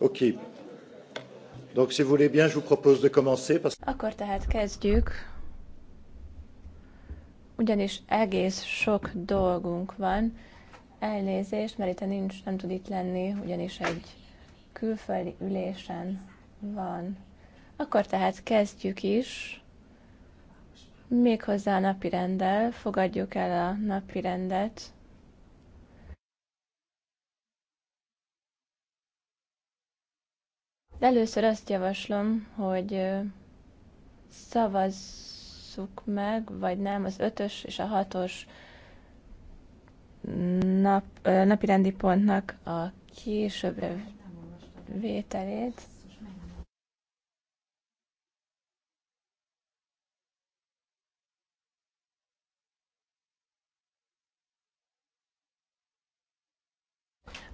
Ok. Donc, si vous voulez bien, je vous propose de commencer. Parce... Akkor tehát kezdjük, ugyanis egész sok dolgunk van. Elnézést, mert itt nincs, nem tud itt lenni, ugyanis egy külföldi ülésen van. Akkor tehát kezdjük is. Méghozzá a napirenddel. Fogadjuk el a napirendet. De először azt javaslom, hogy szavazzuk meg, vagy nem, az ötös és a hatos nap, napirendi pontnak a későbbre vételét.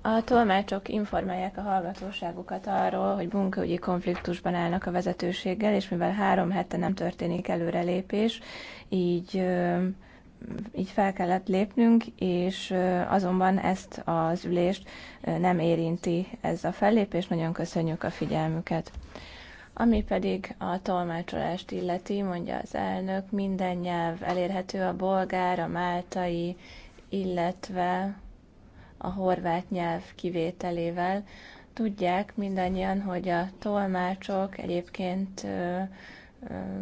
A tolmácsok informálják a hallgatóságukat arról, hogy munkaügyi konfliktusban állnak a vezetőséggel, és mivel három hete nem történik előrelépés, így így fel kellett lépnünk, és azonban ezt az ülést nem érinti ez a fellépés, nagyon köszönjük a figyelmüket. Ami pedig a tolmácsolást illeti, mondja az elnök, minden nyelv elérhető a bolgár, a máltai, illetve a horvát nyelv kivételével. Tudják mindannyian, hogy a tolmácsok egyébként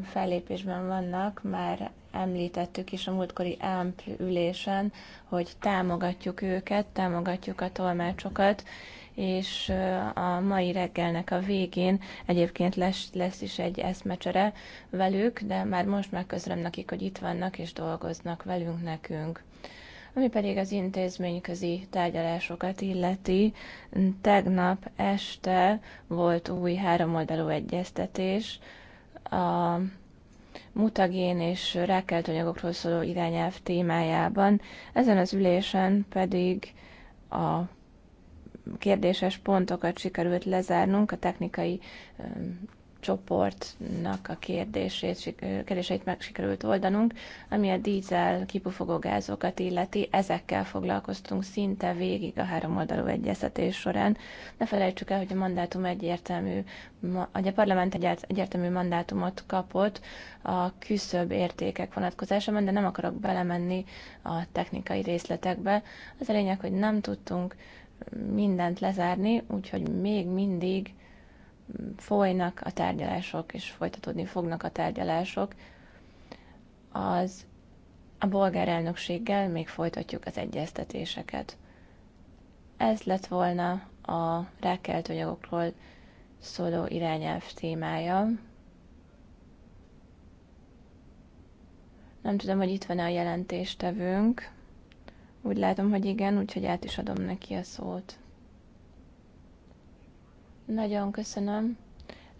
fellépésben vannak, már említettük is a múltkori AMP ülésen, hogy támogatjuk őket, támogatjuk a tolmácsokat, és a mai reggelnek a végén egyébként lesz, lesz is egy eszmecsere velük, de már most megközlöm nekik, hogy itt vannak és dolgoznak velünk, nekünk. Ami pedig az intézményközi tárgyalásokat illeti, tegnap este volt új háromoldalú egyeztetés a mutagén és rákelt anyagokról szóló irányelv témájában. Ezen az ülésen pedig a kérdéses pontokat sikerült lezárnunk a technikai csoportnak a kérdését, kérdéseit meg sikerült oldanunk, ami a dízel kipufogó gázokat illeti, ezekkel foglalkoztunk szinte végig a három oldalú egyeztetés során. Ne felejtsük el, hogy a mandátum egyértelmű, hogy a parlament egyértelmű mandátumot kapott a küszöbb értékek vonatkozásában, de nem akarok belemenni a technikai részletekbe. Az a lényeg, hogy nem tudtunk mindent lezárni, úgyhogy még mindig folynak a tárgyalások, és folytatódni fognak a tárgyalások. Az a bolgár elnökséggel még folytatjuk az egyeztetéseket. Ez lett volna a rákelt anyagokról szóló irányelv témája. Nem tudom, hogy itt van-e a jelentéstevőnk. Úgy látom, hogy igen, úgyhogy át is adom neki a szót. Nagyon köszönöm.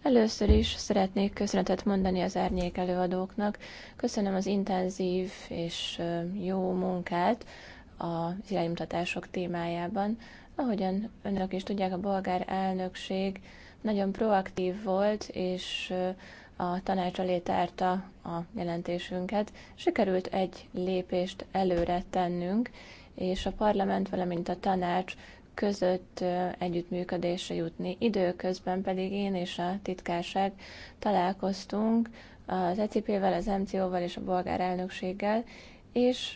Először is szeretnék köszönetet mondani az árnyék előadóknak. Köszönöm az intenzív és jó munkát az iránymutatások témájában. Ahogyan önök is tudják, a bolgár elnökség nagyon proaktív volt, és a tanács alé tárta a jelentésünket. Sikerült egy lépést előre tennünk, és a parlament, valamint a tanács között együttműködésre jutni. Időközben pedig én és a titkárság találkoztunk az ECP-vel, az MCO-val és a bolgár elnökséggel, és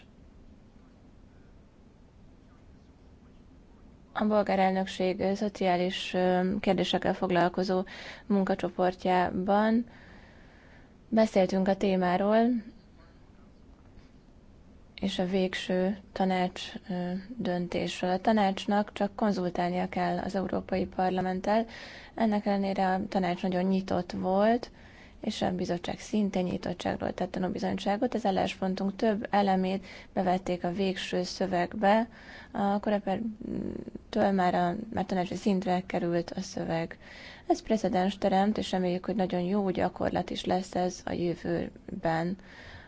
a bolgár elnökség szociális kérdésekkel foglalkozó munkacsoportjában beszéltünk a témáról, és a végső tanács döntésről. A tanácsnak csak konzultálnia kell az Európai Parlamenttel, ennek ellenére a tanács nagyon nyitott volt, és a bizottság szintén nyitottságról tett bizonyságot. Az álláspontunk több elemét bevették a végső szövegbe, a korepertől már a már tanácsi szintre került a szöveg. Ez precedens teremt, és reméljük, hogy nagyon jó gyakorlat is lesz ez a jövőben.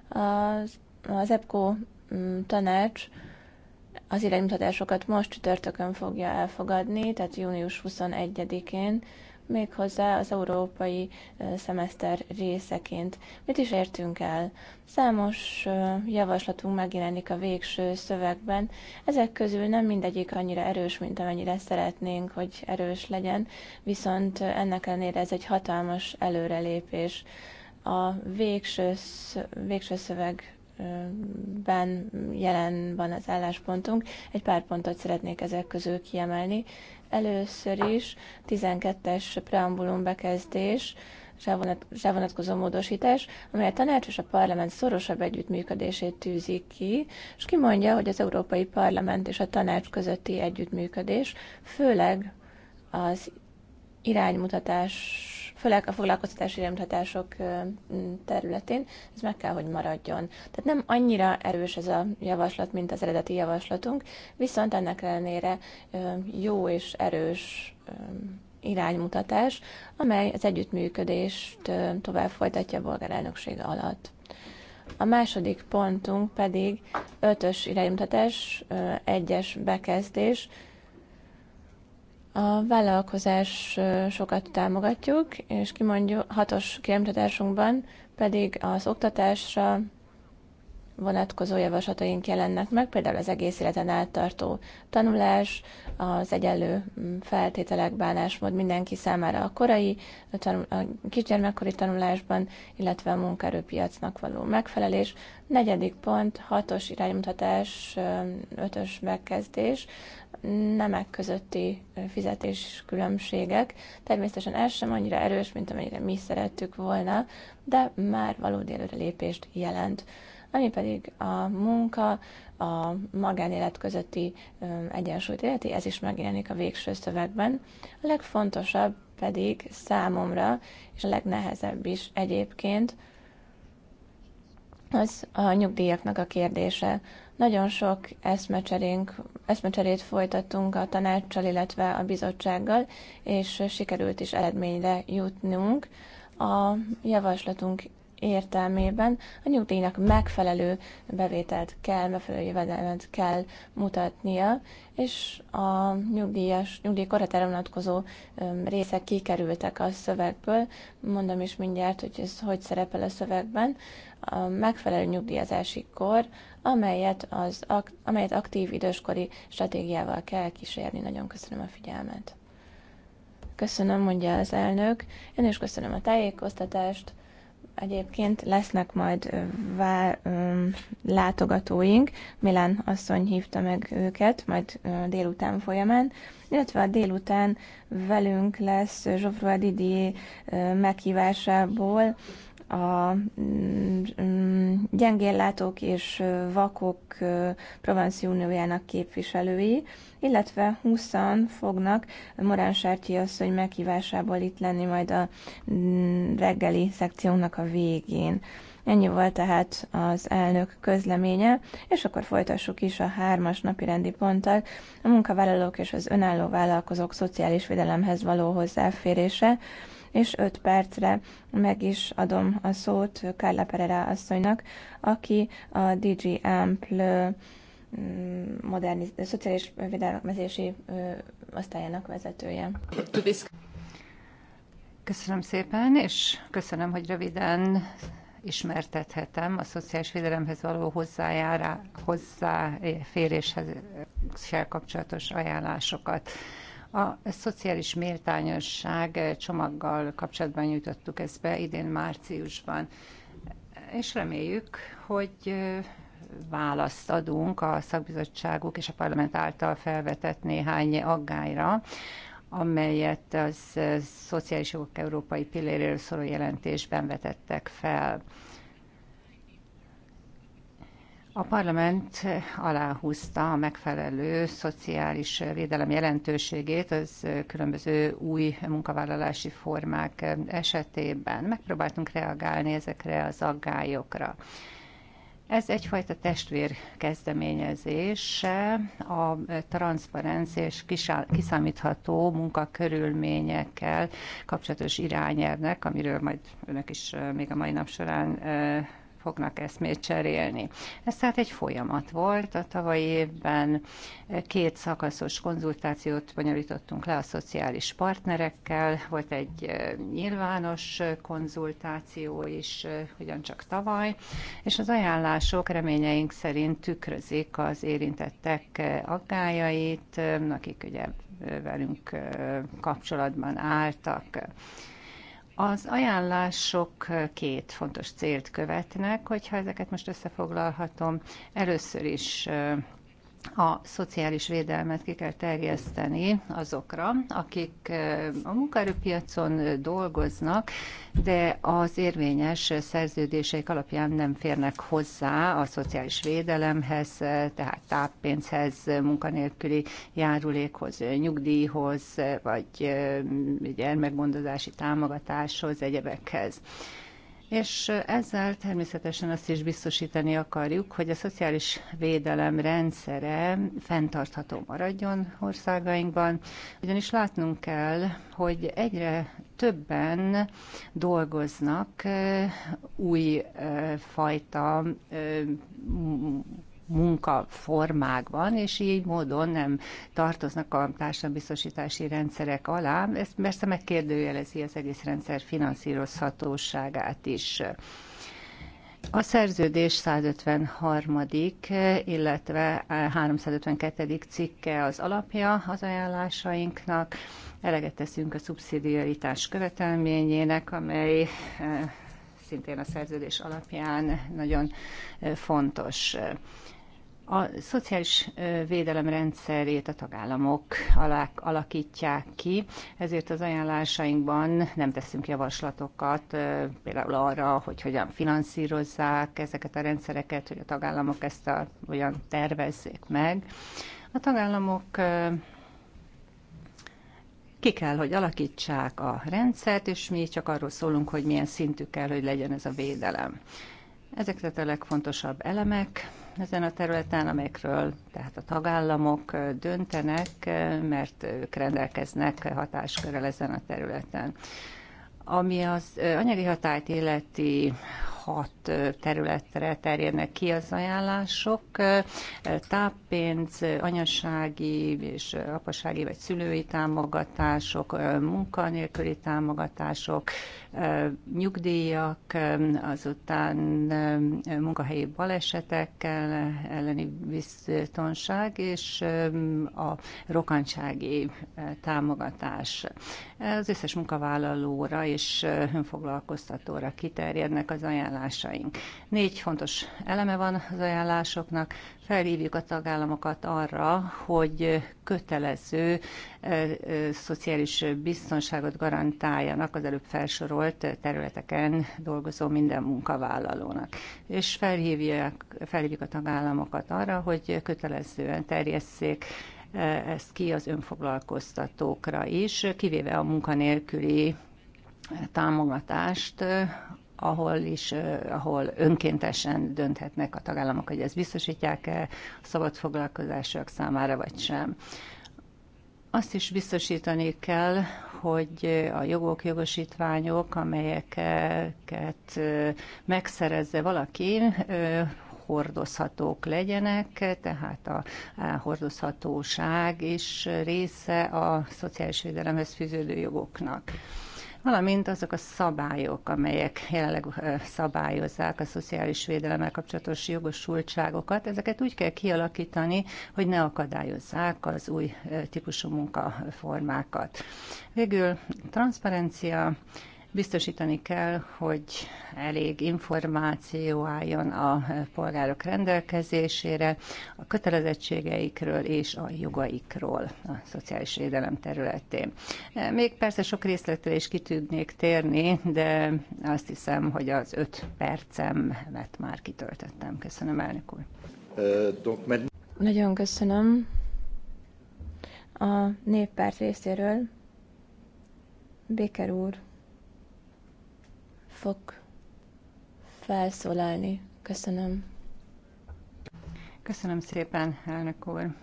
Az az EPCO Mm, tanács az iránymutatásokat most csütörtökön fogja elfogadni, tehát június 21-én, méghozzá az európai szemeszter részeként. Mit is értünk el? Számos javaslatunk megjelenik a végső szövegben. Ezek közül nem mindegyik annyira erős, mint amennyire szeretnénk, hogy erős legyen, viszont ennek ellenére ez egy hatalmas előrelépés. A végső, végső szöveg ben jelen van az álláspontunk. Egy pár pontot szeretnék ezek közül kiemelni. Először is 12-es preambulum bekezdés, rá módosítás, amely a tanács és a parlament szorosabb együttműködését tűzi ki, és kimondja, hogy az Európai Parlament és a tanács közötti együttműködés, főleg az iránymutatás főleg a foglalkoztatási iránymutatások területén, ez meg kell, hogy maradjon. Tehát nem annyira erős ez a javaslat, mint az eredeti javaslatunk, viszont ennek ellenére jó és erős iránymutatás, amely az együttműködést tovább folytatja a bolgár elnöksége alatt. A második pontunk pedig ötös iránymutatás, egyes bekezdés, a vállalkozás sokat támogatjuk, és kimondjuk hatos kiemtatásunkban pedig az oktatásra vonatkozó javaslataink jelennek meg, például az egész életen áttartó tanulás, az egyenlő mm, feltételek, bánásmód mindenki számára a korai, a, tanul, a kisgyermekkori tanulásban, illetve a munkaerőpiacnak való megfelelés. Negyedik pont, hatos iránymutatás, ötös megkezdés, nemek közötti fizetés különbségek. Természetesen ez sem annyira erős, mint amennyire mi szerettük volna, de már valódi előrelépést jelent. Ami pedig a munka, a magánélet közötti egyensúlyt illeti, ez is megjelenik a végső szövegben. A legfontosabb pedig számomra, és a legnehezebb is egyébként, az a nyugdíjaknak a kérdése. Nagyon sok eszmecserénk, eszmecserét folytattunk a tanácssal, illetve a bizottsággal, és sikerült is eredményre jutnunk. A javaslatunk értelmében a nyugdíjnak megfelelő bevételt kell, megfelelő jövedelmet kell mutatnia, és a nyugdíjas, nyugdíjkorhatára vonatkozó részek kikerültek a szövegből. Mondom is mindjárt, hogy ez hogy szerepel a szövegben. A megfelelő nyugdíjazási kor, amelyet, az, amelyet aktív időskori stratégiával kell kísérni. Nagyon köszönöm a figyelmet. Köszönöm, mondja az elnök. Én is köszönöm a tájékoztatást. Egyébként lesznek majd vá- látogatóink, Milán asszony hívta meg őket, majd délután folyamán, illetve a délután velünk lesz Zsofroa Didier meghívásából a mm, gyengéllátók és vakok Provenci Uniójának képviselői, illetve 20 fognak Morán Sártyi asszony meghívásából itt lenni majd a mm, reggeli szekciónak a végén. Ennyi volt tehát az elnök közleménye, és akkor folytassuk is a hármas napi rendi ponttal, a munkavállalók és az önálló vállalkozók szociális védelemhez való hozzáférése, és 5 percre meg is adom a szót Carla Pereira asszonynak, aki a DG Ample mm, moderniz- szociális védelmezési osztályának vezetője. Köszönöm szépen, és köszönöm, hogy röviden ismertethetem a szociális védelemhez való hozzájárá, hozzáféréshez kapcsolatos ajánlásokat. A szociális méltányosság csomaggal kapcsolatban nyújtottuk ezt be idén márciusban, és reméljük, hogy választ adunk a szakbizottságuk és a parlament által felvetett néhány aggályra, amelyet az Szociális Jogok Európai Pilléréről szóló jelentésben vetettek fel. A parlament aláhúzta a megfelelő szociális védelem jelentőségét az különböző új munkavállalási formák esetében. Megpróbáltunk reagálni ezekre az aggályokra. Ez egyfajta testvér kezdeményezése a transzparenc és kiszámítható munkakörülményekkel kapcsolatos irányelvnek, amiről majd önök is még a mai nap során eh, fognak eszmét cserélni. Ez tehát egy folyamat volt. A tavalyi évben két szakaszos konzultációt bonyolítottunk le a szociális partnerekkel, volt egy nyilvános konzultáció is, ugyancsak tavaly, és az ajánlások reményeink szerint tükrözik az érintettek aggájait, akik ugye velünk kapcsolatban álltak. Az ajánlások két fontos célt követnek, hogyha ezeket most összefoglalhatom. Először is a szociális védelmet ki kell terjeszteni azokra, akik a munkaerőpiacon dolgoznak, de az érvényes szerződéseik alapján nem férnek hozzá a szociális védelemhez, tehát táppénzhez, munkanélküli járulékhoz, nyugdíjhoz, vagy gyermekgondozási támogatáshoz, egyebekhez és ezzel természetesen azt is biztosítani akarjuk, hogy a szociális védelem rendszere fenntartható maradjon országainkban, ugyanis látnunk kell, hogy egyre többen dolgoznak új fajta munkaformákban, és így módon nem tartoznak a társadalombiztosítási rendszerek alá. Ez persze megkérdőjelezi az egész rendszer finanszírozhatóságát is. A szerződés 153. illetve 352. cikke az alapja az ajánlásainknak. Eleget teszünk a szubszidiaritás követelményének, amely eh, szintén a szerződés alapján nagyon eh, fontos. A szociális védelem rendszerét a tagállamok alak alakítják ki, ezért az ajánlásainkban nem teszünk javaslatokat, például arra, hogy hogyan finanszírozzák ezeket a rendszereket, hogy a tagállamok ezt a, olyan tervezzék meg. A tagállamok ki kell, hogy alakítsák a rendszert, és mi csak arról szólunk, hogy milyen szintű kell, hogy legyen ez a védelem. Ezek tehát a legfontosabb elemek, ezen a területen, amelyekről tehát a tagállamok döntenek, mert ők rendelkeznek hatáskörrel ezen a területen. Ami az anyagi hatályt illeti hat területre terjednek ki az ajánlások. Táppénz, anyasági és apasági vagy szülői támogatások, munkanélküli támogatások, nyugdíjak, azután munkahelyi balesetek elleni biztonság és a rokansági támogatás. Az összes munkavállalóra és önfoglalkoztatóra kiterjednek az ajánlások ajánlásaink. Négy fontos eleme van az ajánlásoknak. Felhívjuk a tagállamokat arra, hogy kötelező eh, eh, szociális biztonságot garantáljanak az előbb felsorolt területeken dolgozó minden munkavállalónak. És felhívják, felhívjuk a tagállamokat arra, hogy kötelezően terjesszék eh, ezt ki az önfoglalkoztatókra is, kivéve a munkanélküli támogatást, ahol is, ahol önkéntesen dönthetnek a tagállamok, hogy ezt biztosítják-e szabad foglalkozások számára, vagy sem. Azt is biztosítani kell, hogy a jogok, jogosítványok, amelyeket megszerezze valaki, hordozhatók legyenek, tehát a hordozhatóság is része a szociális védelemhez fűződő jogoknak valamint azok a szabályok, amelyek jelenleg szabályozzák a szociális védelemmel kapcsolatos jogosultságokat, ezeket úgy kell kialakítani, hogy ne akadályozzák az új típusú munkaformákat. Végül transzparencia, Biztosítani kell, hogy elég információ álljon a polgárok rendelkezésére, a kötelezettségeikről és a jogaikról a szociális védelem területén. Még persze sok részletre is ki tudnék térni, de azt hiszem, hogy az öt percemet már kitöltöttem. Köszönöm, elnök úr. Nagyon köszönöm a néppárt részéről Béker úr fog felszólalni. Köszönöm. Köszönöm szépen, elnök úr.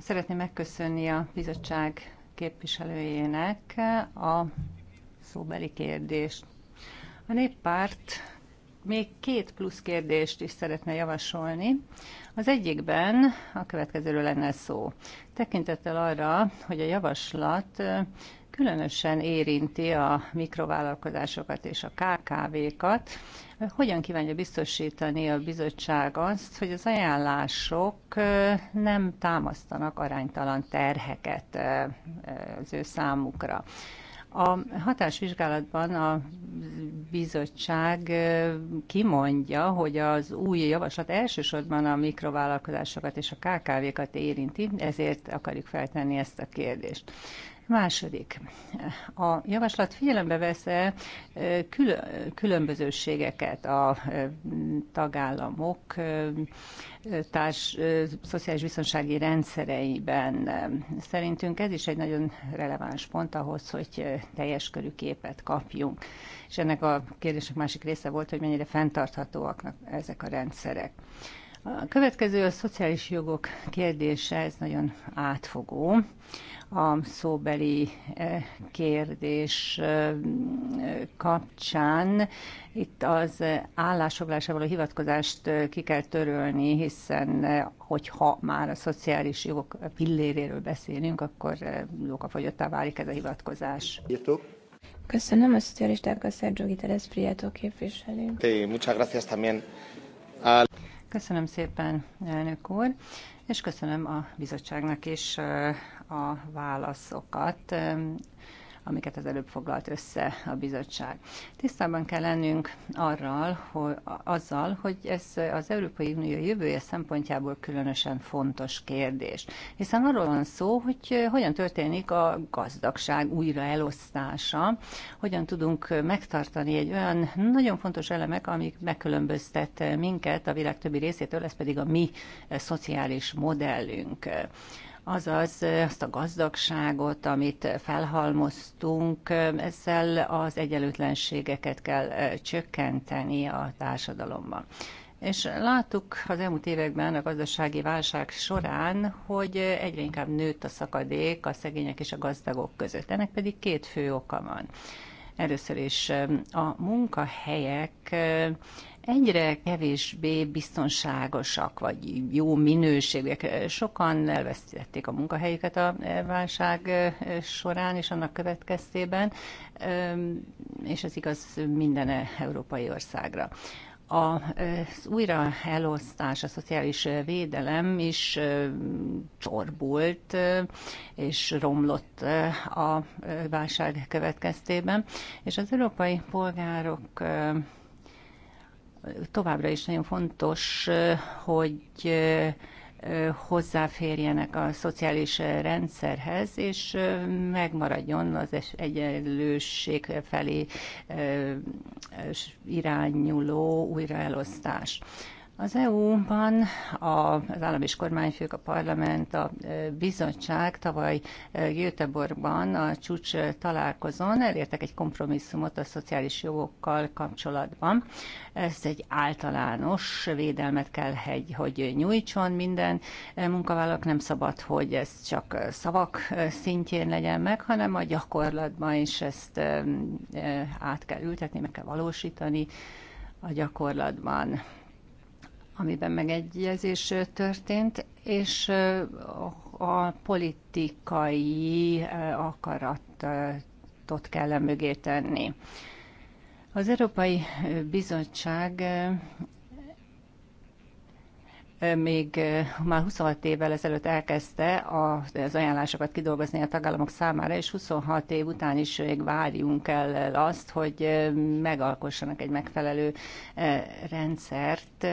Szeretném megköszönni a bizottság képviselőjének a szóbeli kérdést. A néppárt még két plusz kérdést is szeretne javasolni. Az egyikben a következőről lenne szó. Tekintettel arra, hogy a javaslat különösen érinti a mikrovállalkozásokat és a KKV-kat. Hogyan kívánja biztosítani a bizottság azt, hogy az ajánlások nem támasztanak aránytalan terheket az ő számukra? A hatásvizsgálatban a bizottság kimondja, hogy az új javaslat elsősorban a mikrovállalkozásokat és a KKV-kat érinti, ezért akarjuk feltenni ezt a kérdést. Második, a javaslat figyelembe vesz-e e, különbözőségeket a e, tagállamok e, társ szociális biztonsági rendszereiben. Szerintünk ez is egy nagyon releváns pont ahhoz, hogy teljes körű képet kapjunk. És ennek a kérdések másik része volt, hogy mennyire fenntarthatóak ezek a rendszerek. A következő a szociális jogok kérdése, ez nagyon átfogó a szóbeli e, kérdés e, kapcsán. Itt az állásfoglalásra való hivatkozást e, ki kell törölni, hiszen hogyha már a szociális jogok pilléréről beszélünk, akkor fogyottá válik ez a hivatkozás. Írtuk. Köszönöm a szocialistákkal Sergio Guterres Prieto képviselő. Hey, muchas gracias también. Köszönöm szépen, elnök úr, és köszönöm a bizottságnak is a válaszokat, amiket az előbb foglalt össze a bizottság. Tisztában kell lennünk arral, hogy, azzal, hogy ez az Európai Unió jövője szempontjából különösen fontos kérdés. Hiszen arról van szó, hogy hogyan történik a gazdagság újraelosztása, hogyan tudunk megtartani egy olyan nagyon fontos elemek, amik megkülönböztet minket a világ többi részétől, ez pedig a mi szociális modellünk Azaz azt a gazdagságot, amit felhalmoztunk, ezzel az egyenlőtlenségeket kell csökkenteni a társadalomban. És láttuk az elmúlt években a gazdasági válság során, hogy egyre inkább nőtt a szakadék a szegények és a gazdagok között. Ennek pedig két fő oka van. Először is a munkahelyek egyre kevésbé biztonságosak, vagy jó minőségűek. Sokan elvesztették a munkahelyüket a válság során és annak következtében, és ez igaz minden európai országra az újra elosztás, a szociális védelem is csorbult és romlott a válság következtében, és az európai polgárok továbbra is nagyon fontos, hogy hozzáférjenek a szociális rendszerhez, és megmaradjon az egyenlőség felé irányuló újraelosztás. Az EU-ban az állam és kormányfők, a parlament, a bizottság tavaly Göteborgban a csúcs találkozón elértek egy kompromisszumot a szociális jogokkal kapcsolatban. Ez egy általános védelmet kell, hogy nyújtson minden munkavállalók. Nem szabad, hogy ez csak szavak szintjén legyen meg, hanem a gyakorlatban is ezt át kell ültetni, meg kell valósítani a gyakorlatban amiben megegyezés történt, és a politikai akaratot kell mögé tenni. Az Európai Bizottság még már 26 évvel ezelőtt elkezdte az ajánlásokat kidolgozni a tagállamok számára, és 26 év után is még várjunk el azt, hogy megalkossanak egy megfelelő rendszert,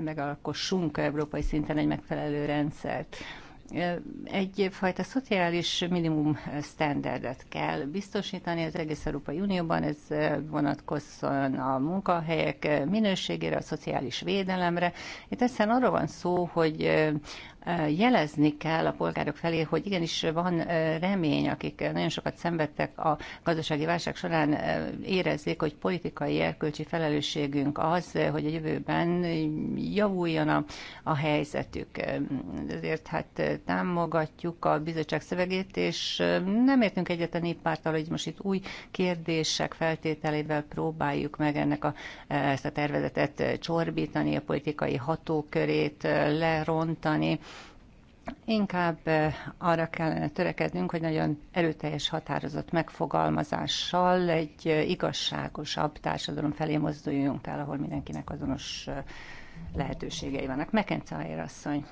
megalkossunk európai szinten egy megfelelő rendszert egyfajta szociális minimum standardet kell biztosítani az egész Európai Unióban, ez vonatkozzon a munkahelyek minőségére, a szociális védelemre. Itt egyszerűen arról van szó, hogy jelezni kell a polgárok felé, hogy igenis van remény, akik nagyon sokat szenvedtek a gazdasági válság során, érezzék, hogy politikai erkölcsi felelősségünk az, hogy a jövőben javuljon a, a helyzetük. Ezért hát támogatjuk a bizottság szövegét, és nem értünk egyet a néppárttal, hogy most itt új kérdések feltételével próbáljuk meg ennek a, ezt a tervezetet csorbítani, a politikai hatókörét lerontani, Inkább arra kellene törekednünk, hogy nagyon erőteljes határozott megfogalmazással egy igazságosabb társadalom felé mozduljunk el, ahol mindenkinek azonos lehetőségei vannak. McIntyre asszony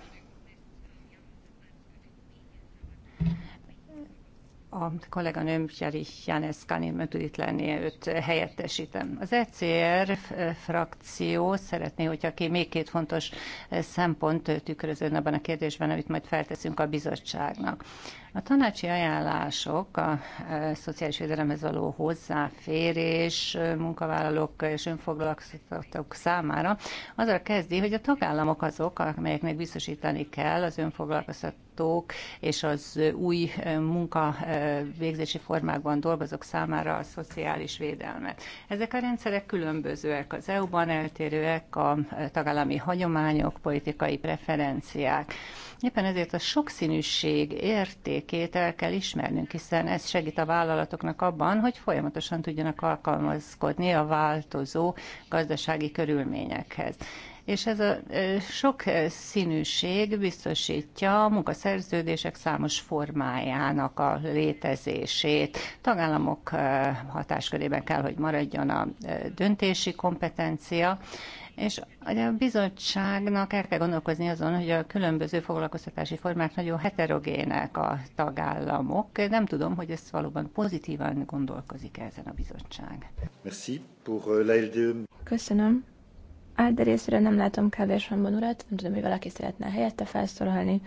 a kolléganőm Jerich Jáneszkani nem tud itt lenni, őt helyettesítem. Az ECR eh, frakció szeretné, hogyha ki még két fontos eh, szempont tükröződne abban a kérdésben, amit majd felteszünk a bizottságnak. A tanácsi ajánlások, a e, szociális védelemhez való hozzáférés e, munkavállalók és önfoglalkoztatók számára azzal kezdi, hogy a tagállamok azok, amelyeknek biztosítani kell az önfoglalkoztatók és az új e, munka végzési formákban dolgozók számára a szociális védelmet. Ezek a rendszerek különbözőek az EU-ban, eltérőek a tagállami hagyományok, politikai preferenciák. Éppen ezért a sokszínűség értékét el kell ismernünk, hiszen ez segít a vállalatoknak abban, hogy folyamatosan tudjanak alkalmazkodni a változó gazdasági körülményekhez és ez a sok színűség biztosítja a munkaszerződések számos formájának a létezését. Tagállamok hatáskörében kell, hogy maradjon a döntési kompetencia, és a bizottságnak el kell gondolkozni azon, hogy a különböző foglalkoztatási formák nagyon heterogének a tagállamok. Nem tudom, hogy ezt valóban pozitívan gondolkozik -e ezen a bizottság. Merci pour euh, e. Köszönöm de részére nem látom kávés van urat, nem tudom, hogy valaki szeretne helyette felszólalni.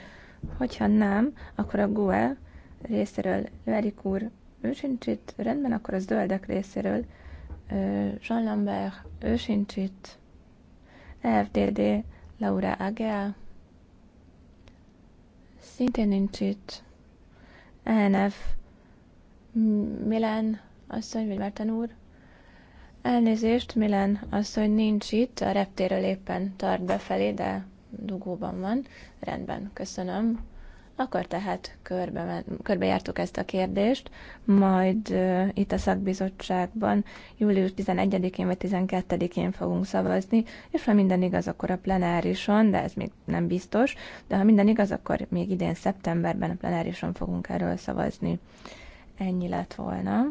Hogyha nem, akkor a GUE részéről Verik úr, ő sincs itt, rendben, akkor az Döldek részéről Jean Lambert, ő sincs itt, FDD, Laura Agel, szintén nincs itt, ENF, Milan, asszony, vagy Márten úr, Elnézést, Milen, az, hogy nincs itt, a reptéről éppen tart befelé, de dugóban van. Rendben, köszönöm. Akkor tehát körbe, körbejártuk ezt a kérdést, majd uh, itt a szakbizottságban július 11-én vagy 12-én fogunk szavazni, és ha minden igaz, akkor a plenárison, de ez még nem biztos, de ha minden igaz, akkor még idén szeptemberben a plenárison fogunk erről szavazni. Ennyi lett volna.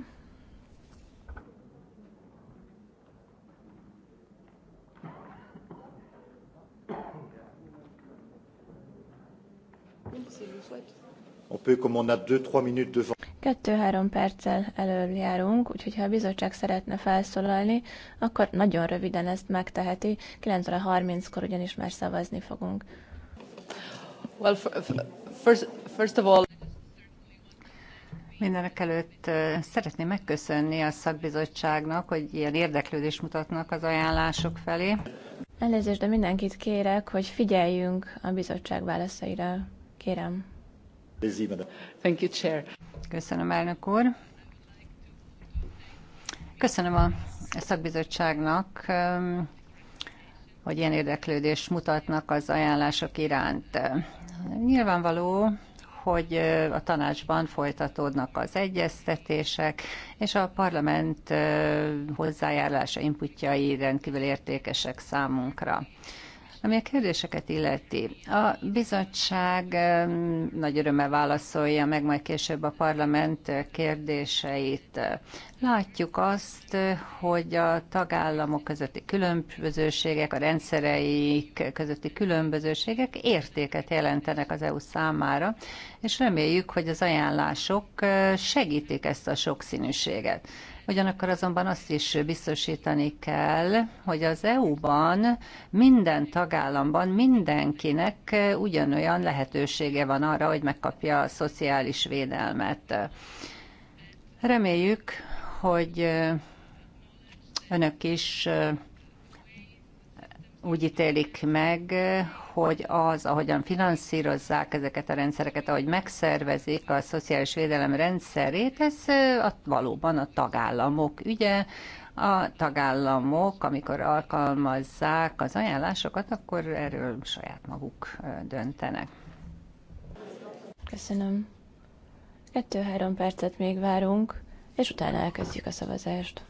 Kettő-három perccel előbb járunk, úgyhogy ha a bizottság szeretne felszólalni, akkor nagyon röviden ezt megteheti. 9 óra kor ugyanis már szavazni fogunk. Well, first, first of all... Mindenek előtt szeretném megköszönni a szakbizottságnak, hogy ilyen érdeklődést mutatnak az ajánlások felé. Elnézést, de mindenkit kérek, hogy figyeljünk a bizottság válaszaira. Kérem. Köszönöm, elnök úr. Köszönöm a szakbizottságnak, um, hogy ilyen érdeklődést mutatnak az ajánlások iránt. Nyilvánvaló, hogy uh, a tanácsban folytatódnak az egyeztetések, és a parlament uh, hozzájárulása, inputjai rendkívül értékesek számunkra. Ami a kérdéseket illeti, a bizottság nagy örömmel válaszolja meg majd később a parlament kérdéseit. Látjuk azt, hogy a tagállamok közötti különbözőségek, a rendszereik közötti különbözőségek értéket jelentenek az EU számára, és reméljük, hogy az ajánlások eh, segítik ezt a sokszínűséget. Ugyanakkor azonban azt is biztosítani kell, hogy az EU-ban minden tagállamban mindenkinek ugyanolyan lehetősége van arra, hogy megkapja a szociális védelmet. Reméljük, hogy önök is úgy ítélik meg, hogy az, ahogyan finanszírozzák ezeket a rendszereket, ahogy megszervezik a szociális védelem rendszerét, ez a, valóban a tagállamok ügye. A tagállamok, amikor alkalmazzák az ajánlásokat, akkor erről saját maguk döntenek. Köszönöm. Kettő-három percet még várunk, és utána elkezdjük a szavazást.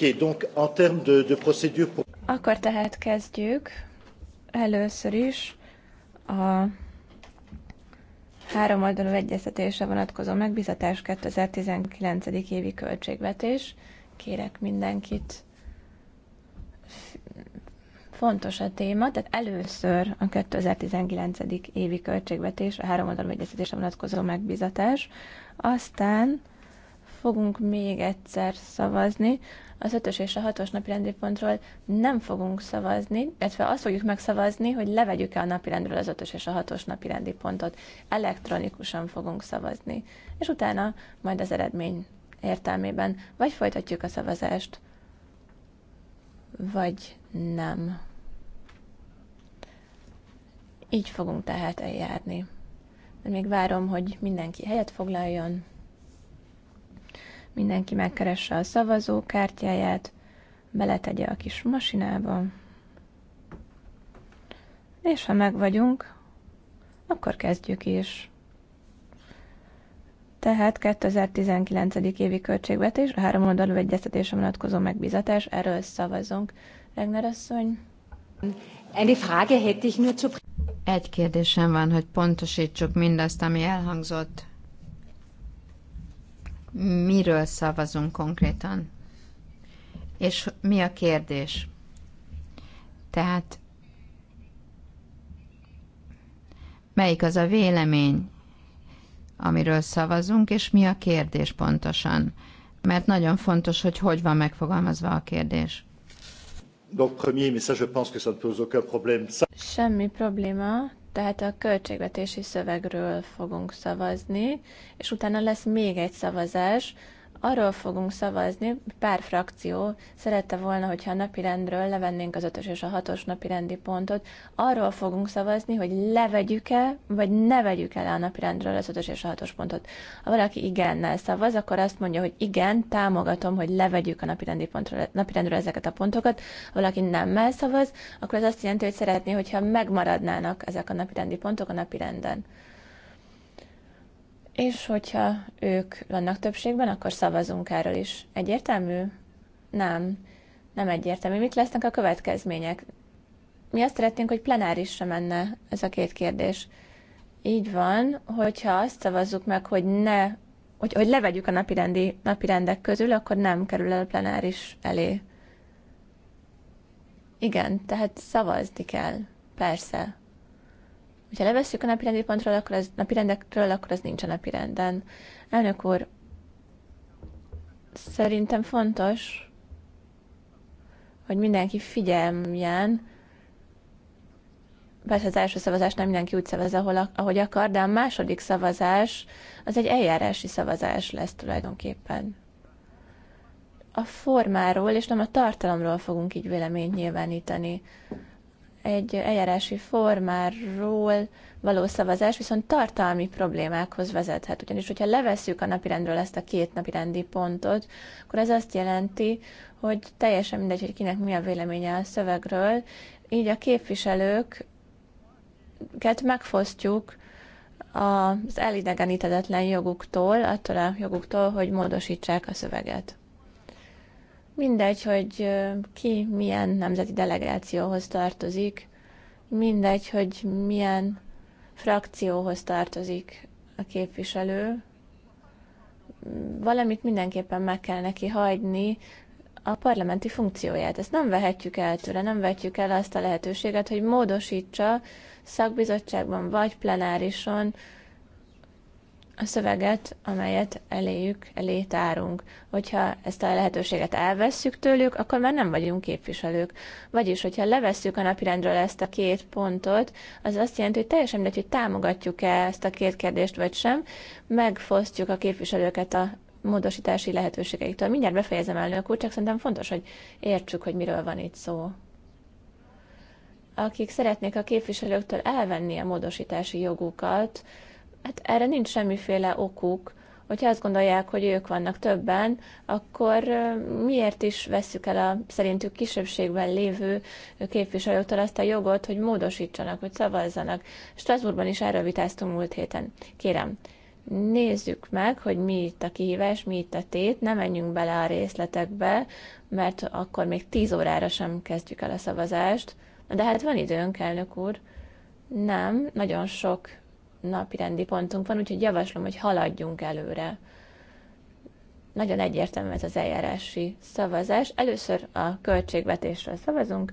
Ok, donc en termes de, de procédure pour... Akkor tehát kezdjük először is a három oldalú egyeztetése vonatkozó megbizatás 2019. évi költségvetés. Kérek mindenkit. Fontos a téma, tehát először a 2019. évi költségvetés, a három oldalú egyeztetése vonatkozó megbizatás, aztán fogunk még egyszer szavazni. Az ötös és a hatos napi rendi pontról nem fogunk szavazni, illetve azt fogjuk megszavazni, hogy levegyük-e a napirendről az ötös és a hatos napi rendi pontot. Elektronikusan fogunk szavazni. És utána majd az eredmény értelmében vagy folytatjuk a szavazást, vagy nem. Így fogunk tehát eljárni. Még várom, hogy mindenki helyet foglaljon. Mindenki megkeresse a szavazókártyáját, beletegye a kis masinába. És ha meg vagyunk, akkor kezdjük is. Tehát 2019. évi költségvetés, a három oldalú egyeztetése vonatkozó megbízatás, erről szavazunk. Regner asszony. Egy kérdésem van, hogy pontosítsuk mindazt, ami elhangzott miről szavazunk konkrétan, és mi a kérdés. Tehát melyik az a vélemény, amiről szavazunk, és mi a kérdés pontosan. Mert nagyon fontos, hogy hogy van megfogalmazva a kérdés. Donc premier, mais ça je pense que ça ne pose aucun problème. Semmi probléma, tehát a költségvetési szövegről fogunk szavazni, és utána lesz még egy szavazás, arról fogunk szavazni, pár frakció szerette volna, hogyha a napirendről levennénk az ötös és a hatos napirendi pontot, arról fogunk szavazni, hogy levegyük-e, vagy ne vegyük el a napirendről az ötös és a hatos pontot. Ha valaki igennel szavaz, akkor azt mondja, hogy igen, támogatom, hogy levegyük a napirendi pontról, napirendről ezeket a pontokat. Ha valaki nemmel szavaz, akkor ez azt jelenti, hogy szeretné, hogyha megmaradnának ezek a napirendi pontok a napirenden és hogyha ők vannak többségben, akkor szavazunk erről is. Egyértelmű? Nem. Nem egyértelmű. Mit lesznek a következmények? Mi azt szeretnénk, hogy plenárisra menne ez a két kérdés. Így van, hogyha azt szavazzuk meg, hogy ne, hogy, hogy levegyük a napirendi, napirendek közül, akkor nem kerül el a plenáris elé. Igen, tehát szavazni kell. Persze. Hogyha levesszük a napirendi pontról, akkor az, napirendekről, akkor az nincs a napirenden. Elnök úr, szerintem fontos, hogy mindenki figyeljen, persze az első szavazás nem mindenki úgy szavaz, ahol, ahogy akar, de a második szavazás az egy eljárási szavazás lesz tulajdonképpen. A formáról és nem a tartalomról fogunk így véleményt nyilvánítani egy eljárási formáról való szavazás viszont tartalmi problémákhoz vezethet. Ugyanis, hogyha levesszük a napirendről ezt a két napirendi pontot, akkor ez azt jelenti, hogy teljesen mindegy, hogy kinek mi a véleménye a szövegről, így a képviselőket megfosztjuk az elidegenítetetlen joguktól, attól a joguktól, hogy módosítsák a szöveget. Mindegy, hogy ki milyen nemzeti delegációhoz tartozik, mindegy, hogy milyen frakcióhoz tartozik a képviselő, valamit mindenképpen meg kell neki hagyni, a parlamenti funkcióját. Ezt nem vehetjük el tőle, nem vehetjük el azt a lehetőséget, hogy módosítsa szakbizottságban vagy plenárison a szöveget, amelyet eléjük, elé tárunk. Hogyha ezt a lehetőséget elvesszük tőlük, akkor már nem vagyunk képviselők. Vagyis, hogyha levesszük a napirendről ezt a két pontot, az azt jelenti, hogy teljesen mindegy, hogy támogatjuk-e ezt a két kérdést vagy sem, megfosztjuk a képviselőket a módosítási lehetőségeiktől. Mindjárt befejezem, elnök úr, csak szerintem fontos, hogy értsük, hogy miről van itt szó. Akik szeretnék a képviselőktől elvenni a módosítási jogukat, Hát erre nincs semmiféle okuk. Hogyha azt gondolják, hogy ők vannak többen, akkor miért is veszük el a szerintük kisebbségben lévő képviselőtől azt a jogot, hogy módosítsanak, hogy szavazzanak. Strasbourgban is erről vitáztunk múlt héten. Kérem, nézzük meg, hogy mi itt a kihívás, mi itt a tét, ne menjünk bele a részletekbe, mert akkor még 10 órára sem kezdjük el a szavazást. De hát van időnk, elnök úr. Nem, nagyon sok napi rendi pontunk van, úgyhogy javaslom, hogy haladjunk előre. Nagyon egyértelmű ez az eljárási szavazás. Először a költségvetésről szavazunk.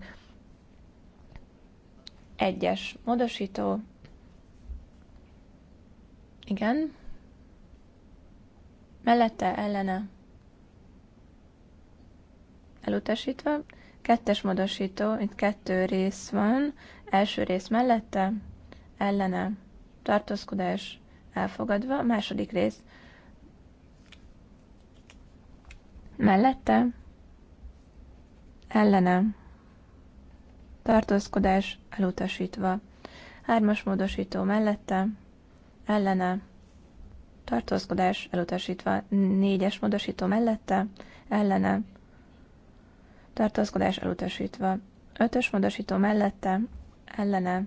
Egyes módosító. Igen. Mellette, ellene. Elutasítva. Kettes módosító, itt kettő rész van. Első rész mellette, ellene tartózkodás elfogadva, második rész mellette, ellene, tartózkodás elutasítva, hármas módosító mellette, ellene, tartózkodás elutasítva, négyes módosító mellette, ellene, tartózkodás elutasítva, ötös módosító mellette, ellene,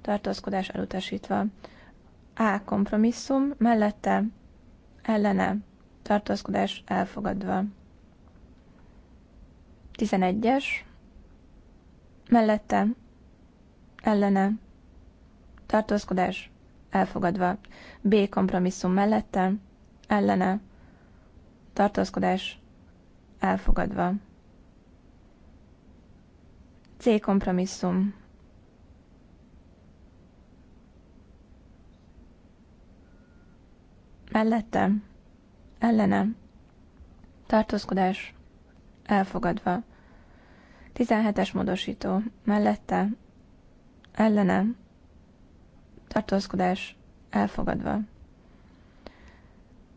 tartózkodás elutasítva. A. Kompromisszum mellette ellene tartózkodás elfogadva. 11-es mellette ellene tartózkodás elfogadva. B. Kompromisszum mellette ellene tartózkodás elfogadva. C. Kompromisszum Mellette. Ellene. Tartózkodás. Elfogadva. 17-es módosító. Mellette. Ellene. Tartózkodás. Elfogadva.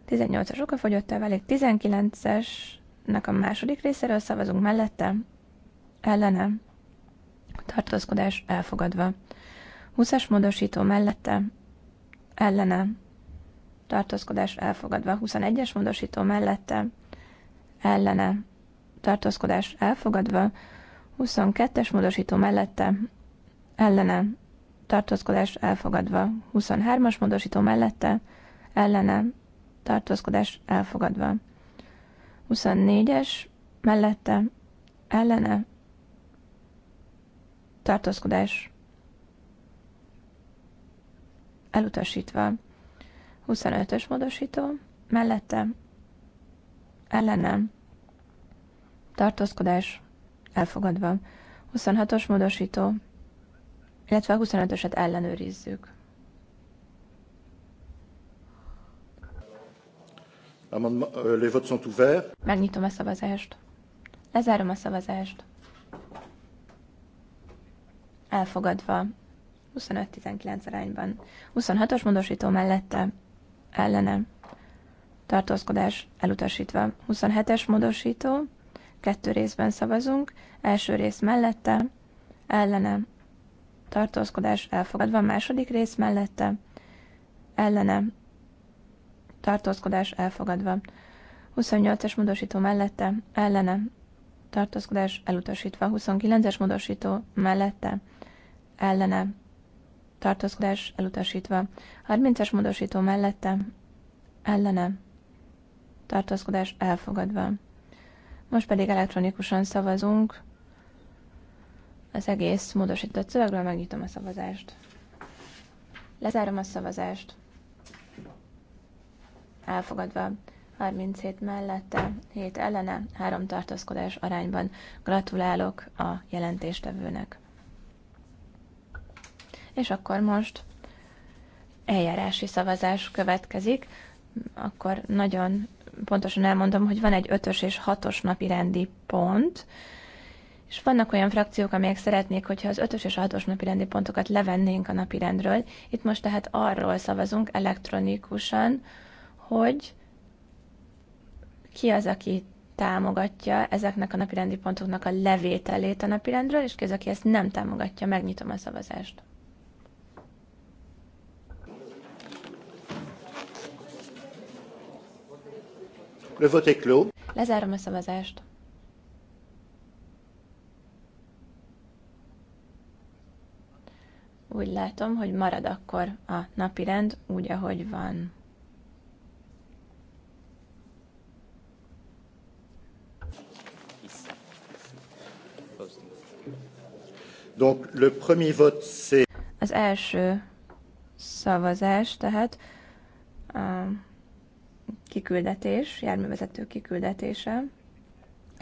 18-as el velük, 19-esnek a második részéről szavazunk mellette. Ellene. Tartózkodás elfogadva. 20-as módosító mellette. Ellene tartózkodás elfogadva. 21-es módosító mellette ellene tartózkodás elfogadva. 22-es módosító mellette ellene tartózkodás elfogadva. 23-as módosító mellette ellene tartózkodás elfogadva. 24-es mellette ellene tartózkodás elutasítva. 25-ös módosító, mellette, ellenem, tartózkodás, elfogadva. 26-os módosító, illetve a 25-öset ellenőrizzük. Euh, les votes sont ouverts. Megnyitom a szavazást. Lezárom a szavazást. Elfogadva. 25-19 arányban. 26-os módosító mellette ellene tartózkodás elutasítva. 27-es módosító, kettő részben szavazunk, első rész mellette, ellene tartózkodás elfogadva, második rész mellette, ellene tartózkodás elfogadva. 28-es módosító mellette, ellene tartózkodás elutasítva. 29-es módosító mellette, ellene tartózkodás elutasítva. 30-as módosító mellette, ellene, tartózkodás elfogadva. Most pedig elektronikusan szavazunk az egész módosított szövegről, megnyitom a szavazást. Lezárom a szavazást. Elfogadva. 37 mellette, 7 ellene, 3 tartózkodás arányban. Gratulálok a jelentéstevőnek. És akkor most eljárási szavazás következik. Akkor nagyon pontosan elmondom, hogy van egy ötös és hatos napi rendi pont, és vannak olyan frakciók, amelyek szeretnék, hogyha az ötös és hatos napi rendi pontokat levennénk a napi rendről. Itt most tehát arról szavazunk elektronikusan, hogy ki az, aki támogatja ezeknek a napirendi pontoknak a levételét a napirendről, és ki az, aki ezt nem támogatja, megnyitom a szavazást. Le vote est clos. Lezárom a szavazást. Úgy látom, hogy marad akkor a napi rend úgy, ahogy van. Donc, le premier vote, c'est... Az első szavazás, tehát uh, kiküldetés, járművezető kiküldetése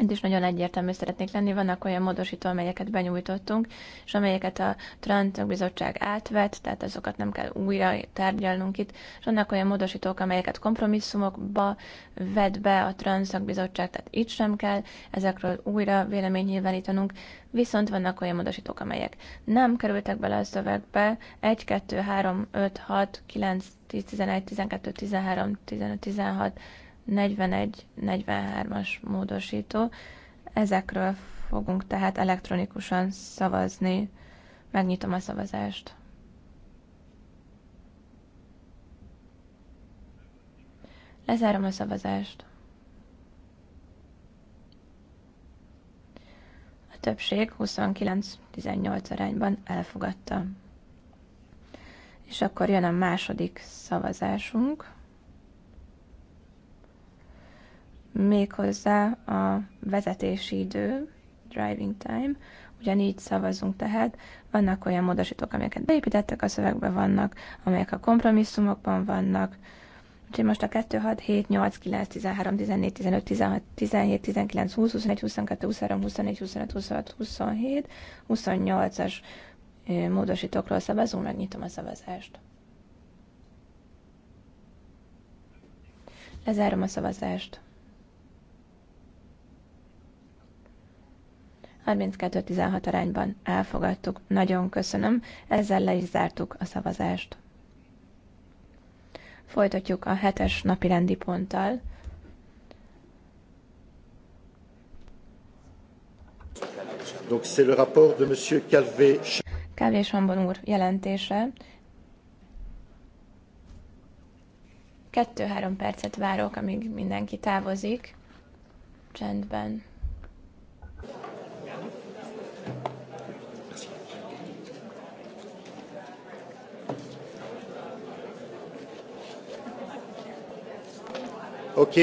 itt is nagyon egyértelmű szeretnék lenni, vannak olyan módosító, amelyeket benyújtottunk, és amelyeket a Trantok Bizottság átvett, tehát azokat nem kell újra tárgyalnunk itt, és vannak olyan módosítók, amelyeket kompromisszumokba vett be a Trantok Bizottság, tehát itt sem kell ezekről újra vélemény nyilvánítanunk, viszont vannak olyan módosítók, amelyek nem kerültek bele a szövegbe, 1, 2, 3, 5, 6, 9, 10, 11, 12, 13, 15, 16, 41-43-as módosító. Ezekről fogunk tehát elektronikusan szavazni. Megnyitom a szavazást. Lezárom a szavazást. A többség 29-18 arányban elfogadta. És akkor jön a második szavazásunk. méghozzá a vezetési idő, driving time, ugyanígy szavazunk tehát. Vannak olyan módosítók, amelyeket beépítettek a szövegbe, vannak, amelyek a kompromisszumokban vannak, Úgyhogy most a 2, 6, 7, 8, 9, 13, 14, 15, 16, 17, 19, 20, 21, 22, 23, 24, 25, 26, 27, 28-as módosítókról szavazunk, megnyitom a szavazást. Lezárom a szavazást. 32-16 arányban elfogadtuk. Nagyon köszönöm, ezzel le is zártuk a szavazást. Folytatjuk a hetes napi rendi ponttal. Donc c'est le rapport de Monsieur Calvé. Calvé úr jelentése. Kettő-három percet várok, amíg mindenki távozik. Csendben. Ok.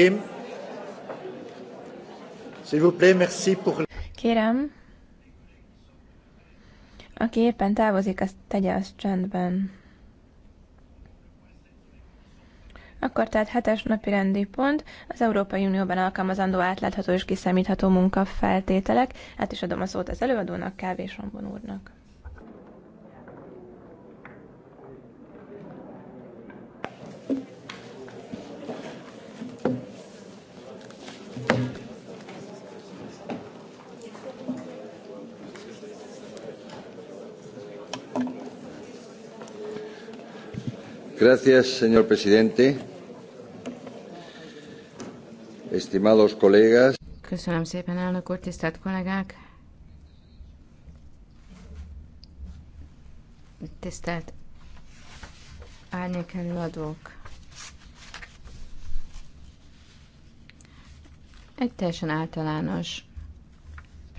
S'il vous plaît, merci pour... Kérem, aki éppen távozik, azt tegye azt csendben. Akkor tehát hetes napi rendi pont, az Európai Unióban alkalmazandó átlátható és kiszámítható munkafeltételek. Hát is adom a szót az előadónak, Kávésombon úrnak. Gracias, señor presidente. Estimados colegas. Köszönöm szépen, elnök úr, tisztelt kollégák. Tisztelt árnyék előadók. Egy teljesen általános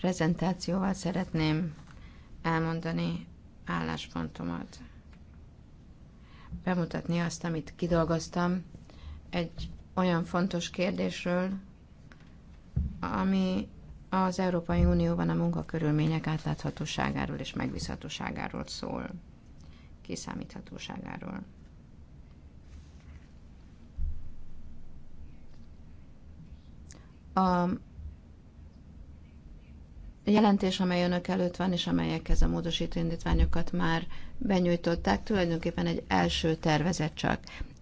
prezentációval szeretném elmondani álláspontomat bemutatni azt, amit kidolgoztam egy olyan fontos kérdésről, ami az Európai Unióban a munkakörülmények átláthatóságáról és megbízhatóságáról szól, kiszámíthatóságáról. A jelentés, amely önök előtt van, és amelyekhez a módosító indítványokat már benyújtották, tulajdonképpen egy első tervezet csak.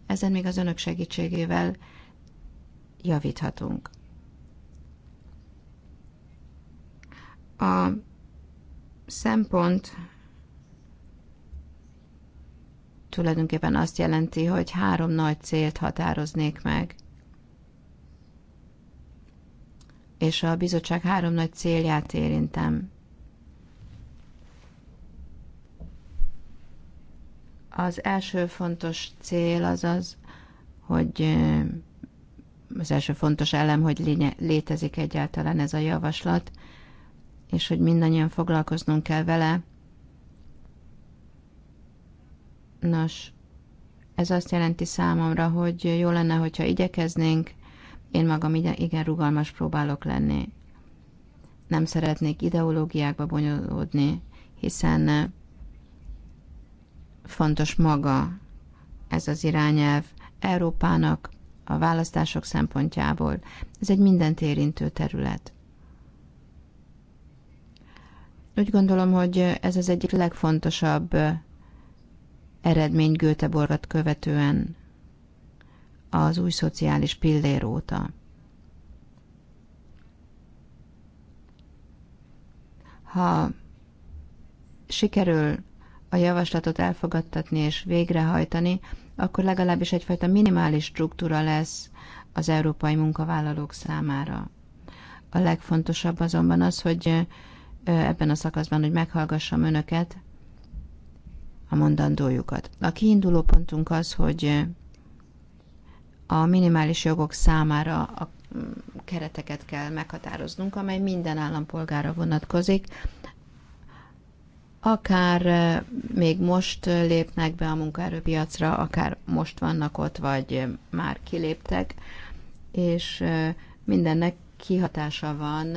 Ezen még az önök segítségével javíthatunk. A szempont tulajdonképpen azt jelenti, hogy három nagy célt határoznék meg – és a bizottság három nagy célját érintem. Az első fontos cél az az, hogy az első fontos elem, hogy lénye, létezik egyáltalán ez a javaslat, és hogy mindannyian foglalkoznunk kell vele. Nos, ez azt jelenti számomra, hogy jó lenne, hogyha igyekeznénk én magam igen rugalmas próbálok lenni. Nem szeretnék ideológiákba bonyolódni, hiszen eh, fontos maga ez az irányelv Európának a választások szempontjából. Ez egy mindent érintő terület. Úgy gondolom, hogy ez az egyik legfontosabb eh, eredmény Göteborgat követően az új szociális pillér óta. Ha sikerül a javaslatot elfogadtatni és végrehajtani, akkor legalábbis egyfajta minimális struktúra lesz az európai munkavállalók számára. A legfontosabb azonban az, hogy ebben a szakaszban, hogy meghallgassam önöket, a mondandójukat. A kiinduló pontunk az, hogy a minimális jogok számára a mm, kereteket kell meghatároznunk, amely minden állampolgára vonatkozik, akár még most lépnek be a munkaerőpiacra, akár most vannak ott, vagy már kiléptek, és mindennek kihatása van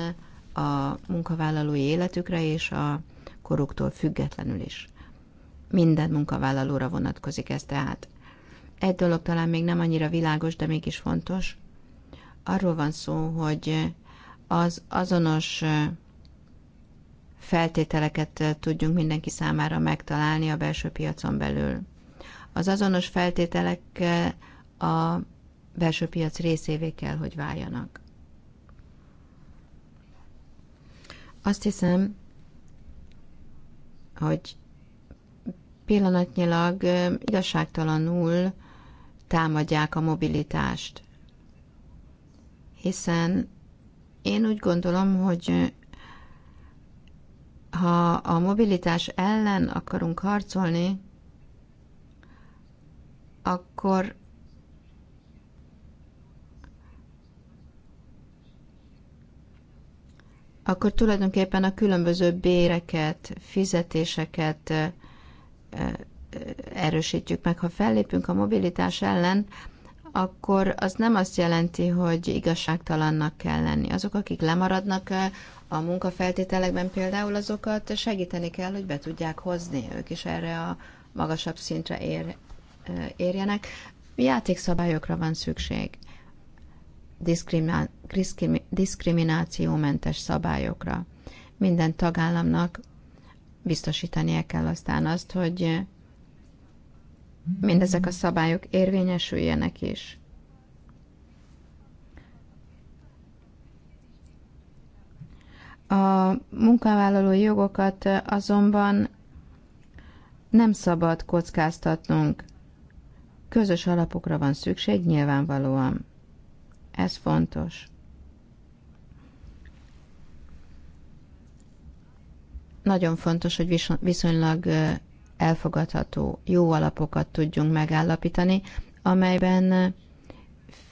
a munkavállalói életükre és a koruktól függetlenül is. Minden munkavállalóra vonatkozik ez tehát. Egy dolog talán még nem annyira világos, de mégis fontos. Arról van szó, hogy az azonos feltételeket tudjunk mindenki számára megtalálni a belső piacon belül. Az azonos feltételek a belső piac részévé kell, hogy váljanak. Azt hiszem, hogy pillanatnyilag igazságtalanul támadják a mobilitást. Hiszen én úgy gondolom, hogy ha a mobilitás ellen akarunk harcolni, akkor akkor tulajdonképpen a különböző béreket, fizetéseket erősítjük meg, ha fellépünk a mobilitás ellen, akkor az nem azt jelenti, hogy igazságtalannak kell lenni. Azok, akik lemaradnak eh, a munkafeltételekben például, azokat segíteni kell, hogy be tudják hozni. Ők is erre a magasabb szintre ér, eh, érjenek. Játékszabályokra van szükség. Diszkrimi, diszkriminációmentes szabályokra. Minden tagállamnak biztosítania kell aztán azt, hogy mindezek a szabályok érvényesüljenek is. A munkavállalói jogokat azonban nem szabad kockáztatnunk. Közös alapokra van szükség nyilvánvalóan. Ez fontos. Nagyon fontos, hogy viszonylag elfogadható, jó alapokat tudjunk megállapítani, amelyben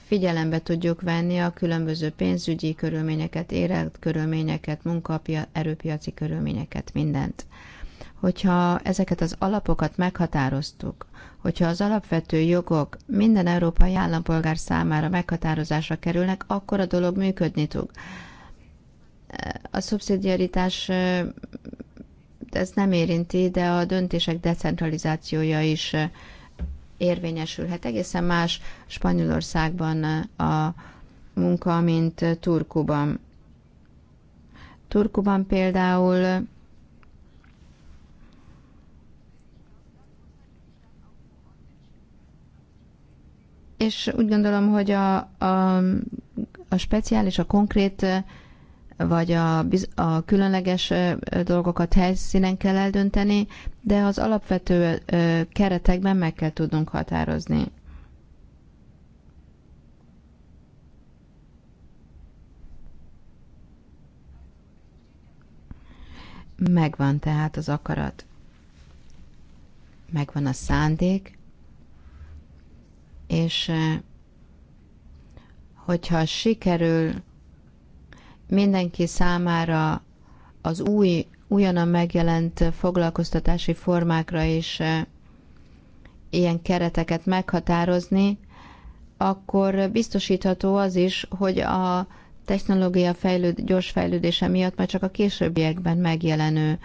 figyelembe tudjuk venni a különböző pénzügyi körülményeket, érett körülményeket, erőpiaci körülményeket, mindent. Hogyha ezeket az alapokat meghatároztuk, hogyha az alapvető jogok minden európai állampolgár számára meghatározásra kerülnek, akkor a dolog működni tud. A szubszidiaritás ez nem érinti, de a döntések decentralizációja is érvényesülhet. Egészen más Spanyolországban a munka, mint Turkuban. Turkuban például és úgy gondolom, hogy a, a, a speciális, a konkrét vagy a, a különleges dolgokat helyszínen kell eldönteni, de az alapvető keretekben meg kell tudnunk határozni. Megvan tehát az akarat, megvan a szándék, és hogyha sikerül mindenki számára az új, újonnan megjelent foglalkoztatási formákra is eh, ilyen kereteket meghatározni, akkor biztosítható az is, hogy a technológia fejlőd, gyors fejlődése miatt már csak a későbbiekben megjelenő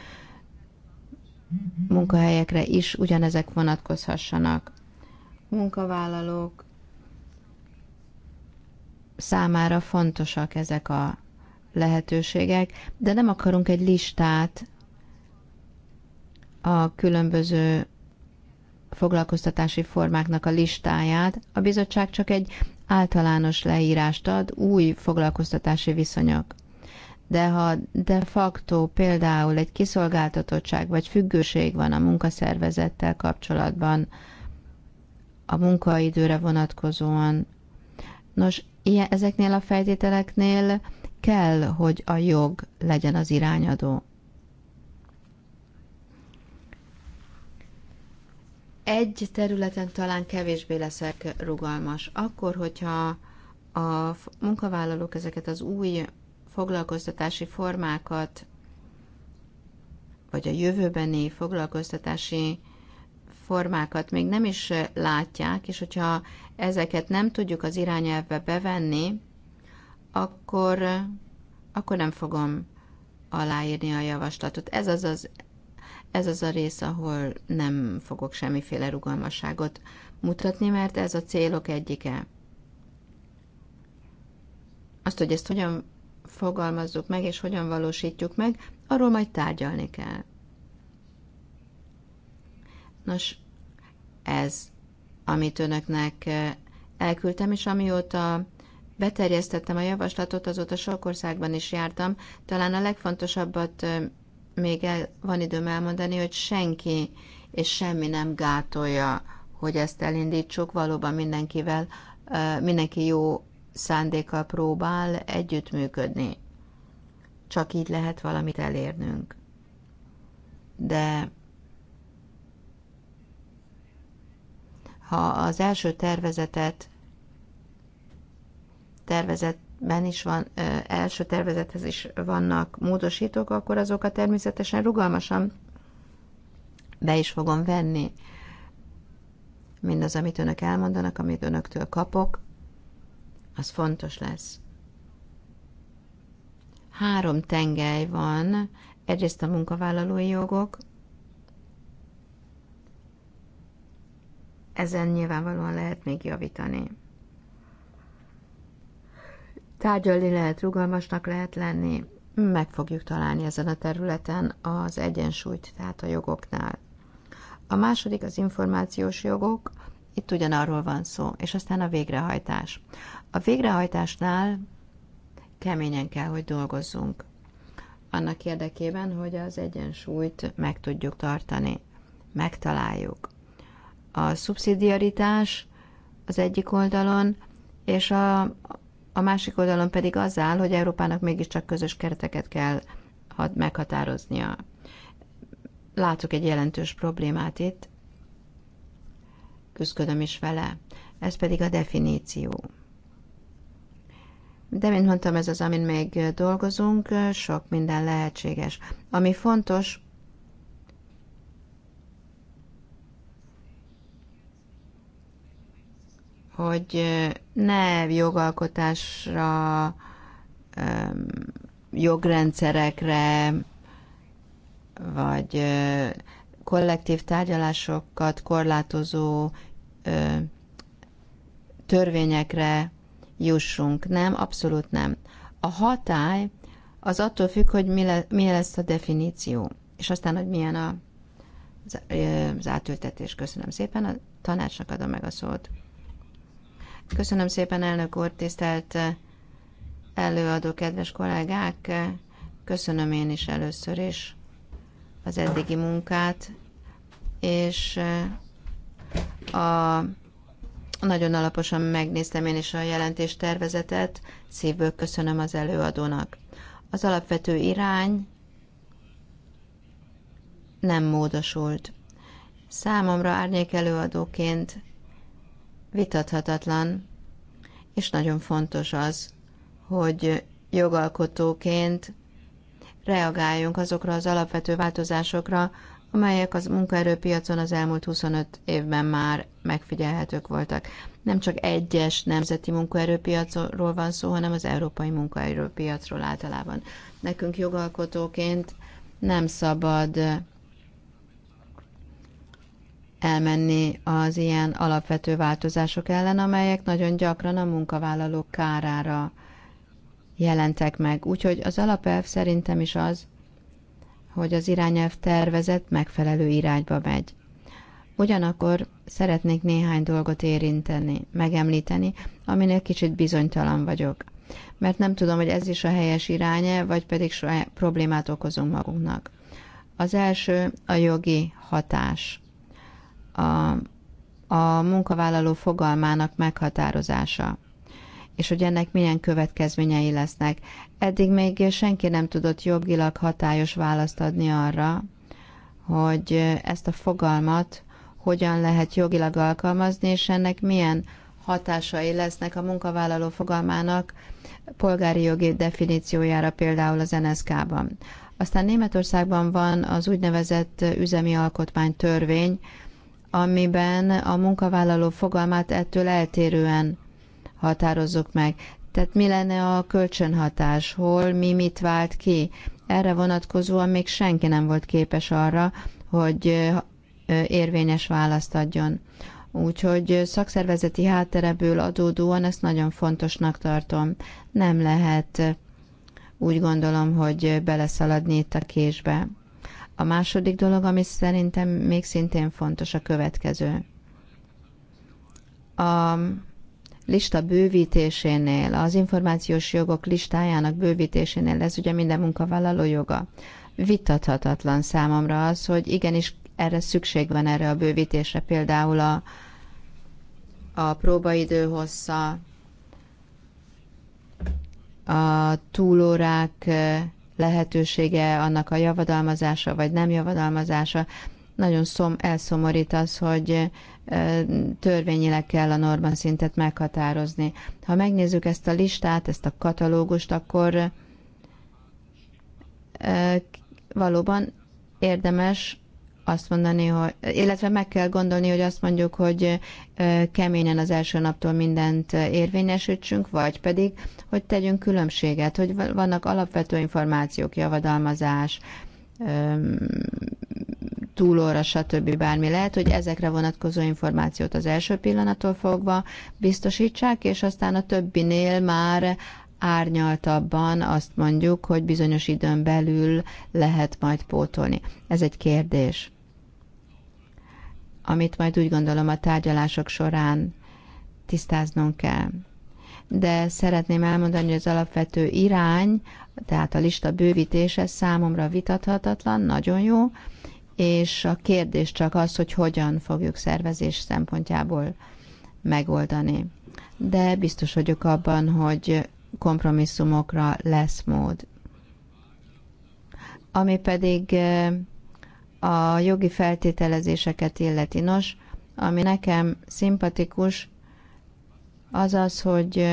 munkahelyekre is ugyanezek vonatkozhassanak. Munkavállalók számára fontosak ezek a lehetőségek, de nem akarunk egy listát a különböző foglalkoztatási formáknak a listáját. A bizottság csak egy általános leírást ad új foglalkoztatási viszonyok. De ha de facto például egy kiszolgáltatottság vagy függőség van a munkaszervezettel kapcsolatban, a munkaidőre vonatkozóan, nos, ilyen, ezeknél a feltételeknél kell, hogy a jog legyen az irányadó. Egy területen talán kevésbé leszek rugalmas. Akkor, hogyha a munkavállalók ezeket az új foglalkoztatási formákat, vagy a jövőbeni foglalkoztatási formákat még nem is látják, és hogyha ezeket nem tudjuk az irányelvbe bevenni, akkor, akkor nem fogom aláírni a javaslatot. Ez az, az, ez az a rész, ahol nem fogok semmiféle rugalmasságot mutatni, mert ez a célok egyike. Azt, hogy ezt hogyan fogalmazzuk meg, és hogyan valósítjuk meg, arról majd tárgyalni kell. Nos, ez, amit önöknek eh, elküldtem, és amióta Beterjesztettem a javaslatot, azóta sok országban is jártam. Talán a legfontosabbat még el, van időm elmondani, hogy senki és semmi nem gátolja, hogy ezt elindítsuk. Valóban mindenkivel, mindenki jó szándékkal próbál együttműködni. Csak így lehet valamit elérnünk. De ha az első tervezetet tervezetben is van, első tervezethez is vannak módosítók, akkor azokat természetesen rugalmasan be is fogom venni. Mindaz, amit önök elmondanak, amit önöktől kapok, az fontos lesz. Három tengely van, egyrészt a munkavállalói jogok, ezen nyilvánvalóan lehet még javítani Tárgyalni lehet, rugalmasnak lehet lenni, meg fogjuk találni ezen a területen az egyensúlyt, tehát a jogoknál. A második az információs jogok, itt ugyanarról van szó, és aztán a végrehajtás. A végrehajtásnál keményen kell, hogy dolgozzunk. Annak érdekében, hogy az egyensúlyt meg tudjuk tartani, megtaláljuk. A szubszidiaritás az egyik oldalon, és a, a másik oldalon pedig az áll, hogy Európának mégiscsak közös kereteket kell meghatároznia. Látok egy jelentős problémát itt, küzdködöm is vele, ez pedig a definíció. De, mint mondtam, ez az, amin még dolgozunk, sok minden lehetséges. Ami fontos, hogy ne jogalkotásra, jogrendszerekre, vagy kollektív tárgyalásokat korlátozó törvényekre jussunk. Nem, abszolút nem. A hatály az attól függ, hogy mi, le, mi lesz a definíció, és aztán, hogy milyen a, az, az átültetés. Köszönöm szépen, a tanácsnak adom meg a szót. Köszönöm szépen, elnök úr, tisztelt eh, előadó, kedves kollégák! Köszönöm én is először is az eddigi munkát, és eh, a, nagyon alaposan megnéztem én is a jelentés tervezetet, szívből köszönöm az előadónak. Az alapvető irány nem módosult. Számomra árnyék előadóként vitathatatlan, és nagyon fontos az, hogy jogalkotóként reagáljunk azokra az alapvető változásokra, amelyek az munkaerőpiacon az elmúlt 25 évben már megfigyelhetők voltak. Nem csak egyes nemzeti munkaerőpiacról van szó, hanem az európai munkaerőpiacról általában. Nekünk jogalkotóként nem szabad elmenni az ilyen alapvető változások ellen, amelyek nagyon gyakran a munkavállalók kárára jelentek meg. Úgyhogy az alapelv szerintem is az, hogy az irányelv tervezet megfelelő irányba megy. Ugyanakkor szeretnék néhány dolgot érinteni, megemlíteni, aminél kicsit bizonytalan vagyok. Mert nem tudom, hogy ez is a helyes iránye, vagy pedig problémát okozunk magunknak. Az első a jogi hatás a, a munkavállaló fogalmának meghatározása, és hogy ennek milyen következményei lesznek. Eddig még senki nem tudott jogilag hatályos választ adni arra, hogy ezt a fogalmat hogyan lehet jogilag alkalmazni, és ennek milyen hatásai lesznek a munkavállaló fogalmának polgári jogi definíciójára például az NSZK-ban. Aztán Németországban van az úgynevezett üzemi alkotmánytörvény, amiben a munkavállaló fogalmát ettől eltérően határozzuk meg. Tehát mi lenne a kölcsönhatás, hol mi mit vált ki? Erre vonatkozóan még senki nem volt képes arra, hogy érvényes választ adjon. Úgyhogy szakszervezeti háttereből adódóan ezt nagyon fontosnak tartom. Nem lehet úgy gondolom, hogy beleszaladni itt a késbe. A második dolog, ami szerintem még szintén fontos, a következő. A lista bővítésénél, az információs jogok listájának bővítésénél, ez ugye minden munkavállaló joga. Vitathatatlan számomra az, hogy igenis erre szükség van erre a bővítésre, például a, a próbaidő hossza, a túlórák lehetősége, annak a javadalmazása vagy nem javadalmazása. Nagyon szom, elszomorít az, hogy törvényileg kell a norma szintet meghatározni. Ha megnézzük ezt a listát, ezt a katalógust, akkor valóban érdemes azt mondani, hogy, illetve meg kell gondolni, hogy azt mondjuk, hogy keményen az első naptól mindent érvényesítsünk, vagy pedig, hogy tegyünk különbséget, hogy vannak alapvető információk, javadalmazás, túlóra, stb. bármi lehet, hogy ezekre vonatkozó információt az első pillanattól fogva biztosítsák, és aztán a többinél már árnyaltabban azt mondjuk, hogy bizonyos időn belül lehet majd pótolni. Ez egy kérdés amit majd úgy gondolom a tárgyalások során tisztáznunk kell. De szeretném elmondani, hogy az alapvető irány, tehát a lista bővítése számomra vitathatatlan, nagyon jó, és a kérdés csak az, hogy hogyan fogjuk szervezés szempontjából megoldani. De biztos vagyok abban, hogy kompromisszumokra lesz mód. Ami pedig eh, a jogi feltételezéseket illeti. Nos, ami nekem szimpatikus, az az, hogy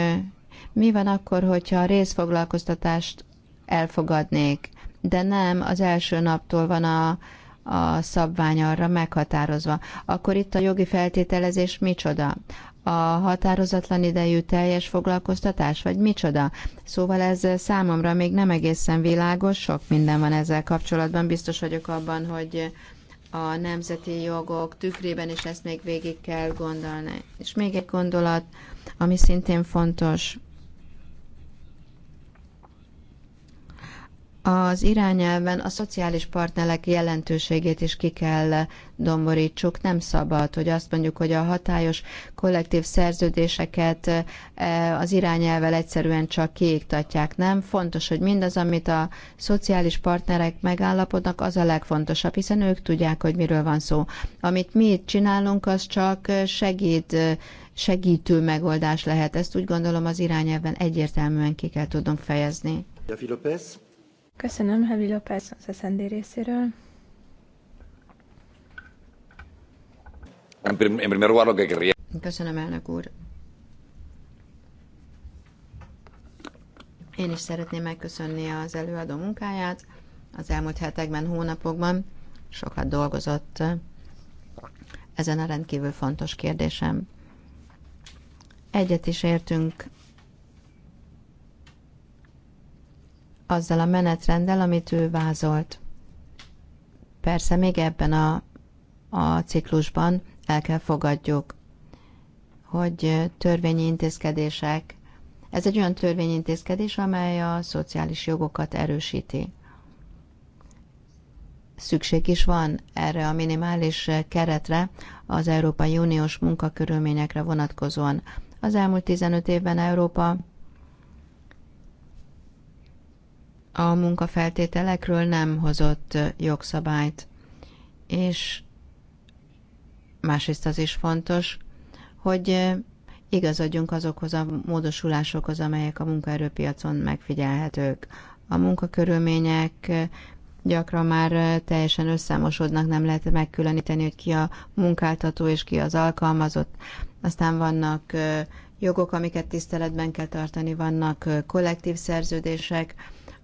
mi van akkor, hogyha a részfoglalkoztatást elfogadnék, de nem az első naptól van a, a szabvány arra meghatározva. Akkor itt a jogi feltételezés micsoda? a határozatlan idejű teljes foglalkoztatás, vagy micsoda? Szóval ez számomra még nem egészen világos, sok minden van ezzel kapcsolatban. Biztos vagyok abban, hogy a nemzeti jogok tükrében is ezt még végig kell gondolni. És még egy gondolat, ami szintén fontos, az irányelven a szociális partnerek jelentőségét is ki kell domborítsuk. Nem szabad, hogy azt mondjuk, hogy a hatályos kollektív szerződéseket eh, az irányelvel egyszerűen csak kiiktatják. Nem fontos, hogy mindaz, amit a szociális partnerek megállapodnak, az a legfontosabb, hiszen ők tudják, hogy miről van szó. Amit mi itt csinálunk, az csak segít segítő megoldás lehet. Ezt úgy gondolom az irányelven egyértelműen ki kell tudnunk fejezni. Javi López. Köszönöm, Hevi Lopez az SZND részéről. Köszönöm, elnök úr. Én is szeretném megköszönni az előadó munkáját. Az elmúlt hetekben, hónapokban sokat dolgozott ezen a rendkívül fontos kérdésem. Egyet is értünk azzal a menetrenddel, amit ő vázolt. Persze még ebben a, a ciklusban el kell fogadjuk, hogy törvényi intézkedések. Ez egy olyan törvényi intézkedés, amely a szociális jogokat erősíti. Szükség is van erre a minimális keretre az Európai Uniós munkakörülményekre vonatkozóan. Az elmúlt 15 évben Európa a munkafeltételekről nem hozott jogszabályt. És másrészt az is fontos, hogy igazodjunk azokhoz a módosulásokhoz, amelyek a munkaerőpiacon megfigyelhetők. A munkakörülmények gyakran már teljesen összemosodnak, nem lehet megkülöníteni, hogy ki a munkáltató és ki az alkalmazott. Aztán vannak jogok, amiket tiszteletben kell tartani, vannak kollektív szerződések,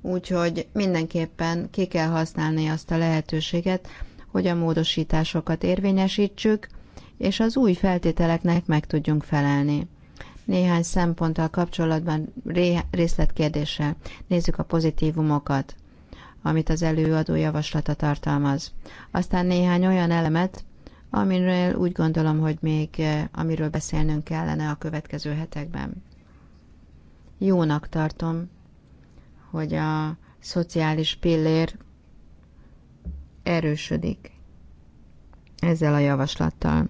úgyhogy mindenképpen ki kell használni azt a lehetőséget, hogy a módosításokat érvényesítsük, és az új feltételeknek meg tudjunk felelni. Néhány szemponttal kapcsolatban részletkérdéssel nézzük a pozitívumokat, amit az előadó javaslata tartalmaz. Aztán néhány olyan elemet, amiről úgy gondolom, hogy még eh, amiről beszélnünk kellene a következő hetekben. Jónak tartom hogy a szociális pillér erősödik ezzel a javaslattal.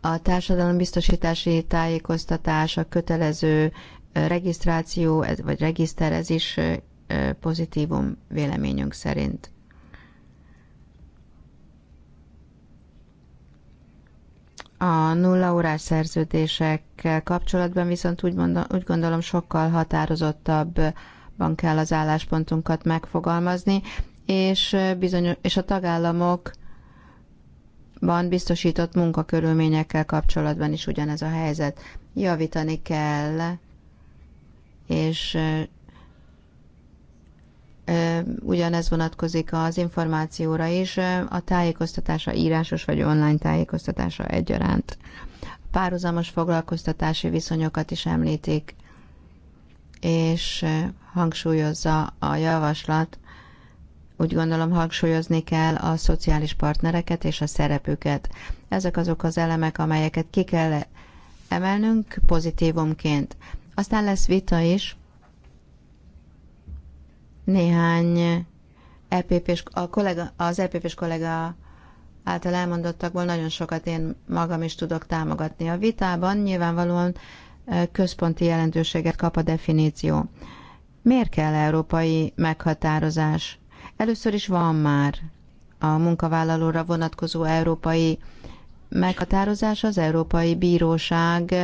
A társadalombiztosítási tájékoztatás, a kötelező regisztráció, vagy regiszter, ez is pozitívum véleményünk szerint. A nulla órás szerződésekkel kapcsolatban viszont úgy, mondom, úgy gondolom sokkal határozottabban kell az álláspontunkat megfogalmazni, és, bizonyos, és a tagállamokban biztosított munkakörülményekkel kapcsolatban is ugyanez a helyzet. Javítani kell, és ugyanez vonatkozik az információra is, a tájékoztatása írásos vagy online tájékoztatása egyaránt. Párhuzamos foglalkoztatási viszonyokat is említik, és hangsúlyozza a javaslat, úgy gondolom hangsúlyozni kell a szociális partnereket és a szerepüket. Ezek azok az elemek, amelyeket ki kell emelnünk pozitívumként. Aztán lesz vita is néhány epp a kollega, az epp kollega által elmondottakból nagyon sokat én magam is tudok támogatni. A vitában nyilvánvalóan központi jelentőséget kap a definíció. Miért kell európai meghatározás? Először is van már a munkavállalóra vonatkozó európai meghatározás az Európai Bíróság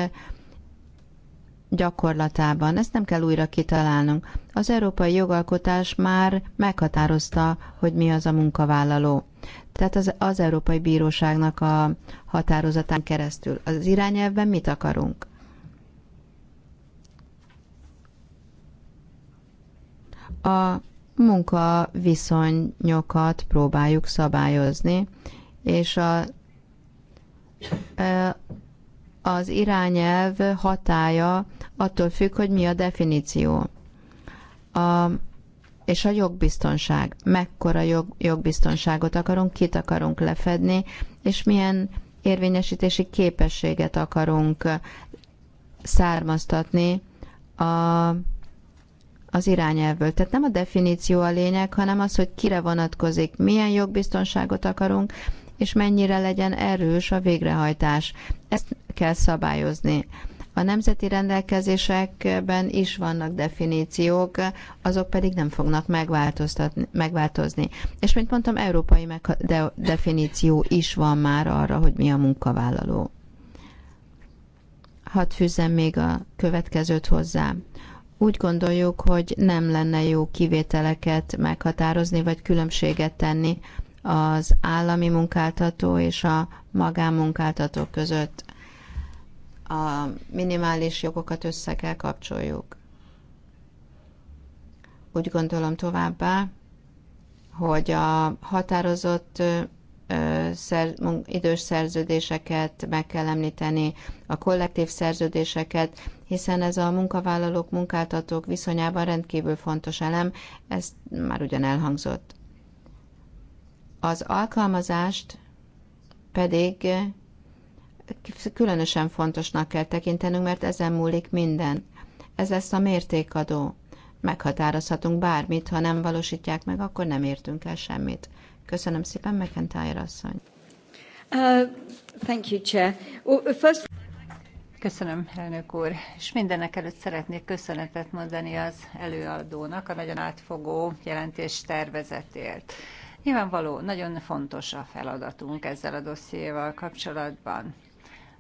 gyakorlatában. Ezt nem kell újra kitalálnunk. Az európai jogalkotás már meghatározta, hogy mi az a munkavállaló. Tehát az, az Európai Bíróságnak a határozatán keresztül. Az irányelvben mit akarunk? A munkaviszonyokat próbáljuk szabályozni, és a az irányelv hatája attól függ, hogy mi a definíció. A, és a jogbiztonság. Mekkora jog, jogbiztonságot akarunk, kit akarunk lefedni, és milyen érvényesítési képességet akarunk származtatni a, az irányelvből. Tehát nem a definíció a lényeg, hanem az, hogy kire vonatkozik, milyen jogbiztonságot akarunk, és mennyire legyen erős a végrehajtás. Ezt kell szabályozni. A nemzeti rendelkezésekben is vannak definíciók, azok pedig nem fognak megváltozni. És mint mondtam, európai de- definíció is van már arra, hogy mi a munkavállaló. Hadd fűzzem még a következőt hozzá. Úgy gondoljuk, hogy nem lenne jó kivételeket meghatározni, vagy különbséget tenni az állami munkáltató és a magánmunkáltató között a minimális jogokat össze kell kapcsoljuk. Úgy gondolom továbbá, hogy a határozott szer, idős szerződéseket meg kell említeni, a kollektív szerződéseket, hiszen ez a munkavállalók, munkáltatók viszonyában rendkívül fontos elem, ez már ugyan elhangzott. Az alkalmazást pedig különösen fontosnak kell tekintenünk, mert ezen múlik minden. Ez lesz a mértékadó. Meghatározhatunk bármit, ha nem valósítják meg, akkor nem értünk el semmit. Köszönöm szépen, McIntyre asszony. Uh, thank you, Chair. first... Köszönöm, elnök úr. És mindenek előtt szeretnék köszönetet mondani az előadónak a nagyon átfogó jelentés tervezetért. Nyilvánvaló, nagyon fontos a feladatunk ezzel a dossziéval kapcsolatban.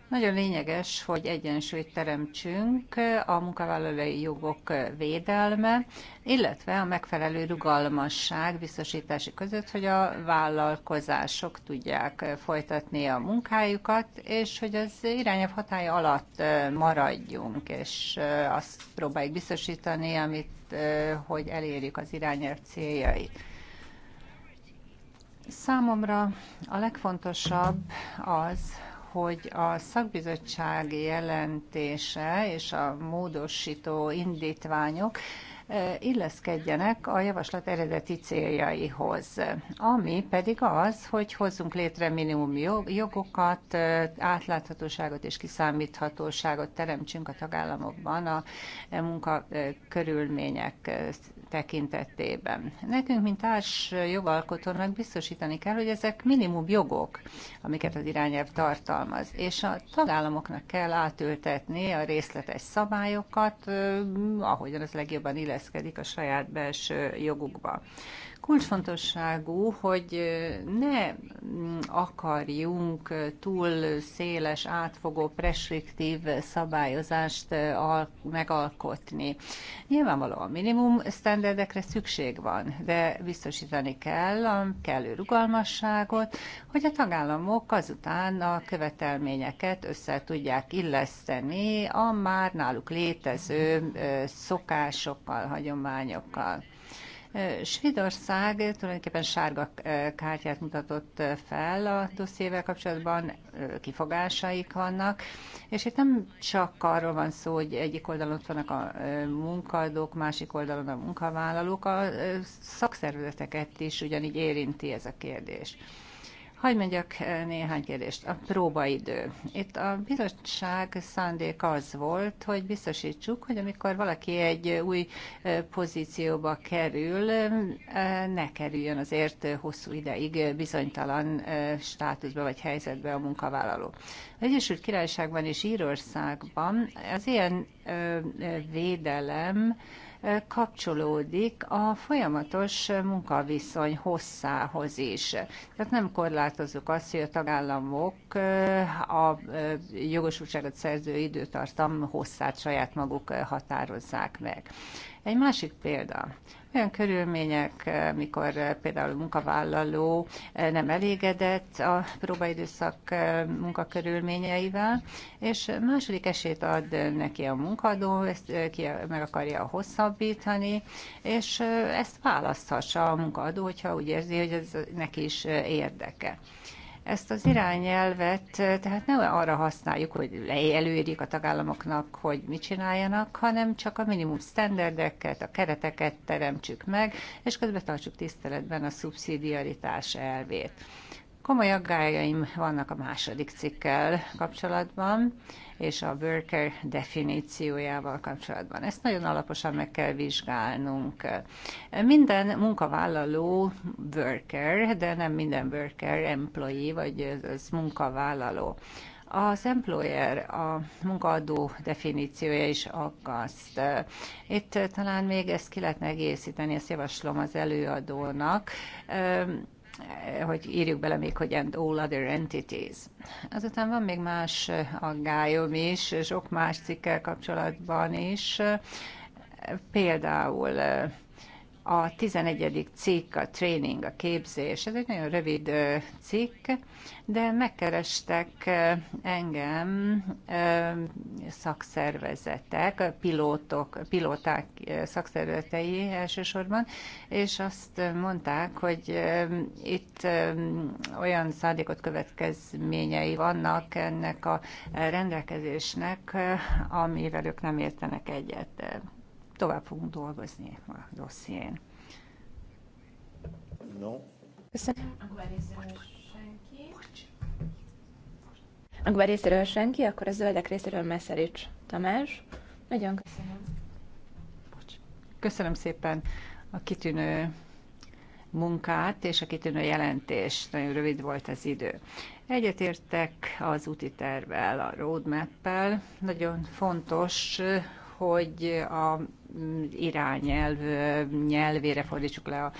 Nagyon lényeges, hogy egyensúlyt teremtsünk a munkavállalói jogok védelme, illetve a megfelelő rugalmasság biztosítási között, hogy a vállalkozások tudják folytatni a munkájukat, és hogy az irányelv hatály alatt maradjunk, és azt próbáljuk biztosítani, amit, hogy elérjük az irányelv céljait. Számomra a legfontosabb az, hogy a szakbizottság jelentése és a módosító indítványok eh, illeszkedjenek a javaslat eredeti céljaihoz, ami pedig az, hogy hozzunk létre minimum jogokat, eh, átláthatóságot és kiszámíthatóságot teremtsünk a tagállamokban a eh, munka tekintetében. Nekünk, mint társ jogalkotónak biztosítani kell, hogy ezek minimum jogok, amiket az irányelv tartalmaz, és a tagállamoknak kell átültetni a részletes szabályokat, eh, ahogyan az legjobban illeszkedik a saját belső jogukba kulcsfontosságú, hogy ne mm, akarjunk túl széles, átfogó, preskriptív szabályozást megalkotni. Nyilvánvalóan minimum standardekre szükség van, de biztosítani kell a kellő rugalmasságot, hogy a tagállamok azután a követelményeket össze tudják illeszteni a már náluk létező szokásokkal, hagyományokkal. Svédország tulajdonképpen sárga kártyát mutatott fel a dossziével kapcsolatban, kifogásaik vannak, és itt nem csak arról van szó, hogy egyik oldalon ott vannak a munkadók, másik oldalon a munkavállalók, a szakszervezeteket is ugyanígy érinti ez a kérdés. Hagy mondjak eh, néhány kérdést. A próbaidő. Itt a bizottság szándék az volt, hogy biztosítsuk, hogy amikor valaki egy eh, új eh, pozícióba kerül, ne kerüljön azért hosszú ideig bizonytalan státuszba vagy helyzetbe a munkavállaló. Az Egyesült Királyságban és Írországban az ilyen védelem, kapcsolódik a folyamatos munkaviszony hosszához is. Tehát nem korlátozzuk azt, hogy a tagállamok a jogosultságot szerző időtartam hosszát saját maguk határozzák meg. Egy másik példa. Olyan körülmények, mikor eh, például a munkavállaló eh, nem elégedett a próbaidőszak eh, munkakörülményeivel, és második esélyt ad neki a munkadó, ezt ki meg akarja hosszabbítani, és ezt választhassa a munkadó, hogyha úgy érzi, hogy ez neki is érdeke. Ezt az irányelvet tehát nem arra használjuk, hogy előírjuk a tagállamoknak, hogy mit csináljanak, hanem csak a minimum standardeket, a kereteket teremtsük meg, és közben tartsuk tiszteletben a szubszidiaritás elvét. Komoly aggájaim vannak a második cikkel kapcsolatban, és a worker definíciójával kapcsolatban. Ezt nagyon alaposan meg kell vizsgálnunk. Minden munkavállaló worker, de nem minden worker employee, vagy ez, ez munkavállaló. Az employer, a munkaadó definíciója is aggaszt. Itt talán még ezt ki lehetne egészíteni, ezt javaslom az előadónak hogy írjuk bele még, hogy and all other entities. Azután van még más aggályom is, sok más cikkel kapcsolatban is. Például a 11. cikk, a training, a képzés, ez egy nagyon rövid cikk, de megkerestek engem szakszervezetek, pilótok, pilóták szakszervezetei elsősorban, és azt mondták, hogy itt olyan szándékot következményei vannak ennek a rendelkezésnek, amivel ők nem értenek egyet tovább fogunk dolgozni a dosszién. No. Köszönöm. Akkor részéről senki, akkor a zöldek részéről Meszerics Tamás. Nagyon köszönöm. Köszönöm szépen a kitűnő munkát és a kitűnő jelentést. Nagyon rövid volt az idő. Egyetértek az úti tervvel, a roadmap-el. Nagyon fontos hogy a mm, irányelv nyelvére fordítsuk le a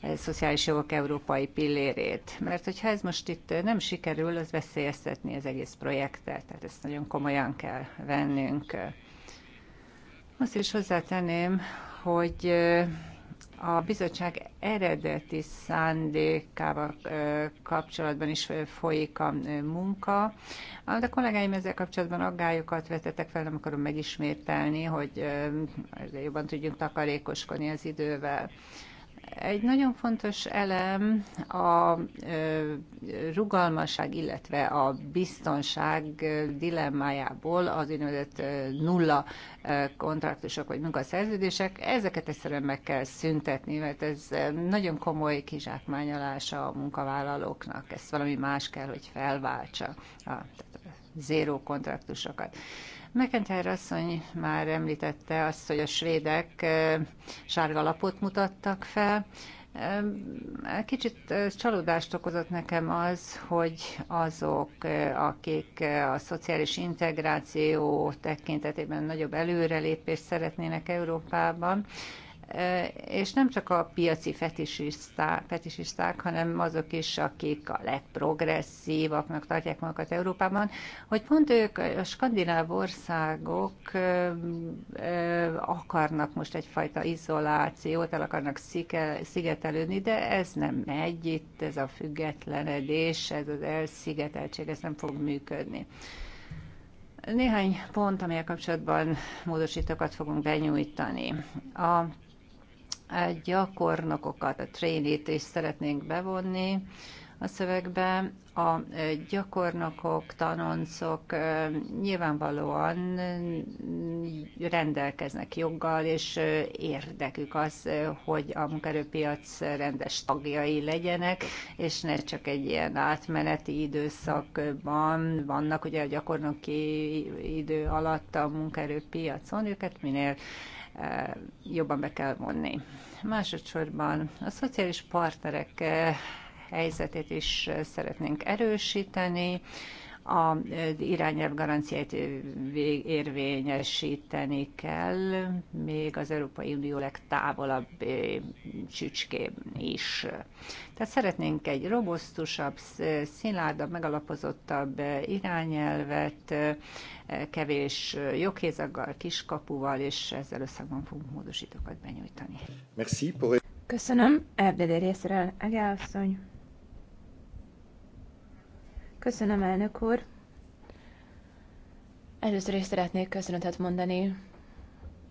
e, szociális jogok európai pillérét. Mert hogyha ez most itt nem sikerül, az veszélyeztetni az egész projektet, tehát ezt nagyon komolyan kell vennünk. Azt is hozzátenném, hogy e, a bizottság eredeti szándékával kapcsolatban is folyik a munka. De kollégáim ezzel kapcsolatban aggályokat vetettek fel, nem akarom megismételni, hogy jobban tudjunk takarékoskodni az idővel. Egy nagyon fontos elem a rugalmasság, illetve a biztonság dilemmájából az úgynevezett nulla kontraktusok vagy munkaszerződések. Ezeket egyszerűen meg kell szüntetni, mert ez nagyon komoly kizsákmányolása a munkavállalóknak. Ezt valami más kell, hogy felváltsa a zéró kontraktusokat. McIntyre asszony már említette azt, hogy a svédek sárga lapot mutattak fel. Kicsit csalódást okozott nekem az, hogy azok, akik a szociális integráció tekintetében nagyobb előrelépést szeretnének Európában, és nem csak a piaci fetisisták, fetisisták, hanem azok is, akik a legprogresszívaknak tartják magukat Európában, hogy pont ők, a skandináv országok akarnak most egyfajta izolációt, el akarnak szigetelődni, de ez nem megy, itt ez a függetlenedés, ez az elszigeteltség, ez nem fog működni. Néhány pont, amelyek kapcsolatban módosítókat fogunk benyújtani. A gyakornokokat, a trainit is szeretnénk bevonni a szövegbe. A gyakornokok, tanoncok nyilvánvalóan rendelkeznek joggal, és érdekük az, hogy a munkerőpiac rendes tagjai legyenek, és ne csak egy ilyen átmeneti időszakban vannak ugye a gyakornoki idő alatt a munkerőpiacon, őket minél E, jobban be kell vonni. Másodszorban a szociális partnerek e, helyzetét is e, szeretnénk erősíteni, a irányelv garanciáit érvényesíteni kell, még az Európai Unió legtávolabb csücskén is. Tehát szeretnénk egy robosztusabb, színládabb, megalapozottabb irányelvet, kevés joghézaggal, kiskapuval, és ezzel összegben fogunk módosítókat benyújtani. Merci pour... Köszönöm, Erdély részéről, Ege asszony. Köszönöm, elnök úr. Először is szeretnék köszönetet mondani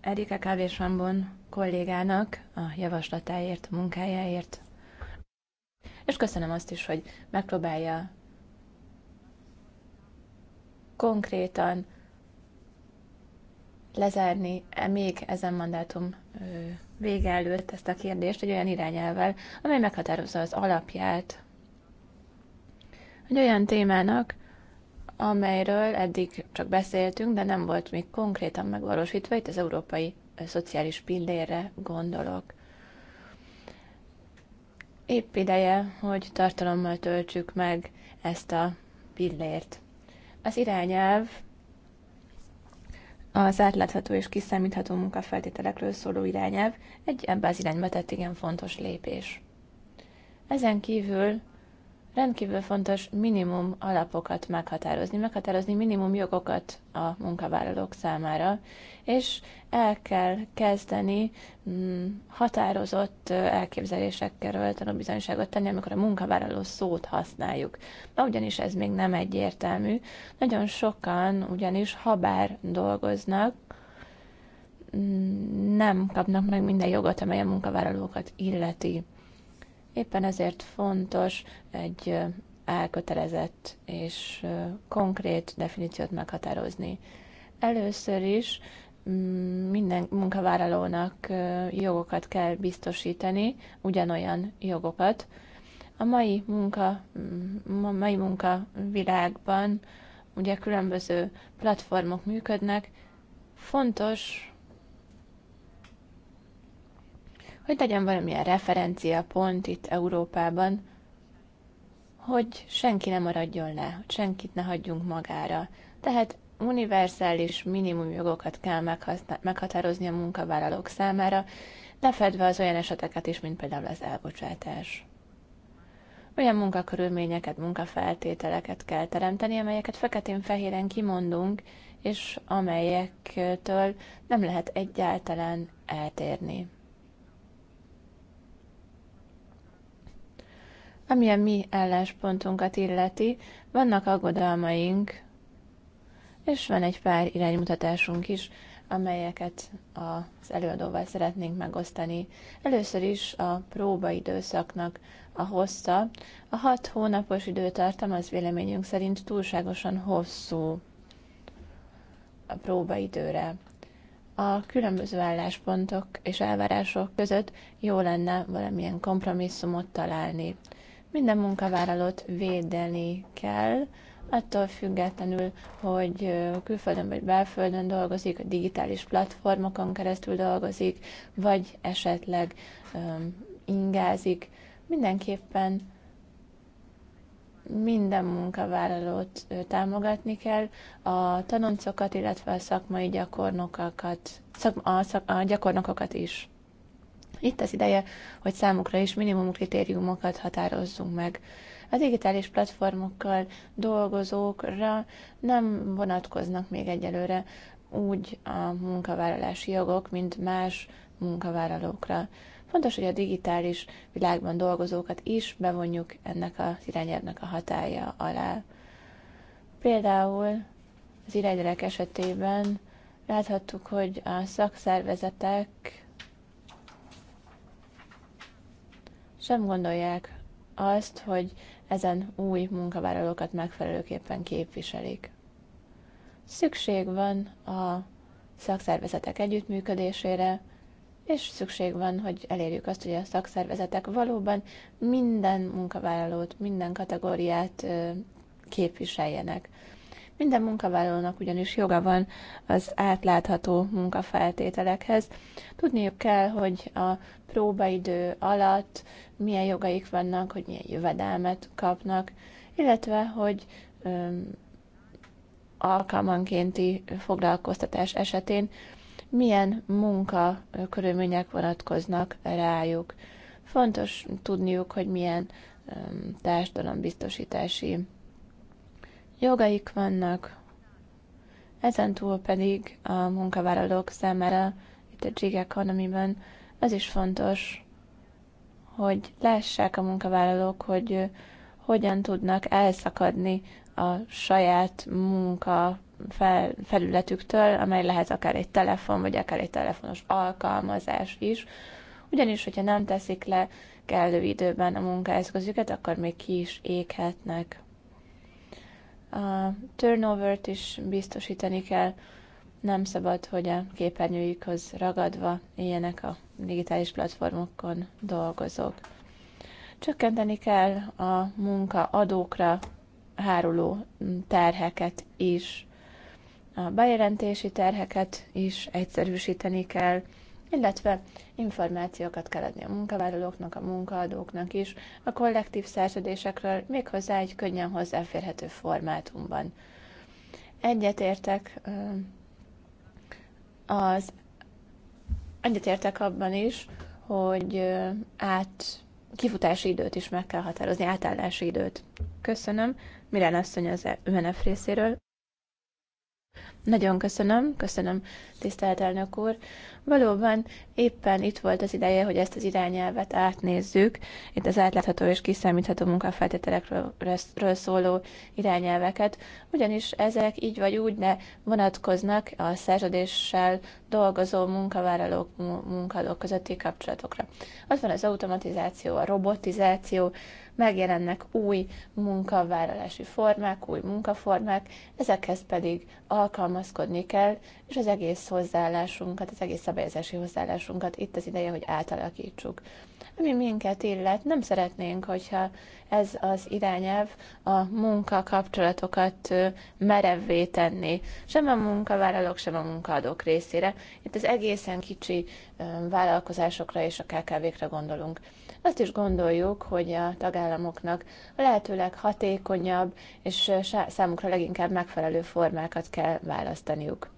Erika Kávésvambon kollégának a javaslatáért, a munkájáért. És köszönöm azt is, hogy megpróbálja konkrétan lezárni e még ezen mandátum vége előtt ezt a kérdést egy olyan irányelvvel, amely meghatározza az alapját egy olyan témának, amelyről eddig csak beszéltünk, de nem volt még konkrétan megvalósítva, itt az európai szociális pillérre gondolok. Épp ideje, hogy tartalommal töltsük meg ezt a pillért. Az irányelv az átlátható és kiszámítható munkafeltételekről szóló irányelv egy ebbe az irányba tett igen fontos lépés. Ezen kívül rendkívül fontos minimum alapokat meghatározni, meghatározni minimum jogokat a munkavállalók számára, és el kell kezdeni mm, határozott elképzelésekkel bizonyságot tenni, amikor a munkavállaló szót használjuk. Na, ugyanis ez még nem egyértelmű. Nagyon sokan ugyanis habár dolgoznak, mm, nem kapnak meg minden jogot, amely a munkavállalókat illeti. Éppen ezért fontos egy elkötelezett és konkrét definíciót meghatározni. Először is mm, minden munkavállalónak jogokat kell biztosítani, ugyanolyan jogokat. A mai munka, mm, a mai munka világban ugye különböző platformok működnek, fontos hogy legyen valamilyen pont itt Európában, hogy senki ne maradjon le, hogy senkit ne hagyjunk magára. Tehát univerzális minimum jogokat kell meghatározni a munkavállalók számára, lefedve az olyan eseteket is, mint például az elbocsátás. Olyan munkakörülményeket, munkafeltételeket kell teremteni, amelyeket feketén-fehéren kimondunk, és amelyektől nem lehet egyáltalán eltérni. Ami a mi álláspontunkat illeti, vannak aggodalmaink, és van egy pár iránymutatásunk is, amelyeket az előadóval szeretnénk megosztani. Először is a próbaidőszaknak a hossza. A hat hónapos időtartam az véleményünk szerint túlságosan hosszú a próbaidőre. A különböző álláspontok és elvárások között jó lenne valamilyen kompromisszumot találni. Minden munkavállalót védeni kell, attól függetlenül, hogy külföldön vagy belföldön dolgozik, a digitális platformokon keresztül dolgozik, vagy esetleg um, ingázik. Mindenképpen minden munkavállalót támogatni kell, a tanoncokat, illetve a szakmai gyakornokokat, szak, a, szak, a gyakornokokat is. Itt az ideje, hogy számukra is minimum kritériumokat határozzunk meg. A digitális platformokkal dolgozókra nem vonatkoznak még egyelőre úgy a munkavállalási jogok, mint más munkavállalókra. Fontos, hogy a digitális világban dolgozókat is bevonjuk ennek az irányelvnek a hatája alá. Például az irányelek esetében láthattuk, hogy a szakszervezetek sem gondolják azt, hogy ezen új munkavállalókat megfelelőképpen képviselik. Szükség van a szakszervezetek együttműködésére, és szükség van, hogy elérjük azt, hogy a szakszervezetek valóban minden munkavállalót, minden kategóriát képviseljenek. Minden munkavállalónak ugyanis joga van az átlátható munkafeltételekhez. Tudniuk kell, hogy a próbaidő alatt milyen jogaik vannak, hogy milyen jövedelmet kapnak, illetve hogy alkalmankénti foglalkoztatás esetén milyen munka körülmények vonatkoznak rájuk. Fontos tudniuk, hogy milyen társadalombiztosítási jogaik vannak, ezen túl pedig a munkavállalók számára itt a gig economy az is fontos, hogy lássák a munkavállalók, hogy hogyan tudnak elszakadni a saját munka fel, felületüktől, amely lehet akár egy telefon, vagy akár egy telefonos alkalmazás is. Ugyanis, hogyha nem teszik le kellő időben a munkaeszközüket, akkor még ki is éghetnek. A turnover-t is biztosítani kell, nem szabad, hogy a képernyőjükhöz ragadva éljenek a digitális platformokon dolgozók. Csökkenteni kell a munka adókra háruló terheket is. A bejelentési terheket is egyszerűsíteni kell, illetve információkat kell adni a munkavállalóknak, a munkaadóknak is, a kollektív szerződésekről méghozzá egy könnyen hozzáférhető formátumban. Egyetértek az egyetértek abban is, hogy át kifutási időt is meg kell határozni, átállási időt. Köszönöm. Mirán asszony az UNF e részéről. Nagyon köszönöm, köszönöm, tisztelt elnök úr. Valóban éppen itt volt az ideje, hogy ezt az irányelvet átnézzük. Itt az átlátható és kiszámítható munkafeltételekről szóló irányelveket, ugyanis ezek így vagy úgy ne vonatkoznak a szerződéssel dolgozó munkavállalók, munkadók közötti kapcsolatokra. Ott van az automatizáció, a robotizáció, megjelennek új munkavállalási formák, új munkaformák, ezekhez pedig alkalmazkodni kell, és az egész hozzáállásunkat, az egész szabályozási hozzáállásunkat itt az ideje, hogy átalakítsuk. Ami minket illet, nem szeretnénk, hogyha ez az irányelv a munkakapcsolatokat merevvé tenni, sem a munkavállalók, sem a munkaadók részére. Itt az egészen kicsi vállalkozásokra és a KKV-kre gondolunk azt is gondoljuk, hogy a tagállamoknak a lehetőleg hatékonyabb és számukra leginkább megfelelő formákat kell választaniuk.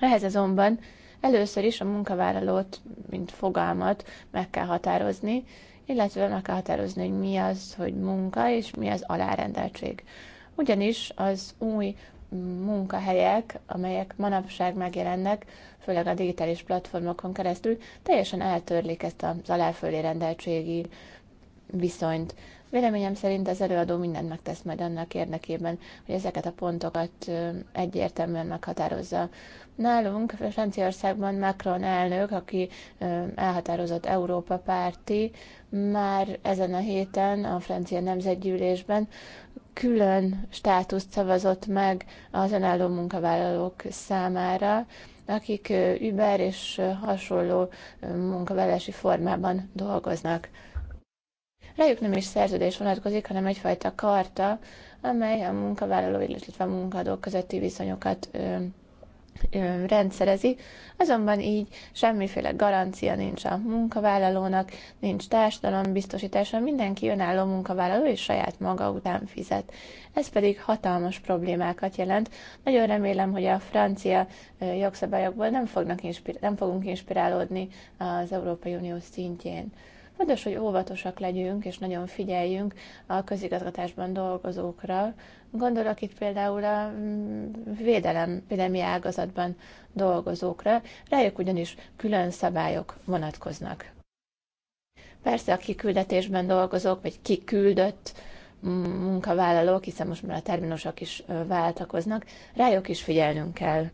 Ehhez azonban először is a munkavállalót, mint fogalmat meg kell határozni, illetve meg kell határozni, hogy mi az, hogy munka, és mi az alárendeltség. Ugyanis az új munkahelyek, amelyek manapság megjelennek, főleg a digitális platformokon keresztül, teljesen eltörlik ezt az aláfölé rendeltségi viszonyt. Véleményem szerint az előadó mindent megtesz majd annak érdekében, hogy ezeket a pontokat egyértelműen meghatározza. Nálunk Franciaországban Macron elnök, aki elhatározott Európa párti, már ezen a héten a francia nemzetgyűlésben külön státuszt szavazott meg az önálló munkavállalók számára, akik Uber és hasonló munkavállalási formában dolgoznak. Rájuk nem is szerződés vonatkozik, hanem egyfajta karta, amely a munkavállaló, illetve a munkadók közötti viszonyokat rendszerezi, azonban így semmiféle garancia nincs a munkavállalónak, nincs társadalombiztosítása, mindenki önálló munkavállaló és saját maga után fizet. Ez pedig hatalmas problémákat jelent. Nagyon remélem, hogy a francia jogszabályokból nem, fognak inspir- nem fogunk inspirálódni az Európai Unió szintjén. Fontos, hogy óvatosak legyünk és nagyon figyeljünk a közigazgatásban dolgozókra, Gondolok itt például a mm, védelem, védelmi ágazatban dolgozókra, rájuk ugyanis külön szabályok vonatkoznak. Persze a kiküldetésben dolgozók, vagy kiküldött munkavállalók, hiszen most már a terminusok is váltakoznak, rájuk is figyelnünk kell.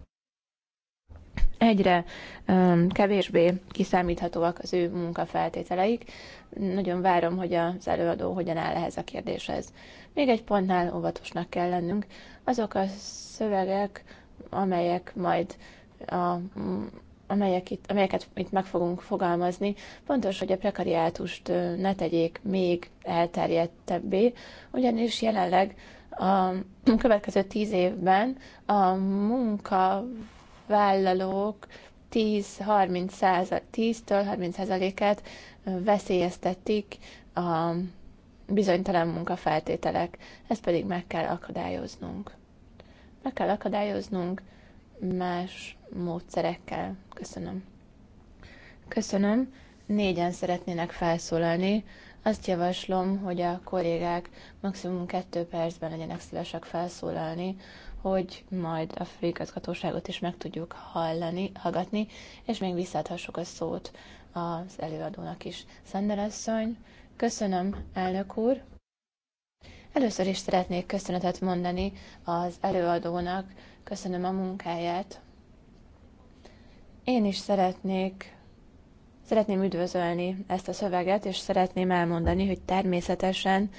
Egyre um, kevésbé kiszámíthatóak az ő munkafeltételeik, nagyon várom, hogy az előadó hogyan áll ehhez a kérdéshez. Még egy pontnál óvatosnak kell lennünk. Azok a szövegek, amelyek majd a amelyek itt, amelyeket itt meg fogunk fogalmazni, fontos, hogy a prekariátust ne tegyék még elterjedtebbé, ugyanis jelenleg a következő tíz évben a munkavállalók 10-30 10-től 30 százalékát veszélyeztetik a bizonytalan munkafeltételek. Ezt pedig meg kell akadályoznunk. Meg kell akadályoznunk más módszerekkel. Köszönöm. Köszönöm. Négyen szeretnének felszólalni. Azt javaslom, hogy a kollégák maximum kettő percben legyenek szívesek felszólalni, hogy majd a főigazgatóságot is meg tudjuk hallani, hallgatni, és még visszáthassuk a szót az előadónak is. Szender asszony, köszönöm, elnök úr! Először is szeretnék köszönetet mondani az előadónak, köszönöm a munkáját. Én is szeretnék Szeretném üdvözölni ezt a szöveget, és szeretném elmondani, hogy természetesen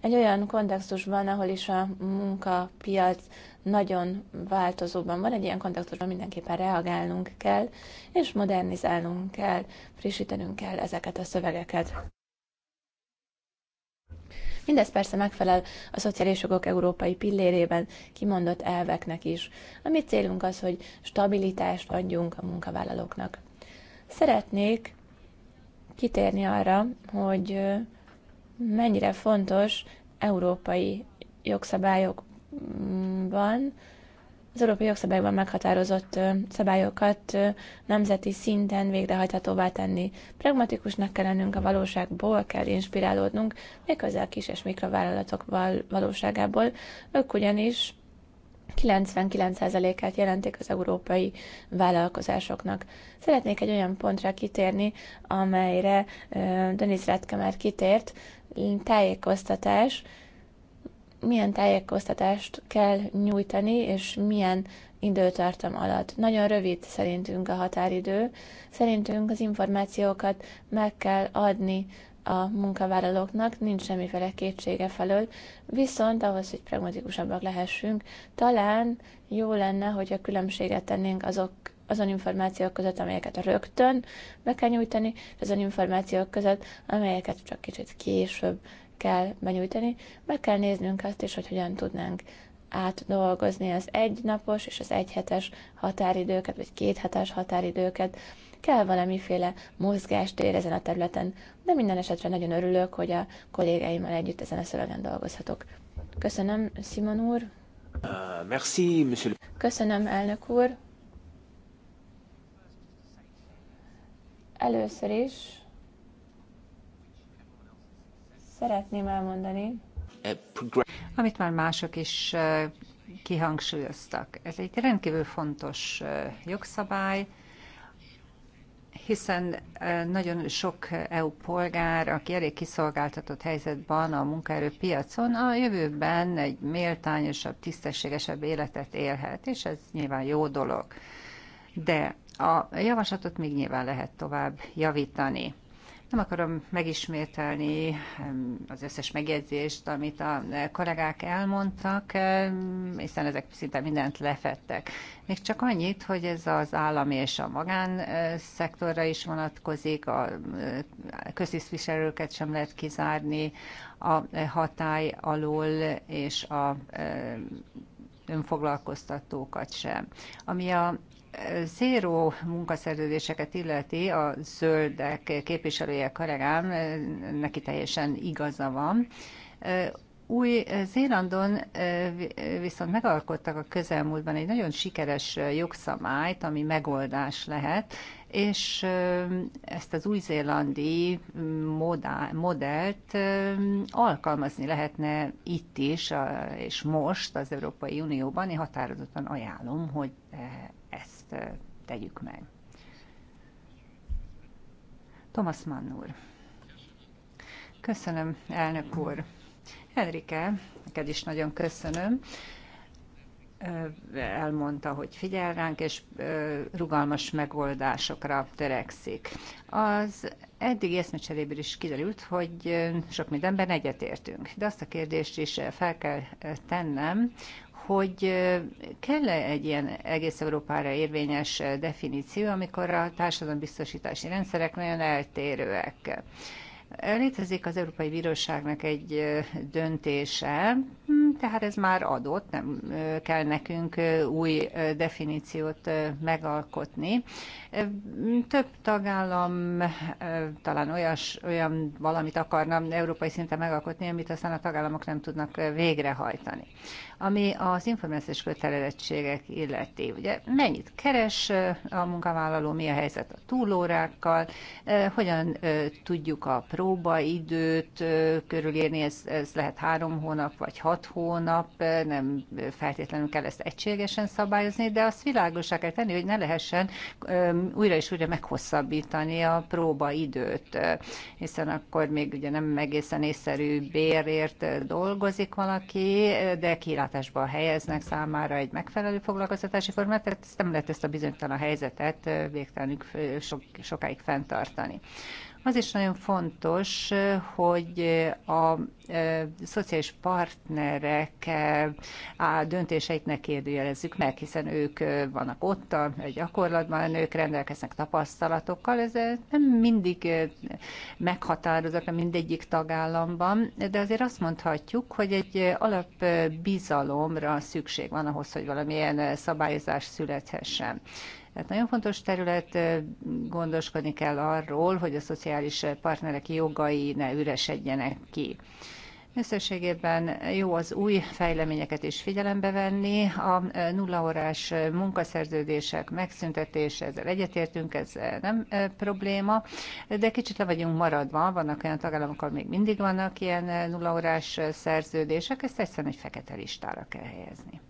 egy olyan kontextusban, ahol is a munkapiac nagyon változóban van, egy ilyen kontextusban mindenképpen reagálnunk kell, és modernizálnunk kell, frissítenünk kell ezeket a szövegeket. Mindez persze megfelel a szociális jogok európai pillérében kimondott elveknek is. A mi célunk az, hogy stabilitást adjunk a munkavállalóknak. Szeretnék kitérni arra, hogy mennyire fontos európai jogszabályok van az európai jogszabályban meghatározott szabályokat nemzeti szinten végrehajthatóvá tenni. Pragmatikusnak kell lennünk, a valóságból kell inspirálódnunk, méghozzá a kis és mikrovállalatok valóságából. Ők ugyanis 99%-át jelentik az európai vállalkozásoknak. Szeretnék egy olyan pontra kitérni, amelyre Denis Radke már kitért, tájékoztatás, milyen tájékoztatást kell nyújtani, és milyen időtartam alatt. Nagyon rövid szerintünk a határidő. Szerintünk az információkat meg kell adni a munkavállalóknak, nincs semmiféle kétsége felől, viszont ahhoz, hogy pragmatikusabbak lehessünk, talán jó lenne, hogyha különbséget tennénk azok azon információk között, amelyeket rögtön be kell nyújtani, és azon információk között, amelyeket csak kicsit később kell benyújtani, meg kell néznünk azt is, hogy hogyan tudnánk átdolgozni az egynapos és az egyhetes határidőket, vagy kéthetes határidőket. Kell valamiféle mozgástér ezen a területen, de minden esetre nagyon örülök, hogy a kollégáimmal együtt ezen a szövegen dolgozhatok. Köszönöm, Simon úr! Uh, merci, monsieur. Köszönöm, elnök úr! Először is szeretném elmondani, eh, amit már mások is eh, kihangsúlyoztak. Ez egy rendkívül fontos eh, jogszabály, hiszen nagyon sok EU polgár, aki elég kiszolgáltatott helyzetben a munkaerőpiacon, a jövőben egy méltányosabb, tisztességesebb életet élhet, és ez nyilván jó dolog. De a javaslatot még nyilván lehet tovább javítani. Nem akarom megismételni az összes megjegyzést, amit a kollégák elmondtak, hiszen ezek szinte mindent lefettek. Még csak annyit, hogy ez az állami és a magán eh, szektorra is vonatkozik, a eh, köztisztviselőket sem lehet kizárni a eh, hatály alól, és a önfoglalkoztatókat sem. Ami a zéró munkaszerződéseket illeti, a zöldek képviselője kollégám, neki teljesen igaza van. Új Zélandon viszont megalkottak a közelmúltban egy nagyon sikeres jogszabályt, ami megoldás lehet, és ezt az új-zélandi modellt alkalmazni lehetne itt is, és most az Európai Unióban. Én határozottan ajánlom, hogy ezt tegyük meg. Thomas Mann úr. Köszönöm, elnök úr. Henrike, neked is nagyon köszönöm. Elmondta, hogy figyel ránk, és rugalmas megoldásokra törekszik. Az eddigi eszmecseréből is kiderült, hogy sok mindenben egyetértünk. De azt a kérdést is fel kell tennem, hogy kell-e egy ilyen egész Európára érvényes definíció, amikor a társadalombiztosítási rendszerek nagyon eltérőek. Létezik az Európai Bíróságnak egy döntése, hm, tehát ez már adott, nem kell nekünk új definíciót megalkotni. Több tagállam talán olyas, olyan valamit akarna európai szinten megalkotni, amit aztán a tagállamok nem tudnak végrehajtani ami az információs kötelezettségek illeti. Ugye mennyit keres a munkavállaló, mi a helyzet a túlórákkal, hogyan tudjuk a próbaidőt körülírni, ez, ez lehet három hónap vagy hat hónap, nem feltétlenül kell ezt egységesen szabályozni, de azt világosá kell tenni, hogy ne lehessen újra és újra meghosszabbítani a próbaidőt, hiszen akkor még ugye nem egészen észszerű bérért dolgozik valaki, de kilát ellátásba helyeznek számára egy megfelelő foglalkoztatási formát, tehát nem lehet ezt a bizonytalan helyzetet végtelenül sok, sokáig fenntartani. Az is nagyon fontos, hogy a e, szociális partnerek e, a döntéseit ne kérdőjelezzük meg, hiszen ők e, vannak ott a gyakorlatban, ők rendelkeznek tapasztalatokkal, ez nem mindig meghatározott a mindegyik tagállamban, de azért azt mondhatjuk, hogy egy alapbizalomra szükség van ahhoz, hogy valamilyen szabályozás születhessen. Tehát nagyon fontos terület, gondoskodni kell arról, hogy a szociális partnerek jogai ne üresedjenek ki. Összességében jó az új fejleményeket is figyelembe venni. A nullaórás munkaszerződések megszüntetése, ezzel egyetértünk, ez nem probléma, de kicsit le vagyunk maradva. Vannak olyan tagállamok, ahol még mindig vannak ilyen nullaórás szerződések, ezt egyszerűen egy fekete listára kell helyezni.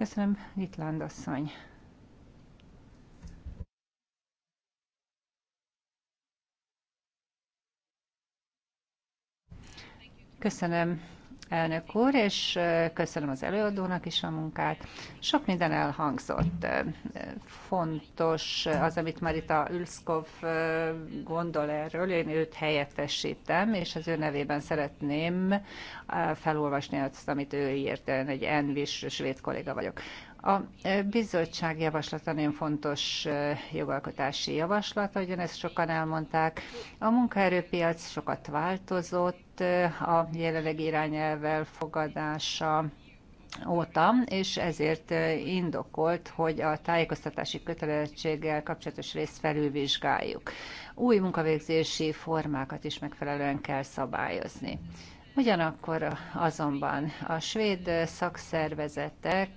Köszönöm, Litland asszony. Köszönöm, elnök úr, és köszönöm az előadónak is a munkát. Sok minden elhangzott. Fontos az, amit Marita Ülszkov gondol erről, én őt helyettesítem, és az ő nevében szeretném felolvasni azt, amit ő írt, egy envis svéd kolléga vagyok. A e, bizottság javaslata nagyon fontos e, jogalkotási javaslat, ahogyan ezt sokan elmondták. A munkaerőpiac sokat változott e, a jelenlegi irányelvel fogadása óta, és ezért indokolt, hogy a tájékoztatási kötelezettséggel kapcsolatos részt felülvizsgáljuk. Új munkavégzési formákat is megfelelően kell szabályozni. Ugyanakkor azonban a svéd szakszervezetek,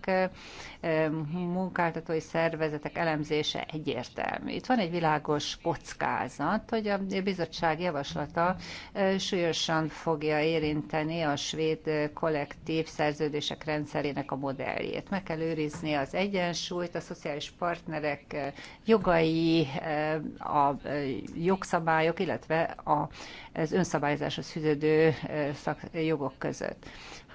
eh, munkáltatói szervezetek elemzése egyértelmű. Itt van egy világos kockázat, hogy a bizottság javaslata eh, súlyosan fogja érinteni a svéd kollektív szerződések rendszerének a modelljét. Meg kell őrizni az egyensúlyt, a szociális partnerek eh, jogai, a jogszabályok, illetve az önszabályozáshoz fűződő jogok között.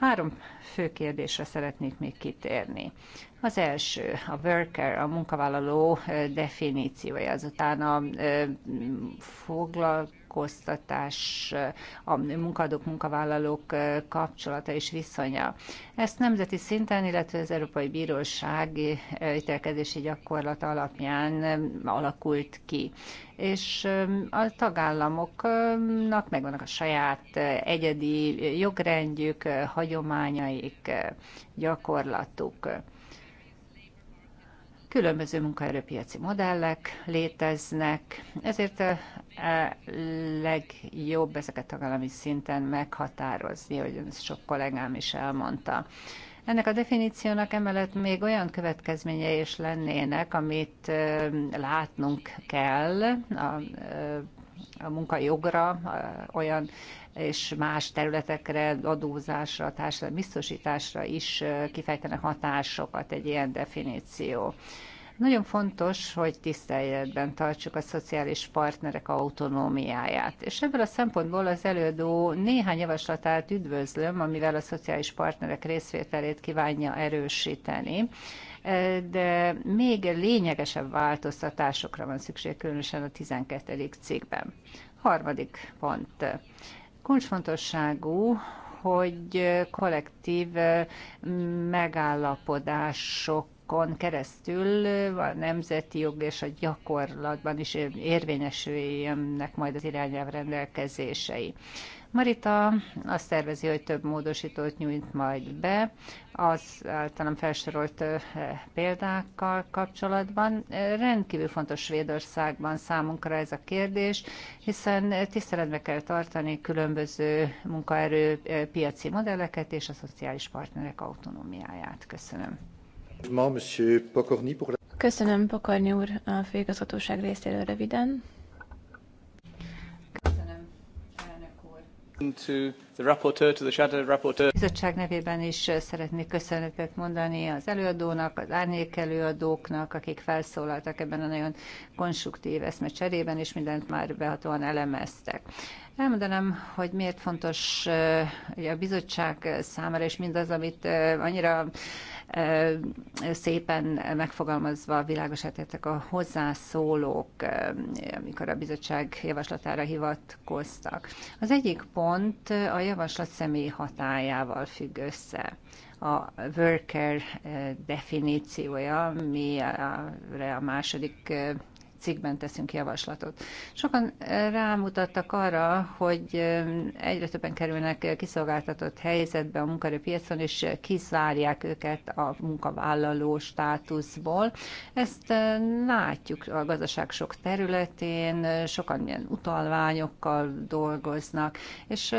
Három fő kérdésre szeretnék még kitérni. Az első, a worker, a munkavállaló definíciója, azután a foglal, foglalkoztatás, a munkadók, munkavállalók kapcsolata és viszonya. Ezt nemzeti szinten, illetve az Európai Bíróság ítélkezési gyakorlata alapján alakult ki és a tagállamoknak megvannak a saját egyedi jogrendjük, hagyományaik, gyakorlatuk. Különböző munkaerőpiaci modellek léteznek, ezért legjobb ezeket tagállami szinten meghatározni, hogy ezt sok kollégám is elmondta. Ennek a definíciónak emellett még olyan következményei is lennének, amit látnunk kell a, a munkajogra, olyan és más területekre, adózásra, társadalmi biztosításra is kifejtenek hatásokat egy ilyen definíció. Nagyon fontos, hogy tiszteletben tartsuk a szociális partnerek autonómiáját. És ebből a szempontból az előadó néhány javaslatát üdvözlöm, amivel a szociális partnerek részvételét kívánja erősíteni e, de még lényegesebb változtatásokra van szükség, különösen a 12. cikkben. Harmadik pont. Kulcsfontosságú, hogy kollektív mm, megállapodások jogokon keresztül a nemzeti jog és a gyakorlatban is érvényesüljenek majd az irányelv rendelkezései. Marita azt tervezi, hogy több módosítót nyújt majd be az általam felsorolt eh, példákkal kapcsolatban. Rendkívül fontos Svédországban számunkra ez a kérdés, hiszen tiszteletbe kell tartani különböző munkaerő eh, piaci modelleket és a szociális partnerek autonómiáját. Köszönöm. Köszönöm, Pokorni úr, a főigazgatóság részéről röviden. Köszönöm, A bizottság nevében is szeretnék köszönetet mondani az előadónak, az árnyék előadóknak, akik felszólaltak ebben a nagyon konstruktív eszmecserében, és mindent már behatóan elemeztek. Elmondanám, hogy miért fontos eh, a bizottság számára, és mindaz, amit eh, annyira szépen megfogalmazva világosá a hozzászólók, amikor a bizottság javaslatára hivatkoztak. Az egyik pont a javaslat személy hatájával függ össze a worker definíciója, mire a második cikkben teszünk javaslatot. Sokan eh, rámutattak arra, hogy eh, egyre többen kerülnek kiszolgáltatott helyzetbe a munkaerőpiacon, és eh, kiszárják őket a munkavállaló státuszból. Ezt látjuk a gazdaság sok területén, sokan ilyen utalványokkal dolgoznak, és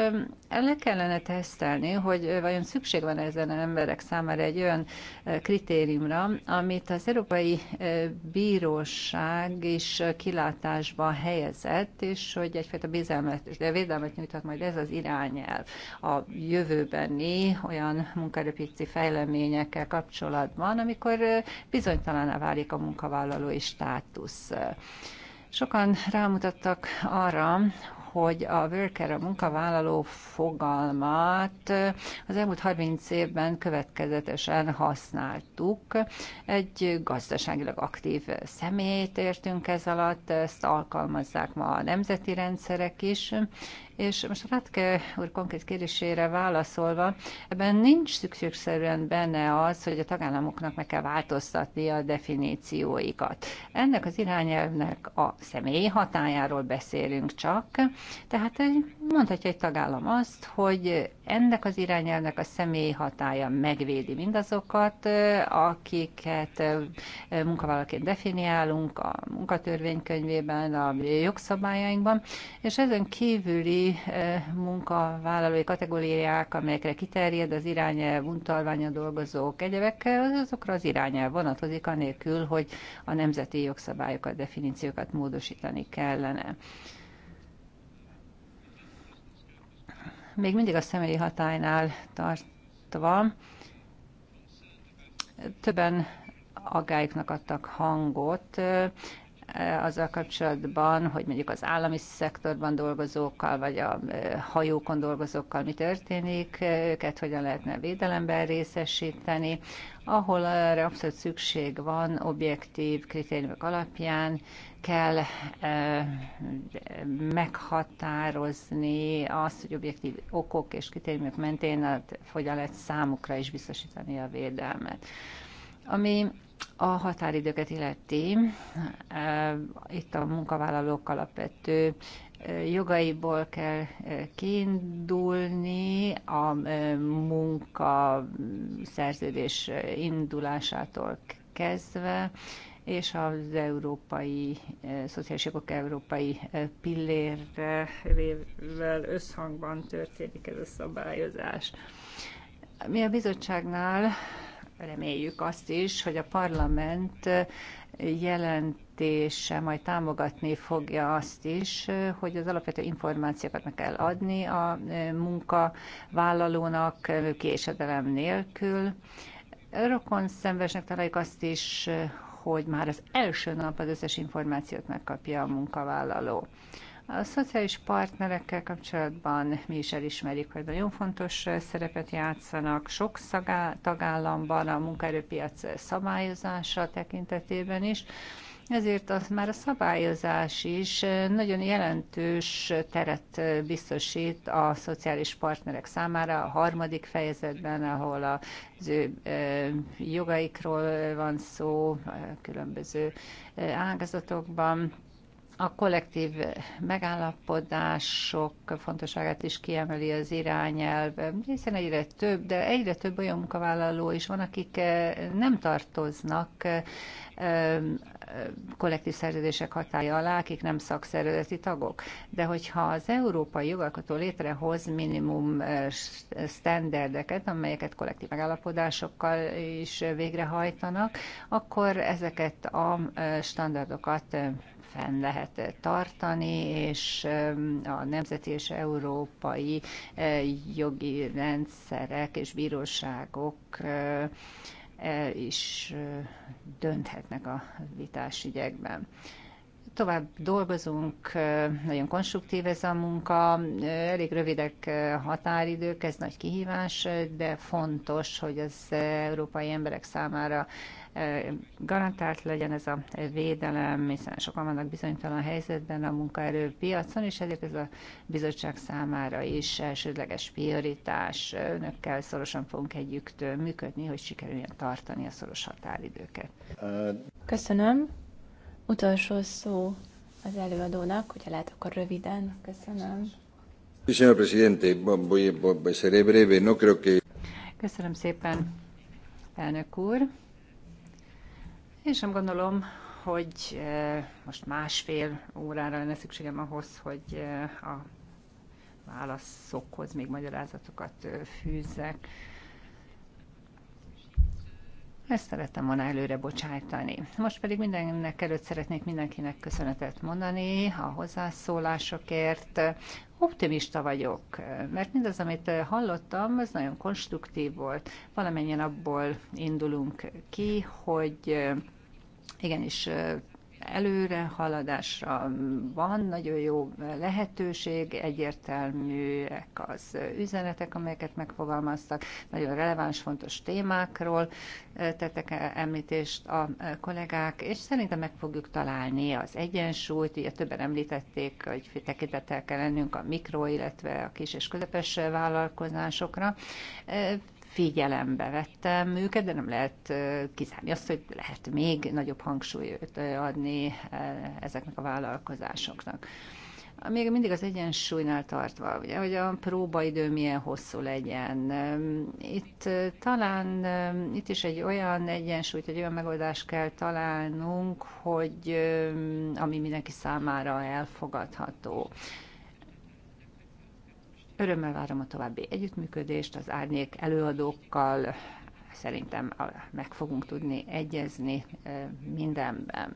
le kellene tesztelni, hogy vajon szükség van ezen emberek számára egy olyan kritériumra, amit az Európai Bíróság is kilátásba helyezett, és hogy egyfajta bizalmat, de védelmet nyújthat majd ez az irányelv a jövőbeni olyan munkaerőpici fejleményekkel kapcsolatban, amikor bizonytalaná válik a munkavállalói státusz. Sokan rámutattak arra, hogy a worker, a munkavállaló fogalmát az elmúlt 30 évben következetesen használtuk. Egy gazdaságilag aktív személyt értünk ez alatt, ezt alkalmazzák ma a nemzeti rendszerek is, és most Rátke úr konkrét kérdésére válaszolva, ebben nincs szükségszerűen benne az, hogy a tagállamoknak meg kell változtatni a definícióikat. Ennek az irányelvnek a személy hatájáról beszélünk csak, tehát mondhatja egy tagállam azt, hogy ennek az irányelvnek a személy hatája megvédi mindazokat, akiket munkavállalóként definiálunk a munkatörvénykönyvében, a jogszabályainkban, és ezen kívüli Eh, munkavállalói kategóriák, amelyekre kiterjed az irányelv, untalványa dolgozók, egyebek, azokra az irányelv vonatkozik, anélkül, hogy a nemzeti jogszabályokat, definíciókat módosítani kellene. Még mindig a személyi hatálynál tartva, többen aggályoknak adtak hangot E, azzal kapcsolatban, hogy mondjuk az állami szektorban dolgozókkal, vagy a e, hajókon dolgozókkal mi történik, e, őket hogyan lehetne védelemben részesíteni, ahol erre abszolút szükség van, objektív kritériumok alapján kell meghatározni azt, hogy objektív okok és kritériumok mentén hogyan lehet számukra is biztosítani a védelmet. Ami a határidőket illeti, itt a munkavállalók alapvető jogaiból kell kiindulni a munka szerződés indulásától kezdve, és az európai, szociális jogok európai pillérvel összhangban történik ez a szabályozás. Mi a bizottságnál reméljük azt is, hogy a parlament jelentése majd támogatni fogja azt is, hogy az alapvető információkat meg kell adni a munkavállalónak késedelem nélkül. Rokon szenvesnek találjuk azt is, hogy már az első nap az összes információt megkapja a munkavállaló. A szociális partnerekkel kapcsolatban mi is elismerjük, hogy nagyon fontos szerepet játszanak sok tagállamban a munkaerőpiac szabályozása tekintetében is. Ezért az már a szabályozás is nagyon jelentős teret biztosít a szociális partnerek számára. A harmadik fejezetben, ahol az ő jogaikról van szó, különböző ágazatokban, a kollektív megállapodások fontosságát is kiemeli az irányelv, hiszen egyre több, de egyre több olyan munkavállaló is van, akik eh, nem tartoznak eh, eh, kollektív szerződések hatája alá, akik nem szakszervezeti tagok. De hogyha az európai jogalkotó létrehoz minimum standardeket, amelyeket kollektív megállapodásokkal is végrehajtanak, akkor ezeket a standardokat fenn lehet tartani, és a nemzeti és európai eh, jogi rendszerek és bíróságok eh, eh, is dönthetnek a vitás ügyekben tovább dolgozunk, nagyon konstruktív ez a munka, elég rövidek határidők, ez nagy kihívás, de fontos, hogy az európai emberek számára garantált legyen ez a védelem, hiszen sokan vannak bizonytalan helyzetben a munkaerőpiacon, és ezért ez a bizottság számára is elsődleges prioritás. Önökkel szorosan fogunk együtt működni, hogy sikerüljön tartani a szoros határidőket. Köszönöm. Utolsó szó az előadónak, hogyha lehet, akkor röviden. Köszönöm. Señor presidente, voy, voy, seré breve. No creo que... Köszönöm szépen, elnök úr. Én sem gondolom, hogy eh, most másfél órára lenne szükségem ahhoz, hogy eh, a válaszokhoz még magyarázatokat eh, fűzzek. Ezt szerettem volna előre bocsájtani. Most pedig mindennek előtt szeretnék mindenkinek köszönetet mondani a hozzászólásokért. Optimista vagyok, mert mindaz, amit hallottam, ez nagyon konstruktív volt. Valamennyien abból indulunk ki, hogy igenis előre haladásra van, nagyon jó lehetőség, egyértelműek az üzenetek, amelyeket megfogalmaztak, nagyon releváns, fontos témákról tettek említést a kollégák, és szerintem meg fogjuk találni az egyensúlyt, ugye többen említették, hogy tekintettel kell lennünk a mikro, illetve a kis és közepes vállalkozásokra figyelembe vettem őket, de nem lehet kizárni azt, hogy lehet még nagyobb hangsúlyt adni ezeknek a vállalkozásoknak. Még mindig az egyensúlynál tartva, ugye, hogy a próbaidő milyen hosszú legyen. Itt talán itt is egy olyan egyensúlyt, egy olyan megoldást kell találnunk, hogy ami mindenki számára elfogadható Örömmel várom a további együttműködést az árnyék előadókkal, szerintem meg fogunk tudni egyezni mindenben.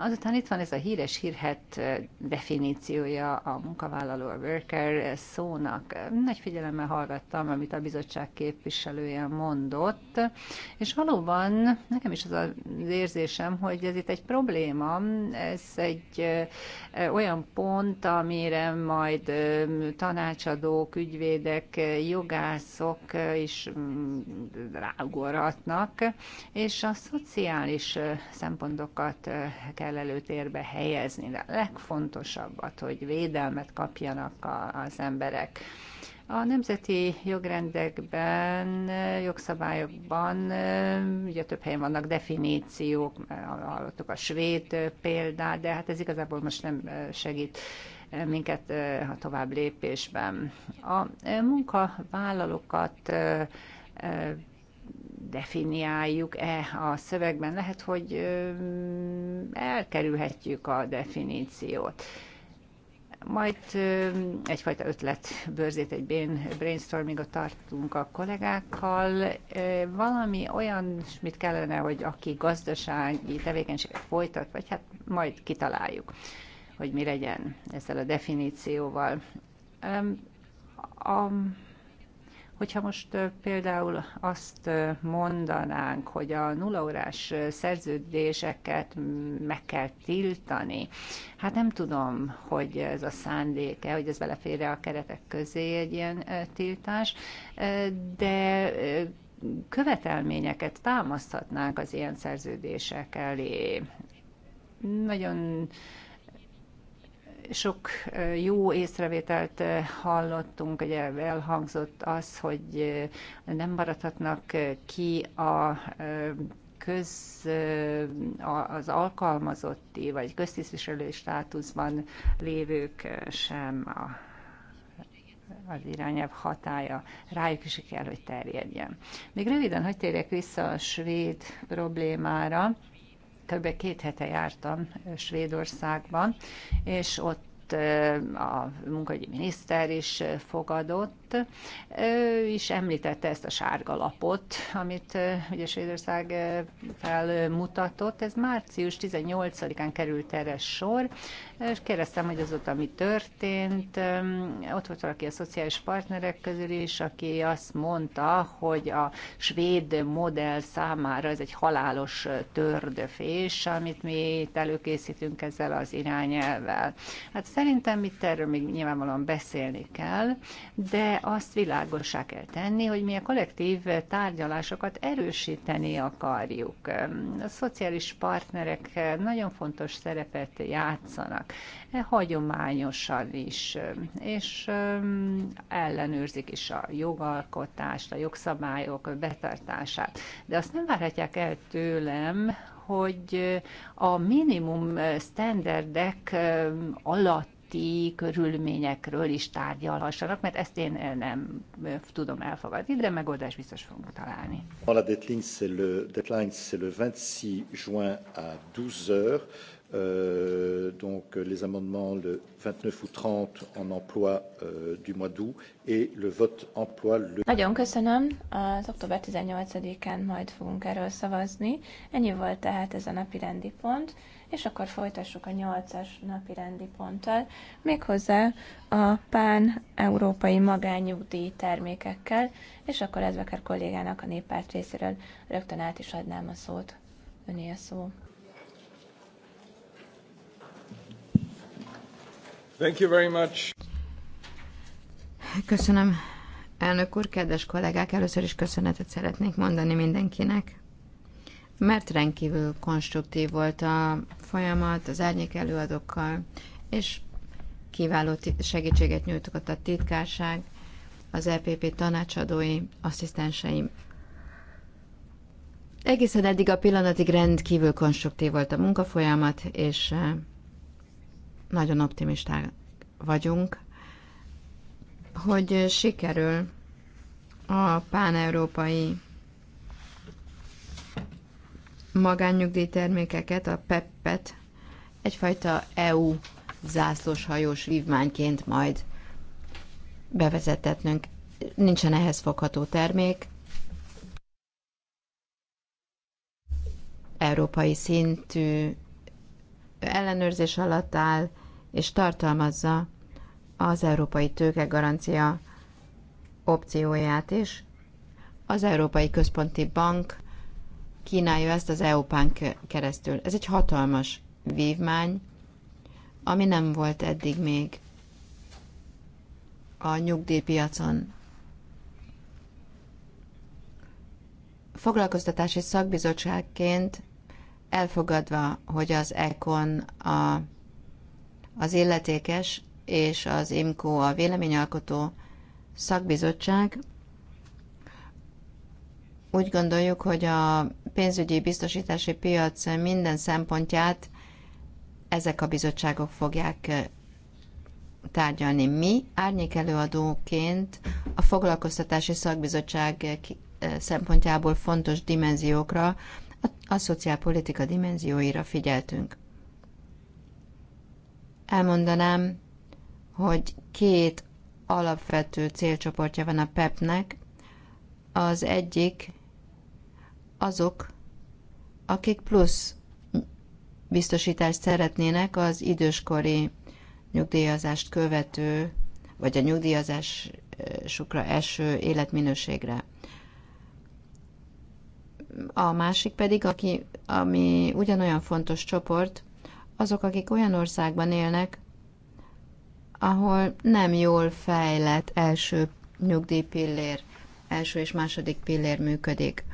Azután itt van ez a híres hírhet definíciója a munkavállaló, a worker szónak. Nagy figyelemmel hallgattam, amit a bizottság képviselője mondott, és valóban nekem is az az érzésem, hogy ez itt egy probléma, ez egy olyan pont, amire majd tanácsadók, ügyvédek, jogászok is ráugorhatnak, és a szociális szempontokat kell kell előtérbe helyezni, de a legfontosabbat, hogy védelmet kapjanak a, az emberek. A nemzeti jogrendekben, jogszabályokban ugye több helyen vannak definíciók, hallottuk a svéd példát, de hát ez igazából most nem segít minket a tovább lépésben. A munkavállalókat definiáljuk-e a szövegben. Lehet, hogy elkerülhetjük a definíciót. Majd egyfajta ötletbőrzét, egy brainstormingot tartunk a kollégákkal. Valami olyan, mit kellene, hogy aki gazdasági tevékenységet folytat, vagy hát majd kitaláljuk, hogy mi legyen ezzel a definícióval. A Hogyha most például azt mondanánk, hogy a nullaórás szerződéseket meg kell tiltani, hát nem tudom, hogy ez a szándéke, hogy ez belefér a keretek közé egy ilyen tiltás, de követelményeket támaszthatnánk az ilyen szerződések elé. Nagyon sok jó észrevételt hallottunk, ugye elhangzott az, hogy nem maradhatnak ki a köz, az alkalmazotti vagy köztisztviselő státuszban lévők sem a, az irányelv hatája rájuk is kell, hogy terjedjen. Még röviden, hogy térjek vissza a svéd problémára kb. két hete jártam Svédországban, és ott amit a munkahogyi miniszter is fogadott. Ő is említette ezt a sárga lapot, amit ugye Svédország felmutatott. Ez március 18-án került erre sor, és kérdeztem, hogy ott ami történt. Ott volt valaki a szociális partnerek közül is, aki azt mondta, hogy a svéd modell számára ez egy halálos tördöfés, amit mi itt előkészítünk ezzel az irányelvel. Hát Szerintem itt erről még nyilvánvalóan beszélni kell, de azt világosá kell tenni, hogy mi a kollektív tárgyalásokat erősíteni akarjuk. A szociális partnerek nagyon fontos szerepet játszanak, e hagyományosan is, és ellenőrzik is a jogalkotást, a jogszabályok betartását. De azt nem várhatják el tőlem, hogy a minimum standardek alatt körülményekről is tárgyalhassanak, mert ezt én nem tudom elfogadni, de megoldás biztos fogunk találni. A deadline, c'est le, deadline, c'est le 26 juin à 12 heures. Euh, donc les amendements le 29 ou 30 en emploi euh, du mois d'août et le vote emploi le... Nagyon köszönöm, az október 18-án majd fogunk erről szavazni. Ennyi volt tehát ez a napi rendi pont, és akkor folytassuk a 8-as napi rendi ponttal, méghozzá a pán-európai magányugdíj termékekkel, és akkor Edveker kollégának a néppárt részéről rögtön át is adnám a szót. Öné a szó. Thank you very much. Köszönöm, elnök úr, kedves kollégák, először is köszönetet szeretnék mondani mindenkinek, mert rendkívül konstruktív volt a folyamat az árnyék előadókkal, és kiváló segítséget nyújtott a titkárság, az EPP tanácsadói, asszisztenseim. Egészen eddig a pillanatig rendkívül konstruktív volt a munkafolyamat, és nagyon optimisták vagyunk, hogy sikerül a páneurópai magánnyugdíjtermékeket, a PEP-et egyfajta EU zászlós hajós vívmányként majd bevezetetnünk. Nincsen ehhez fogható termék. Európai szintű ellenőrzés alatt áll és tartalmazza az európai tőkegarancia opcióját is. Az Európai Központi Bank kínálja ezt az EUPAN keresztül. Ez egy hatalmas vívmány, ami nem volt eddig még a nyugdíjpiacon. Foglalkoztatási szakbizottságként elfogadva, hogy az ECON a, az illetékes és az IMCO a véleményalkotó szakbizottság, úgy gondoljuk, hogy a pénzügyi biztosítási piac minden szempontját ezek a bizottságok fogják tárgyalni. Mi árnyékelőadóként a foglalkoztatási szakbizottság szempontjából fontos dimenziókra, a, a szociálpolitika dimenzióira figyeltünk. Elmondanám, hogy két alapvető célcsoportja van a PEP-nek. Az egyik azok, akik plusz biztosítást szeretnének az időskori nyugdíjazást követő, vagy a nyugdíjazásukra eső életminőségre a másik pedig, aki, ami ugyanolyan fontos csoport, azok, akik olyan országban élnek, ahol nem jól fejlett első nyugdíjpillér, első és második pillér működik.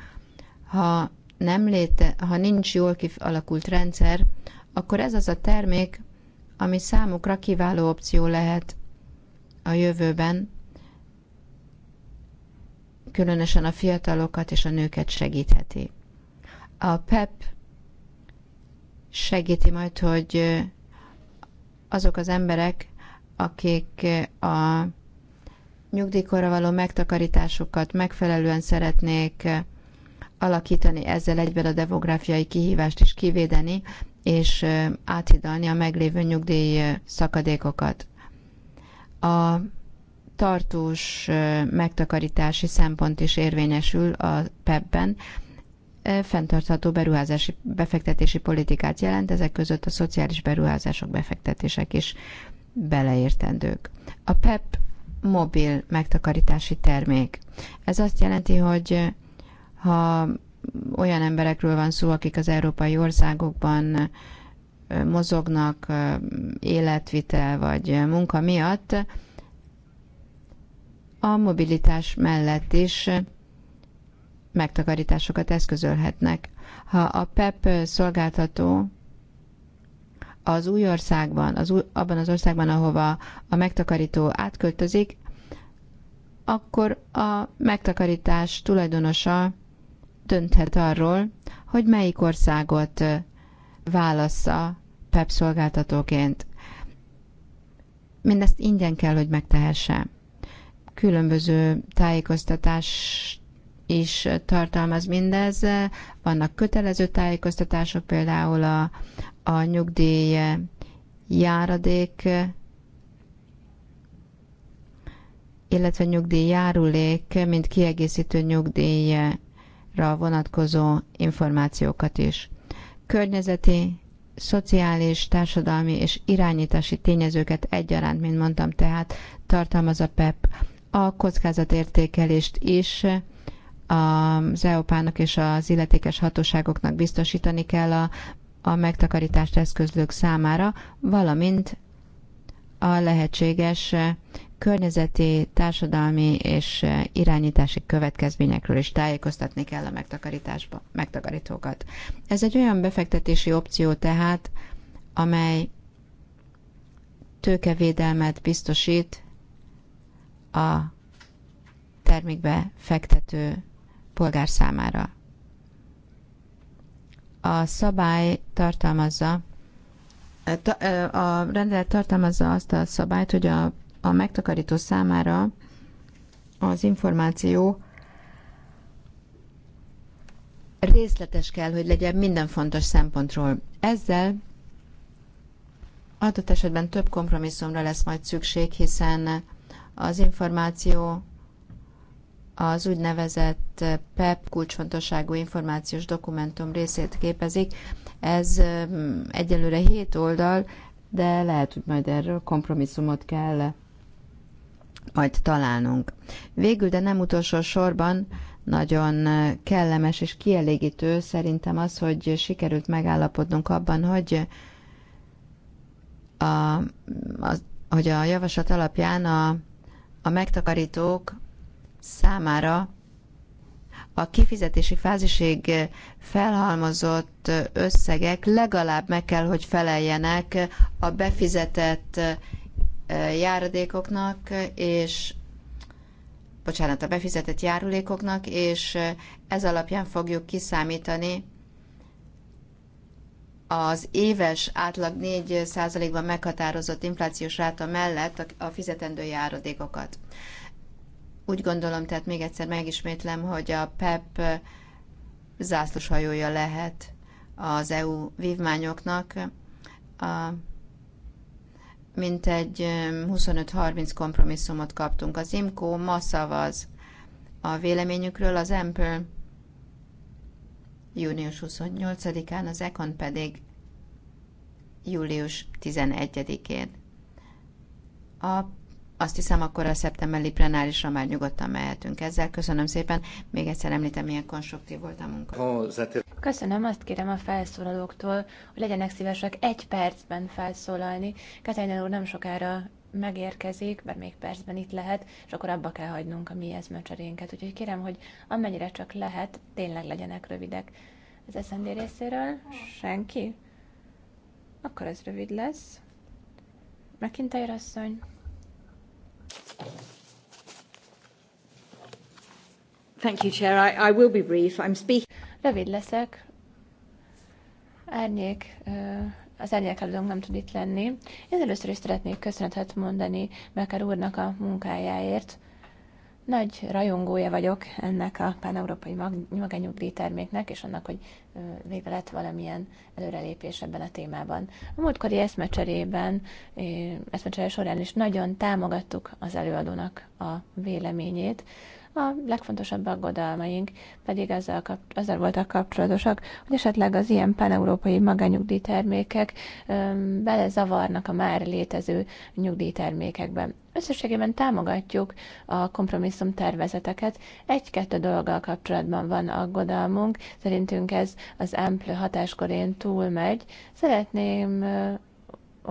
Ha, nem léte, ha nincs jól kialakult rendszer, akkor ez az a termék, ami számukra kiváló opció lehet a jövőben, különösen a fiatalokat és a nőket segítheti. A PEP e segíti majd, hogy azok az emberek, akik a nyugdíjkorra való megtakarításokat megfelelően szeretnék alakítani, ezzel egyben a demográfiai kihívást is kivédeni, és áthidalni a meglévő nyugdíj szakadékokat. A tartós megtakarítási szempont is érvényesül a PEP-ben, fenntartható beruházási befektetési politikát jelent, ezek között a szociális beruházások befektetések is beleértendők. A PEP e mobil megtakarítási termék. Ez azt jelenti, hogy ha olyan emberekről van szó, akik az európai országokban mozognak életvitel vagy munka miatt, a mobilitás mellett is megtakarításokat eszközölhetnek. Ha a PEP e szolgáltató az új országban, az új, abban az országban, ahova a megtakarító átköltözik, akkor a megtakarítás tulajdonosa dönthet arról, hogy melyik országot válassza PEP e szolgáltatóként. Mindezt ingyen kell, hogy megtehesse különböző tájékoztatás is tartalmaz mindez. Vannak kötelező tájékoztatások, például a, a nyugdíj járadék, illetve nyugdíj járulék, mint kiegészítő nyugdíjra vonatkozó információkat is. Környezeti, szociális, társadalmi és irányítási tényezőket egyaránt, mint mondtam, tehát tartalmaz a PEP e a kockázatértékelést is az EOPának és az illetékes hatóságoknak biztosítani kell a, a megtakarítást eszközlők számára, valamint a lehetséges környezeti, társadalmi és irányítási következményekről is tájékoztatni kell a megtakarításba, megtakarítókat. Ez egy olyan befektetési opció tehát, amely tőkevédelmet biztosít a termékbe fektető polgár számára. A szabály tartalmazza, a rendelet tartalmazza azt a szabályt, hogy a, a megtakarító számára az információ részletes kell, hogy legyen minden fontos szempontról. Ezzel adott esetben több kompromisszumra lesz majd szükség, hiszen az információ az úgynevezett PEP kulcsfontosságú információs dokumentum részét képezik. Ez mm, egyelőre 7 oldal, de lehet, hogy majd erről kompromisszumot kell majd találnunk. Végül, de nem utolsó sorban, nagyon kellemes és kielégítő szerintem az, hogy sikerült megállapodnunk abban, hogy a, a, hogy a javaslat alapján a a megtakarítók számára a kifizetési fázisig felhalmozott összegek legalább meg kell, hogy feleljenek a befizetett járadékoknak, és bocsánat, a befizetett járulékoknak, és ez alapján fogjuk kiszámítani az éves átlag 4%-ban meghatározott inflációs ráta mellett a fizetendő járadékokat. Úgy gondolom, tehát még egyszer megismétlem, hogy a PEP e hajója lehet az EU vívmányoknak, a, mint egy 25-30 kompromisszumot kaptunk. Az IMCO ma szavaz a véleményükről, az EMPL június 28-án, az ECON pedig július 11-én. A, azt hiszem, akkor a szeptemberi plenárisra már nyugodtan mehetünk ezzel. Köszönöm szépen. Még egyszer említem, milyen konstruktív volt a munka. Köszönöm, azt kérem a felszólalóktól, hogy legyenek szívesek egy percben felszólalni. Katalin úr nem sokára megérkezik, mert még percben itt lehet, és akkor abba kell hagynunk a mi ezmecserénket. Úgyhogy kérem, hogy amennyire csak lehet, tényleg legyenek rövidek. Az eszendé részéről senki? Akkor ez rövid lesz. McIntyre asszony. Thank you, Chair. I, I will be brief. I'm speaking... Rövid leszek. Árnyék, az árnyék előadónk nem tud itt lenni. Én először is szeretnék köszönetet mondani Becker úrnak a munkájáért. Nagy rajongója vagyok ennek a pán-európai magányugdíj terméknek, és annak, hogy végre lett valamilyen előrelépés ebben a témában. A múltkori eszmecserében, eszmecsere során is nagyon támogattuk az előadónak a véleményét. A legfontosabb aggodalmaink pedig ezzel, kap, ezzel voltak kapcsolatosak, hogy esetleg az ilyen paneurópai magányugdíjtermékek belezavarnak a már létező nyugdíjtermékekben. Összességében támogatjuk a kompromisszum tervezeteket. Egy-kettő dologgal kapcsolatban van aggodalmunk, szerintünk ez az amplő hatáskorén túl túlmegy. Szeretném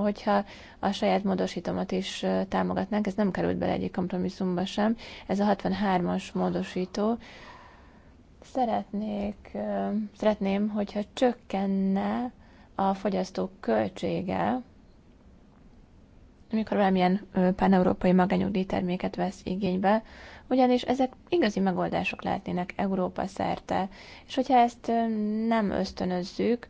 hogyha a saját módosítomat is támogatnánk, ez nem került bele egyik kompromisszumba sem, ez a 63-as módosító. Szeretnék, szeretném, hogyha csökkenne a fogyasztók költsége, amikor valamilyen pán-európai magányugdíj terméket vesz igénybe, ugyanis ezek igazi megoldások lehetnének Európa szerte. És hogyha ezt nem ösztönözzük,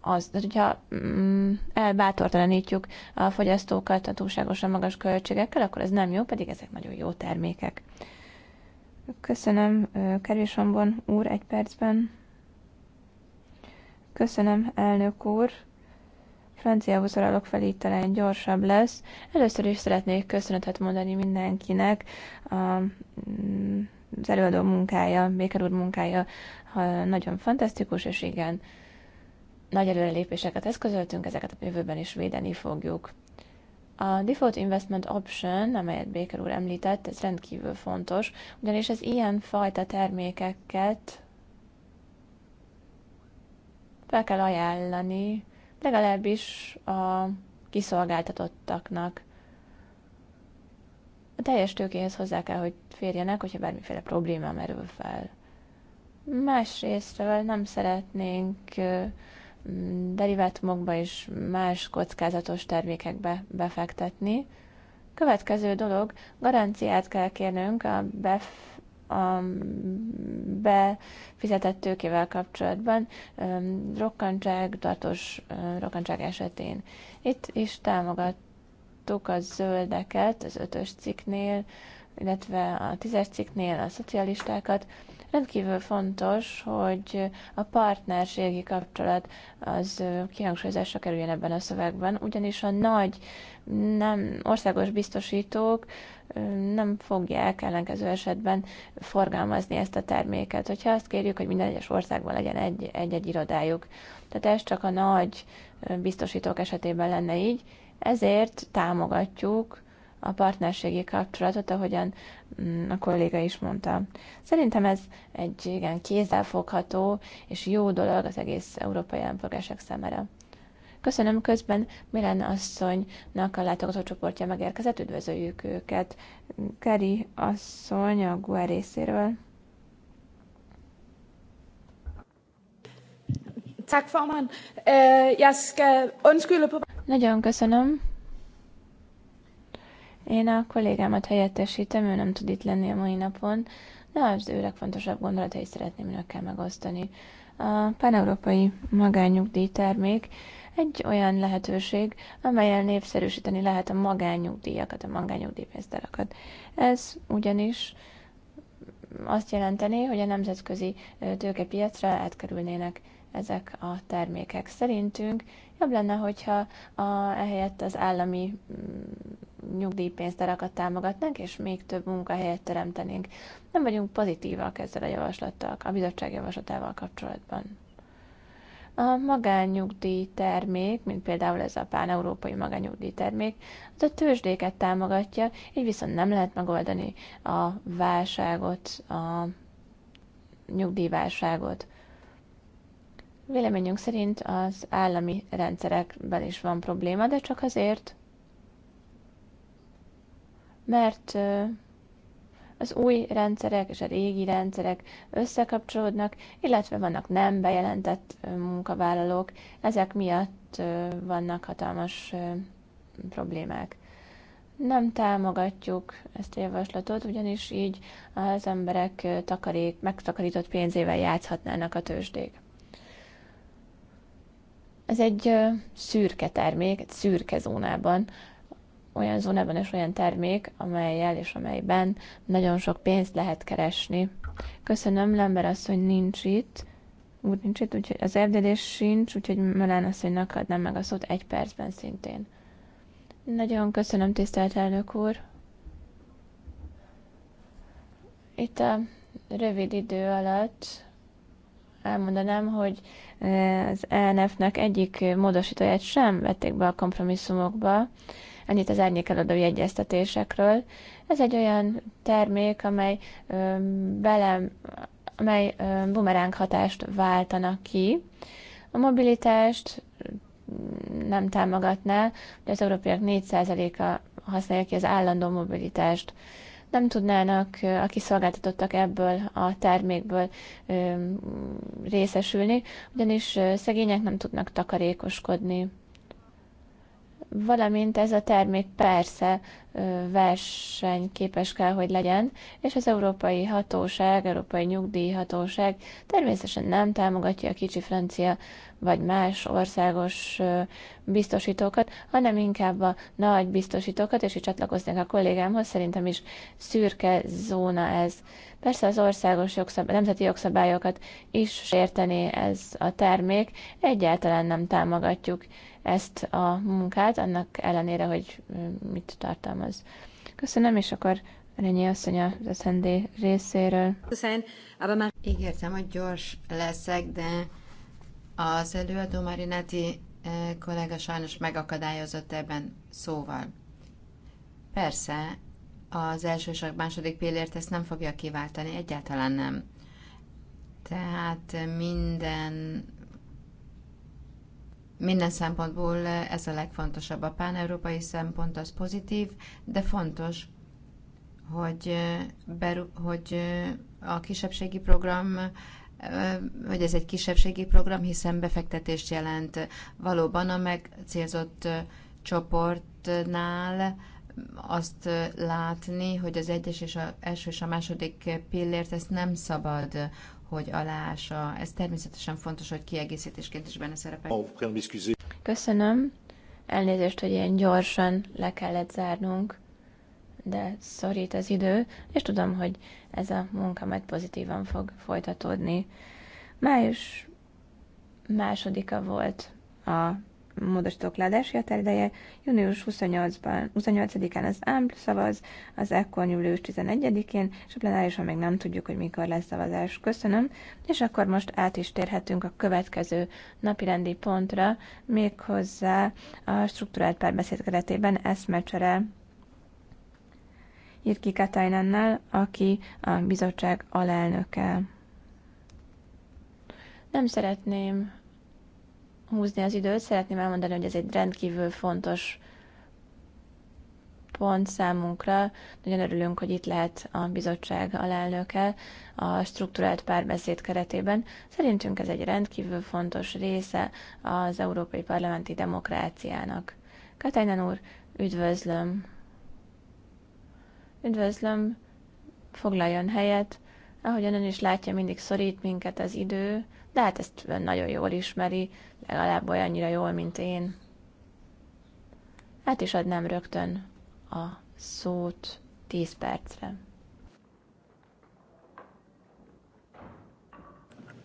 az, tehát hogyha mm, elbátortalanítjuk a fogyasztókat a túlságosan magas költségekkel, akkor ez nem jó, pedig ezek nagyon jó termékek. Köszönöm, hangon, úr, egy percben. Köszönöm, elnök úr. Franciához szorolok fel, így talán gyorsabb lesz. Először is szeretnék köszönetet mondani mindenkinek. A, mm, az előadó munkája, Béker úr munkája nagyon fantasztikus, és igen, nagy előrelépéseket eszközöltünk, ezeket a jövőben is védeni fogjuk. A Default Investment Option, amelyet Baker úr említett, ez rendkívül fontos, ugyanis az ilyen fajta termékeket fel kell ajánlani, legalábbis a kiszolgáltatottaknak. A teljes tőkéhez hozzá kell, hogy férjenek, hogyha bármiféle probléma merül fel. Másrésztről nem szeretnénk derivátumokba és más kockázatos termékekbe befektetni. Következő dolog, garanciát kell kérnünk a, bef, a befizetett tőkével kapcsolatban, rokkantság, tartós rokkantság esetén. Itt is támogattuk a zöldeket az ötös cikknél, illetve a tízes cikknél a szocialistákat, Rendkívül fontos, hogy a partnerségi kapcsolat az kihangsúlyozásra kerüljön ebben a szövegben, ugyanis a nagy nem, országos biztosítók nem fogják ellenkező esetben forgalmazni ezt a terméket. Hogyha azt kérjük, hogy minden egyes országban legyen egy-egy irodájuk. Tehát ez csak a nagy biztosítók esetében lenne így, ezért támogatjuk a partnerségi kapcsolatot, ahogyan mm, a kolléga is mondta. Szerintem ez egy igen kézzelfogható és jó dolog az egész európai állampolgárság számára. Köszönöm közben Milán asszonynak a látogató csoportja megérkezett, üdvözöljük őket. Keri asszony a GUE részéről. Tak, formand. Øh, jeg skal undskylde på... Nagyon köszönöm. Én a kollégámat helyettesítem, ő nem tud itt lenni a mai napon, de az ő legfontosabb gondolatait szeretném önökkel megosztani. A paneurópai magányugdíj termék egy olyan lehetőség, amelyel népszerűsíteni lehet a magányugdíjakat, a magányugdíjpénztárakat. Ez ugyanis azt jelenteni, hogy a nemzetközi tőkepiacra átkerülnének ezek a termékek. Szerintünk Jobb lenne, hogyha a, ehelyett az állami mm, nyugdíjpénztárakat támogatnánk, és még több munkahelyet teremtenénk. Nem vagyunk pozitívak ezzel a javaslattal, a bizottság javaslatával kapcsolatban. A magánnyugdíj termék, mint például ez a pán-európai magánnyugdíj termék, az a tőzsdéket támogatja, így viszont nem lehet megoldani a válságot, a nyugdíjválságot. Véleményünk szerint az állami rendszerekben is van probléma, de csak azért, mert az új rendszerek és a régi rendszerek összekapcsolódnak, illetve vannak nem bejelentett munkavállalók, ezek miatt vannak hatalmas problémák. Nem támogatjuk ezt a javaslatot, ugyanis így az emberek takarék, megtakarított pénzével játszhatnának a tőzsdék. Ez egy szürke termék, egy szürke zónában, olyan zónában és olyan termék, amelyel és amelyben nagyon sok pénzt lehet keresni. Köszönöm, Lember asszony nincs itt, úr nincs itt, úgyhogy az erdélés sincs, úgyhogy Melán asszonynak adnám meg a szót egy percben szintén. Nagyon köszönöm, tisztelt elnök úr. Itt a rövid idő alatt elmondanám, hogy eh, az ENF-nek egyik módosítóját sem vették be a kompromisszumokba, ennyit az árnyékeladói egyeztetésekről. Ez egy olyan termék, amely bele, amely bumeránk hatást váltanak ki. A mobilitást mm, nem támogatná, de az európaiak 4%-a használja ki az állandó mobilitást nem tudnának a kiszolgáltatottak ebből a termékből részesülni, ugyanis szegények nem tudnak takarékoskodni. Valamint ez a termék persze versenyképes kell, hogy legyen, és az Európai Hatóság, Európai Nyugdíjhatóság természetesen nem támogatja a kicsi francia vagy más országos biztosítókat, hanem inkább a nagy biztosítókat, és így csatlakoznék a kollégámhoz, szerintem is szürke zóna ez. Persze az országos jogszab- nemzeti jogszabályokat is sértené ez a termék, egyáltalán nem támogatjuk ezt a munkát, annak ellenére, hogy mit tartalmaz tartalmaz. Köszönöm, és akkor Renyi asszony az SND részéről. Ígértem, hogy gyors leszek, de az előadó Marinetti eh, kollega sajnos megakadályozott ebben szóval. Persze, az első és a második pillért ezt nem fogja kiváltani, egyáltalán nem. Tehát minden minden szempontból ez a legfontosabb. A pán-európai szempont az pozitív, de fontos, hogy, beru, hogy a kisebbségi program hogy ez egy kisebbségi program, hiszen befektetést jelent valóban a megcélzott csoportnál azt látni, hogy az egyes és a első és a második pillért ezt nem szabad hogy aláása. Ez természetesen fontos, hogy kiegészítésként is benne szerepel. Köszönöm. Elnézést, hogy ilyen gyorsan le kellett zárnunk, de szorít az idő, és tudom, hogy ez a munka majd pozitívan fog folytatódni. Május másodika volt a módosítók leadási határideje június 28-ban, 28-án az AMP szavaz, az ECON július 11-én, és a plenárisan még nem tudjuk, hogy mikor lesz szavazás. Köszönöm, és akkor most át is térhetünk a következő napi rendi pontra, méghozzá a struktúrált párbeszéd keretében eszmecsere Irki Katainennel, aki a bizottság alelnöke. Nem szeretném húzni az időt, szeretném elmondani, hogy ez egy rendkívül fontos pont számunkra. Nagyon örülünk, hogy itt lehet a bizottság alelnöke a struktúrált párbeszéd keretében. Szerintünk ez egy rendkívül fontos része az európai parlamenti demokráciának. Katajnán úr, üdvözlöm! Üdvözlöm, foglaljon helyet. Ahogyan ön is látja, mindig szorít minket az idő, de hát ezt nagyon jól ismeri, legalább olyannyira jól, mint én. Hát is adnám rögtön a szót 10 percre.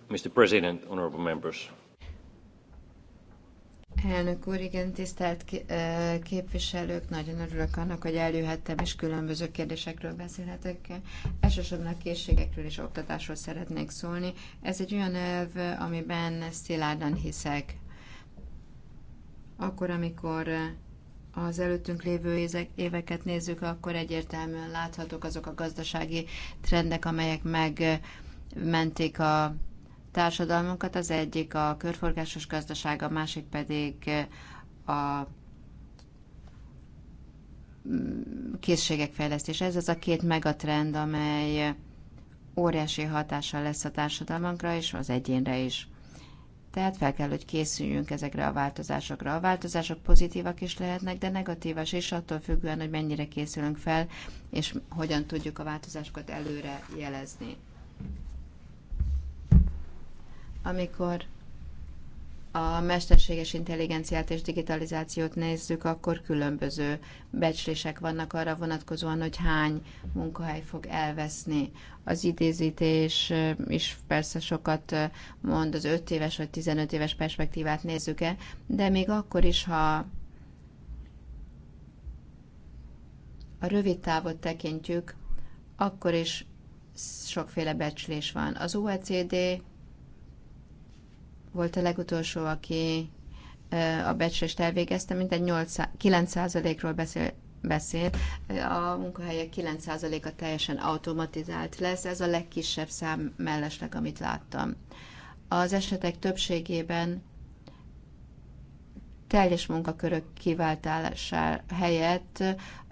Mr. President, honorable members. Elnök úr, igen, tisztelt képviselők, nagyon örülök annak, hogy eljöhettem, és különböző kérdésekről beszélhetek. Elsősorban a készségekről és oktatásról szeretnék szólni. Ez egy olyan elv, amiben szilárdan hiszek. Akkor, amikor az előttünk lévő éveket nézzük, akkor egyértelműen láthatók azok a gazdasági trendek, amelyek megmentik a társadalmunkat, az egyik a körforgásos gazdaság, a másik pedig a készségek fejlesztése. Ez az a két megatrend, amely óriási hatással lesz a társadalmunkra és az egyénre is. Tehát fel kell, hogy készüljünk ezekre a változásokra. A változások pozitívak is lehetnek, de negatívas is attól függően, hogy mennyire készülünk fel, és hogyan tudjuk a változásokat előre jelezni amikor a mesterséges intelligenciát és digitalizációt nézzük, akkor különböző becslések vannak arra vonatkozóan, hogy hány munkahely fog elveszni. Az idézítés is persze sokat mond, az 5 éves vagy 15 éves perspektívát nézzük-e, de még akkor is, ha a rövid távot tekintjük, akkor is sokféle becslés van. Az OECD volt a legutolsó, aki a becslést elvégezte, mintegy 9%-ról beszél, beszél. A munkahelyek 9%-a teljesen automatizált lesz, ez a legkisebb szám mellesleg, amit láttam. Az esetek többségében teljes munkakörök kiváltása helyett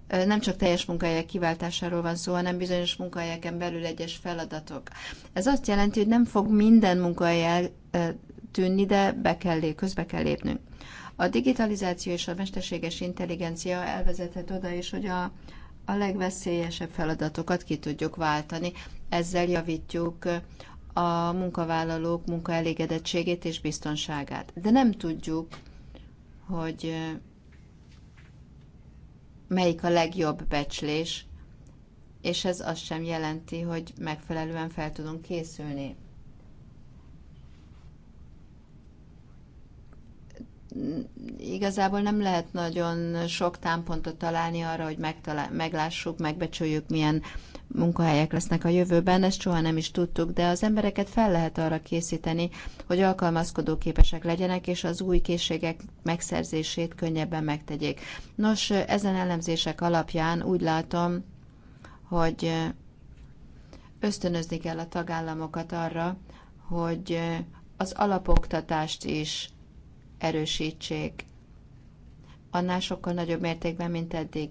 nem csak teljes munkahelyek kiváltásáról van szó, hanem bizonyos munkahelyeken belül egyes feladatok. Ez azt jelenti, hogy nem fog minden munkahely tűnni, de be kell, lép, közbe kell lépnünk. A digitalizáció és a mesterséges intelligencia elvezethet oda is, hogy a, a legveszélyesebb feladatokat ki tudjuk váltani. Ezzel javítjuk a munkavállalók munkaelégedettségét és biztonságát. De nem tudjuk, hogy melyik a legjobb becslés, és ez azt sem jelenti, hogy megfelelően fel tudunk készülni. igazából nem lehet nagyon sok támpontot találni arra, hogy megtalál, meglássuk, megbecsüljük, milyen munkahelyek lesznek a jövőben, ezt soha nem is tudtuk, de az embereket fel lehet arra készíteni, hogy alkalmazkodó képesek legyenek, és az új készségek megszerzését könnyebben megtegyék. Nos, ezen elemzések alapján úgy látom, hogy ösztönözni kell a tagállamokat arra, hogy az alapoktatást is erősítsék, annál sokkal nagyobb mértékben, mint eddig.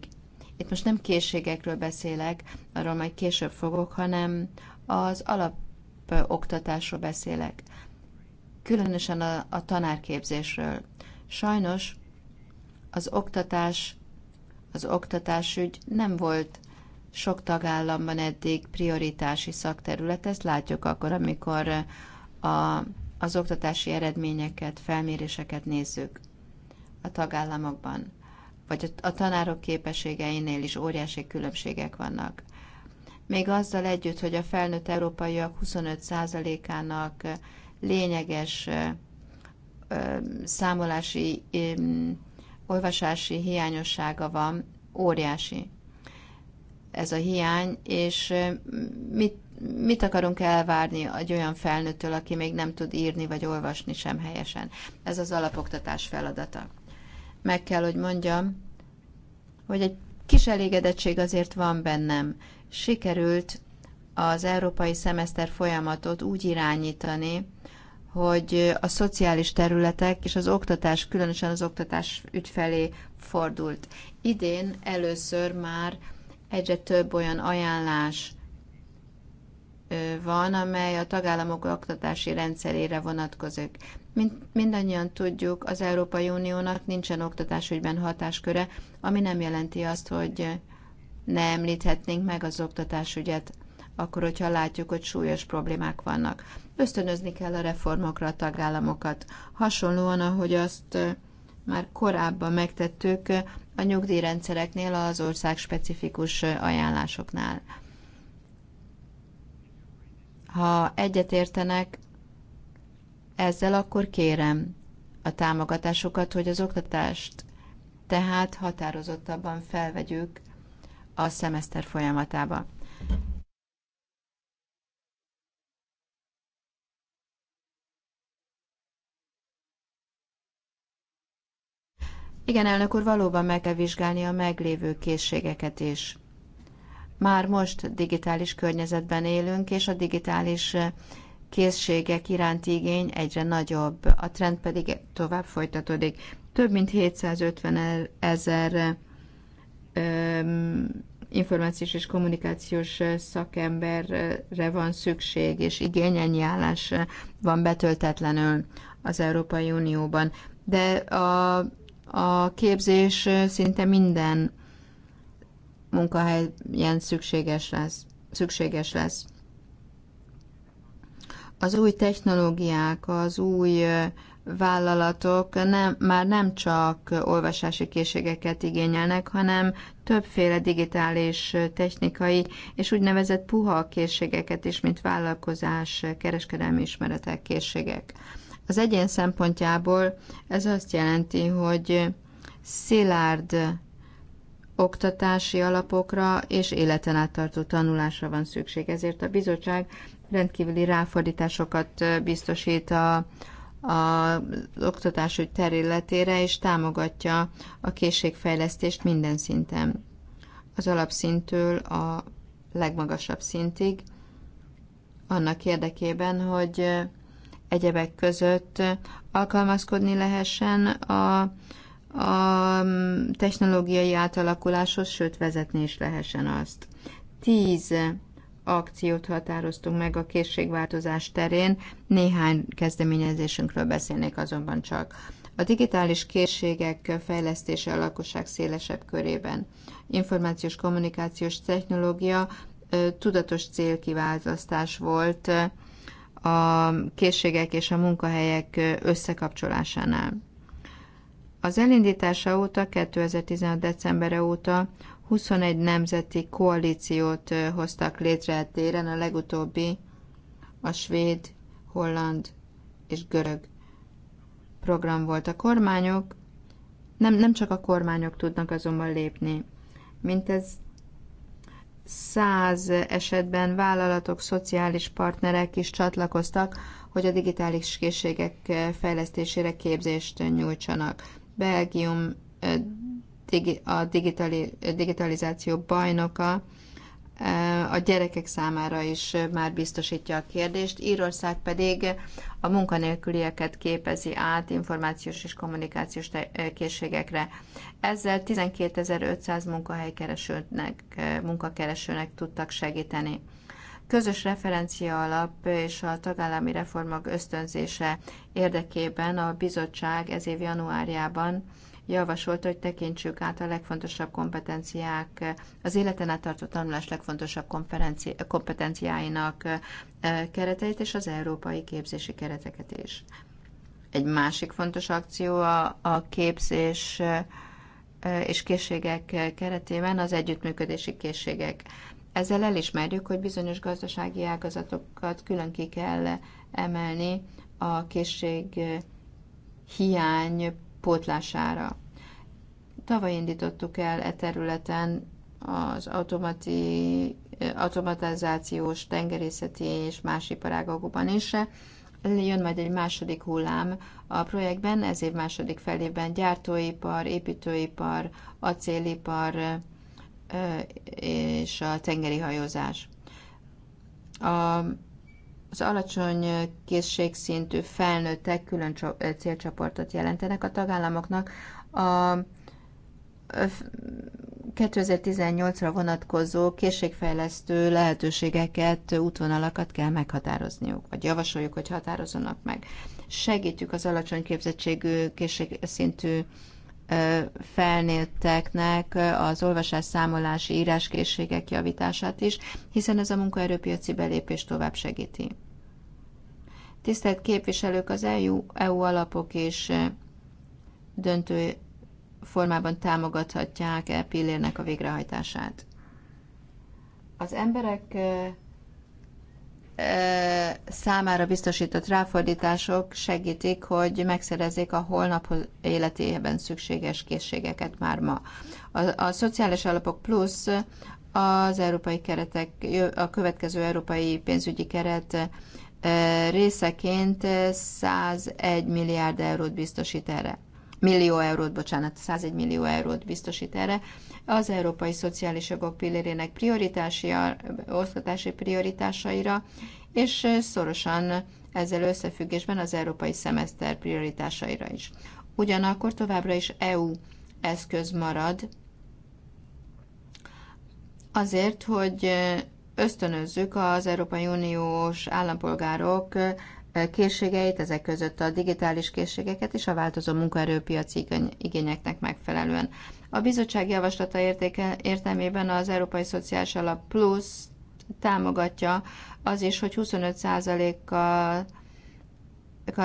Itt most nem készségekről beszélek, arról majd később fogok, hanem az alapoktatásról beszélek, különösen a, a tanárképzésről. Sajnos az oktatás, az oktatásügy nem volt sok tagállamban eddig prioritási szakterület, ezt látjuk akkor, amikor a az oktatási eredményeket, felméréseket nézzük a tagállamokban, vagy a tanárok képességeinél is óriási különbségek vannak. Még azzal együtt, hogy a felnőtt európaiak 25%-ának lényeges számolási, olvasási hiányossága van, óriási ez a hiány, és mit mit akarunk elvárni egy olyan felnőttől, aki még nem tud írni vagy olvasni sem helyesen. Ez az alapoktatás feladata. Meg kell, hogy mondjam, hogy egy kis elégedettség azért van bennem. Sikerült az európai szemeszter folyamatot úgy irányítani, hogy a szociális területek és az oktatás, különösen az oktatás ügyfelé fordult. Idén először már egyre több olyan ajánlás, van, amely a tagállamok oktatási rendszerére vonatkozik. Mint mindannyian tudjuk, az Európai Uniónak nincsen oktatásügyben hatásköre, ami nem jelenti azt, hogy ne említhetnénk meg az oktatásügyet, akkor, hogyha látjuk, hogy súlyos problémák vannak. Ösztönözni kell a reformokra a tagállamokat. Hasonlóan, ahogy azt már korábban megtettük a nyugdíjrendszereknél, az ország specifikus ajánlásoknál. Ha egyetértenek ezzel, akkor kérem a támogatásokat, hogy az oktatást tehát határozottabban felvegyük a szemeszter folyamatába. Igen, elnök úr, valóban meg kell vizsgálni a meglévő készségeket is. Már most digitális környezetben élünk, és a digitális eh, készségek iránti igény egyre nagyobb, a trend pedig tovább folytatódik. Több mint 750 ezer eh, információs és kommunikációs eh, szakemberre van szükség, és igény ennyi állás van betöltetlenül az Európai Unióban. De a, a képzés szinte minden munkahelyen szükséges lesz. Szükséges lesz. Az új technológiák, az új vállalatok nem, már nem csak olvasási készségeket igényelnek, hanem többféle digitális technikai és úgynevezett puha készségeket is, mint vállalkozás, kereskedelmi ismeretek, készségek. Az egyén szempontjából ez azt jelenti, hogy szilárd oktatási alapokra és életen át tartó tanulásra van szükség. Ezért a bizottság rendkívüli ráfordításokat biztosít a, az oktatásügy területére, és támogatja a készségfejlesztést minden szinten. Az alapszintől a legmagasabb szintig, annak érdekében, hogy egyebek között alkalmazkodni lehessen a, a mm, technológiai átalakuláshoz, sőt vezetni is lehessen azt. Tíz akciót határoztunk meg a készségváltozás terén, néhány kezdeményezésünkről beszélnék azonban csak. A digitális készségek fejlesztése a lakosság szélesebb körében. Információs kommunikációs technológia tudatos célkiválasztás volt a készségek és a munkahelyek összekapcsolásánál az elindítása óta, 2016. decembere óta 21 nemzeti koalíciót hoztak létre téren, a legutóbbi a svéd, holland és görög program volt. A kormányok, nem, nem csak a kormányok tudnak azonban lépni, mint ez száz esetben vállalatok, szociális partnerek is csatlakoztak, hogy a digitális készségek fejlesztésére képzést nyújtsanak. Belgium a digitalizáció bajnoka a gyerekek számára is már biztosítja a kérdést. Írország pedig a munkanélkülieket képezi át információs és kommunikációs készségekre. Ezzel 12.500 munkahelykeresőnek, munkakeresőnek tudtak segíteni közös referencia alap és a tagállami reformok ösztönzése érdekében a bizottság ez év januárjában javasolt, hogy tekintsük át a legfontosabb kompetenciák, az életen át tartó tanulás legfontosabb kompetenciáinak kereteit és az európai képzési kereteket is. Egy másik fontos akció a, a képzés és készségek keretében az együttműködési készségek. Ezzel elismerjük, hogy bizonyos gazdasági ágazatokat külön ki kell emelni a készség hiány pótlására. Tavaly indítottuk el e területen az automati, automatizációs, tengerészeti és más iparágokban is. Jön majd egy második hullám a projektben, ez év második felében gyártóipar, építőipar, acélipar, és a tengeri hajózás. A, az alacsony készségszintű felnőttek külön célcsoportot jelentenek a tagállamoknak. A 2018-ra vonatkozó készségfejlesztő lehetőségeket, útvonalakat kell meghatározniuk, vagy javasoljuk, hogy határozzanak meg. Segítjük az alacsony képzettségű, készségszintű felnőtteknek az olvasás számolási íráskészségek javítását is, hiszen ez a munkaerőpiaci belépés tovább segíti. Tisztelt képviselők, az EU, EU alapok és döntő formában támogathatják e pillérnek a végrehajtását. Az emberek számára biztosított ráfordítások segítik, hogy megszerezzék a holnap életében szükséges készségeket már ma. A, a Szociális Alapok Plusz az európai keretek, a következő európai pénzügyi keret részeként 101 milliárd eurót biztosít erre millió eurót, bocsánat, 101 millió eurót biztosít erre. Az Európai Szociális Jogok pillérének prioritási, osztatási prioritásaira, és szorosan ezzel összefüggésben az európai szemeszter prioritásaira is. Ugyanakkor továbbra is EU eszköz marad azért, hogy ösztönözzük az Európai Uniós állampolgárok készségeit, ezek között a digitális készségeket és a változó munkaerőpiaci igényeknek megfelelően. A bizottság javaslata értéke, értelmében az Európai Szociális Alap Plus támogatja az is, hogy 25%-kal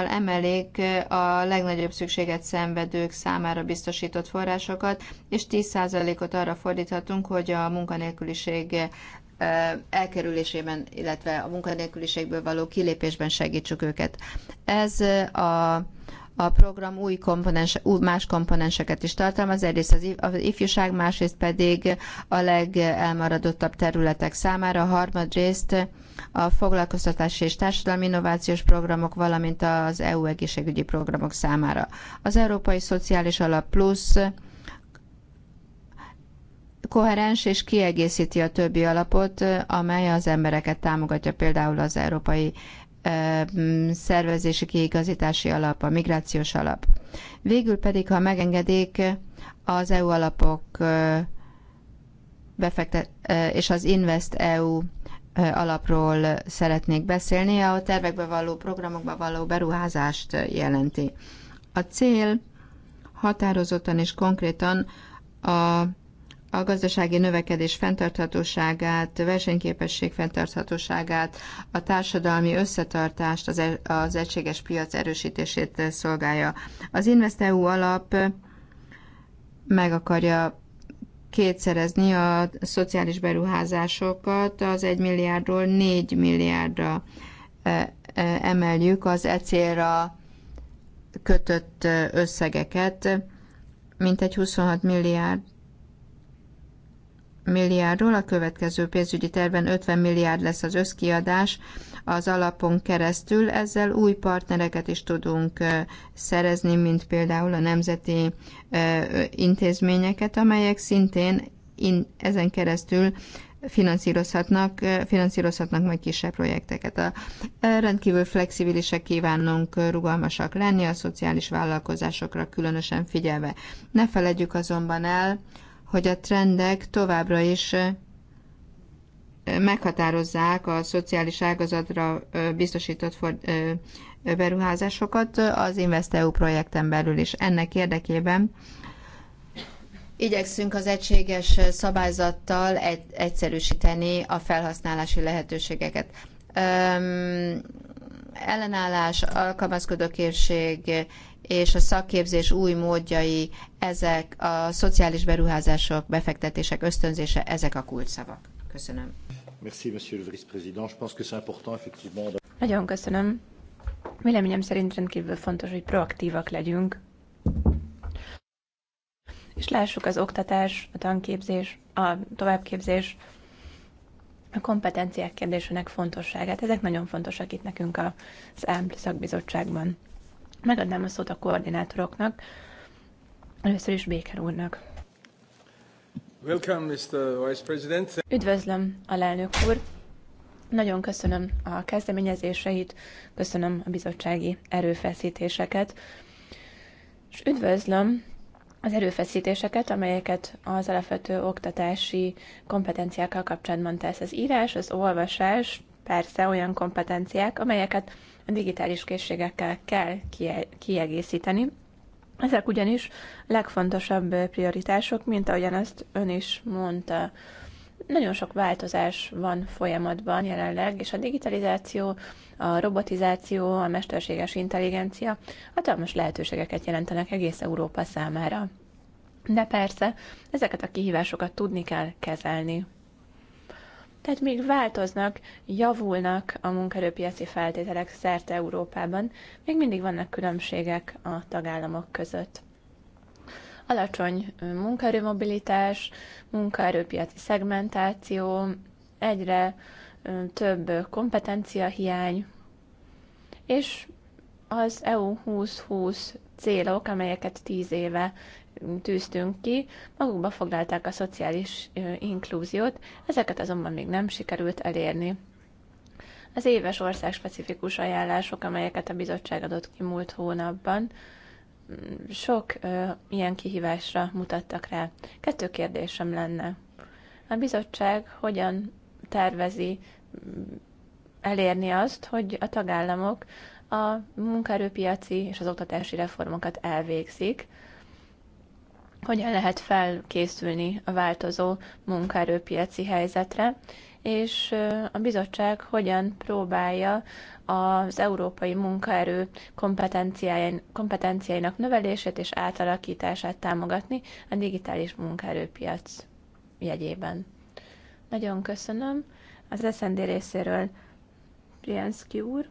emelik a legnagyobb szükséget szenvedők számára biztosított forrásokat, és 10%-ot arra fordíthatunk, hogy a munkanélküliség elkerülésében, illetve a munkanélküliségből való kilépésben segítsük őket. Ez a, a program új komponens, új más komponenseket is tartalmaz, egyrészt az, az ifjúság, másrészt pedig a legelmaradottabb területek számára, a harmadrészt a foglalkoztatási és társadalmi innovációs programok, valamint az EU egészségügyi programok számára. Az Európai Szociális Alap Plusz koherens és kiegészíti a többi alapot, amely az embereket támogatja, például az Európai Szervezési Kiigazítási Alap, a Migrációs Alap. Végül pedig, ha megengedik, az EU alapok befektet, és az Invest EU alapról szeretnék beszélni, a tervekbe való, programokba való beruházást jelenti. A cél határozottan és konkrétan a a gazdasági növekedés fenntarthatóságát, versenyképesség fenntarthatóságát, a társadalmi összetartást, az, e, az egységes piac erősítését szolgálja. Az InvestEU alap meg akarja kétszerezni a szociális beruházásokat, az 1 milliárdról 4 milliárdra e, e, emeljük az ecr célra kötött összegeket, mintegy 26 milliárd milliárdról, a következő pénzügyi terven 50 milliárd lesz az összkiadás az alapon keresztül. Ezzel új partnereket is tudunk szerezni, mint például a nemzeti intézményeket, amelyek szintén ezen keresztül finanszírozhatnak, finanszírozhatnak majd kisebb projekteket. A rendkívül flexibilisek kívánunk rugalmasak lenni, a szociális vállalkozásokra különösen figyelve. Ne feledjük azonban el, hogy a trendek továbbra is meghatározzák a szociális ágazatra biztosított beruházásokat az InvestEU projekten belül is. Ennek érdekében igyekszünk az egységes szabályzattal egyszerűsíteni a felhasználási lehetőségeket. Öm, ellenállás, alkalmazkodókészség, és a szakképzés új módjai, ezek a szociális beruházások, befektetések ösztönzése, ezek a kulcsszavak. Köszönöm. Merci, monsieur le vice-président. Je pense que c'est important, effectivement. Nagyon köszönöm. Véleményem szerint rendkívül fontos, hogy proaktívak legyünk, és lássuk az oktatás, a tanképzés, a továbbképzés, a kompetenciák kérdésének fontosságát. Ezek nagyon fontosak itt nekünk az ÁMP szakbizottságban. Megadnám a szót a koordinátoroknak, először is Béker úrnak. Welcome, Mr. Vice President. Üdvözlöm, alelnök úr! Nagyon köszönöm a kezdeményezéseit, köszönöm a bizottsági erőfeszítéseket, és üdvözlöm az erőfeszítéseket, amelyeket az alapvető oktatási kompetenciákkal kapcsolatban tesz az írás, az olvasás, persze olyan kompetenciák, amelyeket digitális készségekkel kell kiegészíteni. Ezek ugyanis legfontosabb prioritások, mint ahogyan azt ön is mondta. Nagyon sok változás van folyamatban jelenleg, és a digitalizáció, a robotizáció, a mesterséges intelligencia hatalmas lehetőségeket jelentenek egész Európa számára. De persze, ezeket a kihívásokat tudni kell kezelni. Tehát még változnak, javulnak a munkerőpiaci feltételek szerte Európában, még mindig vannak különbségek a tagállamok között alacsony munkaerőmobilitás, munkaerőpiaci szegmentáció, egyre több kompetenciahiány, és az EU 2020 célok, amelyeket 10 éve tűztünk ki, magukba foglalták a szociális inklúziót, ezeket azonban még nem sikerült elérni. Az éves országspecifikus ajánlások, amelyeket a bizottság adott ki múlt hónapban, mm, sok ö, ilyen kihívásra mutattak rá. Kettő kérdésem lenne. A bizottság hogyan tervezi mm, elérni azt, hogy a tagállamok a munkaerőpiaci és az oktatási reformokat elvégzik, hogyan lehet felkészülni a változó munkaerőpiaci helyzetre, és a bizottság hogyan próbálja az európai munkaerő kompetenciáinak növelését és átalakítását támogatni a digitális munkaerőpiac jegyében. Nagyon köszönöm az SZND részéről, Rienszki úr.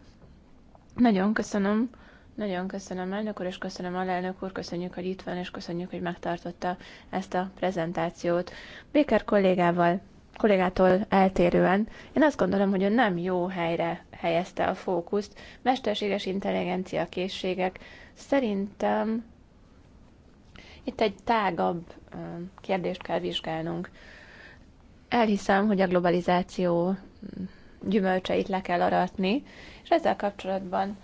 Nagyon köszönöm nagyon köszönöm, elnök úr, és köszönöm alelnök úr, köszönjük, hogy itt van, és köszönjük, hogy megtartotta ezt a prezentációt. Béker kollégával, kollégától eltérően, én azt gondolom, hogy ő nem jó helyre helyezte a fókuszt. Mesterséges intelligencia készségek szerintem itt egy tágabb kérdést kell vizsgálnunk. Elhiszem, hogy a globalizáció mm, gyümölcseit le kell aratni, és ezzel kapcsolatban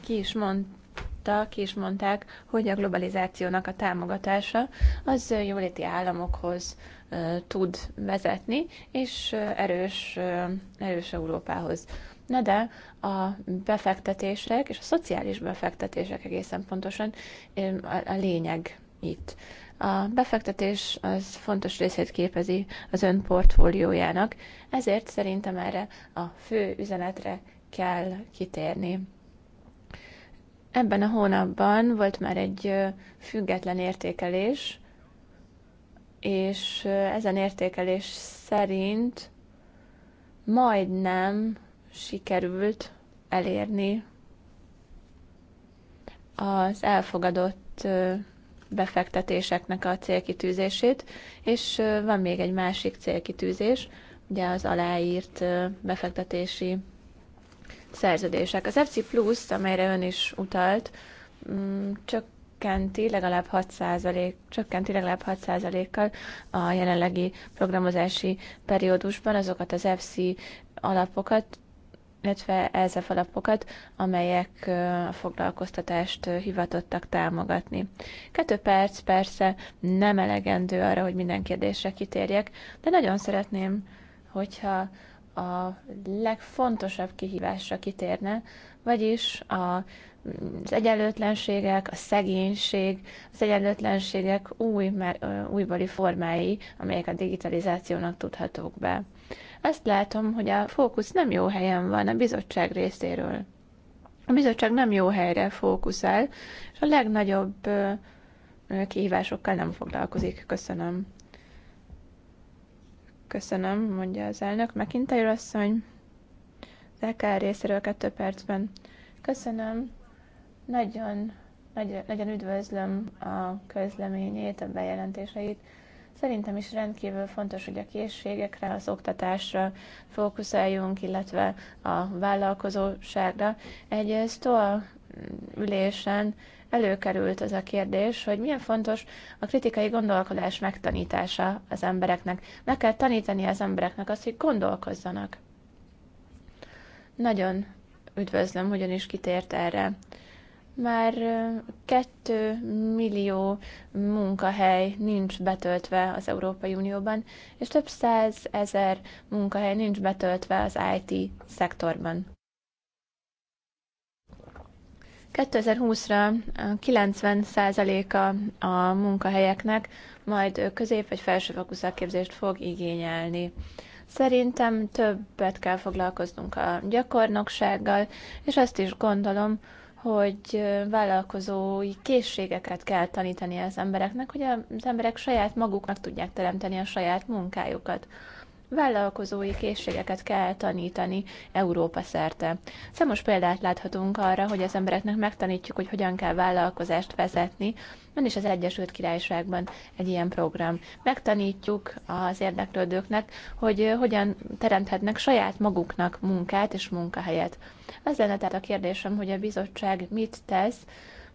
ki is mondta, ki is mondták, hogy a globalizációnak a támogatása az jóléti államokhoz tud vezetni, és erős, erős Európához. Na de a befektetések, és a szociális befektetések egészen pontosan a lényeg itt. A befektetés az fontos részét képezi az ön portfóliójának, ezért szerintem erre a fő üzenetre kell kitérni. Ebben a hónapban volt már egy független értékelés, és ezen értékelés szerint majdnem sikerült elérni az elfogadott befektetéseknek a célkitűzését, és van még egy másik célkitűzés, ugye az aláírt befektetési szerződések. Az FC Plus, amelyre ön is utalt, mm, csökkenti legalább 6%, csökkenti legalább 6%-kal a jelenlegi programozási periódusban azokat az FC alapokat, illetve ELZEF alapokat, amelyek a foglalkoztatást hivatottak támogatni. Kettő perc persze nem elegendő arra, hogy minden kérdésre kitérjek, de nagyon szeretném, hogyha a legfontosabb kihívásra kitérne, vagyis a, az egyenlőtlenségek, a szegénység, az egyenlőtlenségek új, újbali formái, amelyek a digitalizációnak tudhatók be. Azt látom, hogy a fókusz nem jó helyen van a bizottság részéről. A bizottság nem jó helyre fókuszál, és a legnagyobb kihívásokkal nem foglalkozik. Köszönöm. Köszönöm, mondja az elnök. McIntyre asszony, az LKR részéről kettő percben. Köszönöm. Nagyon, nagy, nagyon üdvözlöm a közleményét, a bejelentéseit. Szerintem is rendkívül fontos, hogy a készségekre, az oktatásra fókuszáljunk, illetve a vállalkozóságra. Egy eh, STOA ülésen előkerült az a kérdés, hogy milyen fontos a kritikai gondolkodás megtanítása az embereknek. Meg kell tanítani az embereknek azt, hogy gondolkozzanak. Nagyon üdvözlöm, ugyanis kitért erre. Már 2 millió munkahely nincs betöltve az Európai Unióban, és több száz ezer munkahely nincs betöltve az IT szektorban. 2020-ra 90%-a a munkahelyeknek majd közép- vagy felsőfokú szakképzést fog igényelni. Szerintem többet kell foglalkoznunk a gyakornoksággal, és azt is gondolom, hogy vállalkozói készségeket kell tanítani az embereknek, hogy az emberek saját maguknak tudják teremteni a saját munkájukat vállalkozói készségeket kell tanítani Európa szerte. Számos példát láthatunk arra, hogy az embereknek megtanítjuk, hogy hogyan kell vállalkozást vezetni, van is az Egyesült Királyságban egy ilyen program. Megtanítjuk az érdeklődőknek, hogy hogyan teremthetnek saját maguknak munkát és munkahelyet. Az lenne tehát a kérdésem, hogy a bizottság mit tesz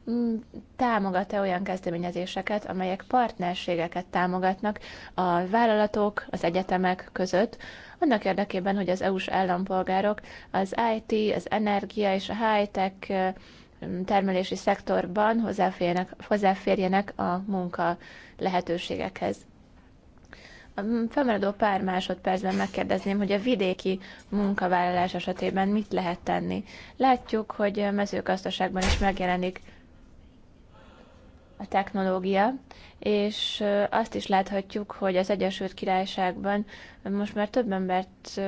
Mm, támogat-e olyan kezdeményezéseket, amelyek partnerségeket támogatnak a vállalatok, az egyetemek között, annak érdekében, hogy az EU-s állampolgárok az IT, az energia és a high-tech mm, termelési szektorban hozzáférjenek, hozzáférjenek a munka lehetőségekhez. A mm, felmaradó pár másodpercben megkérdezném, hogy a vidéki munkavállalás esetében mit lehet tenni. Látjuk, hogy mezőgazdaságban is megjelenik a technológia, és azt is láthatjuk, hogy az Egyesült Királyságban most már több embert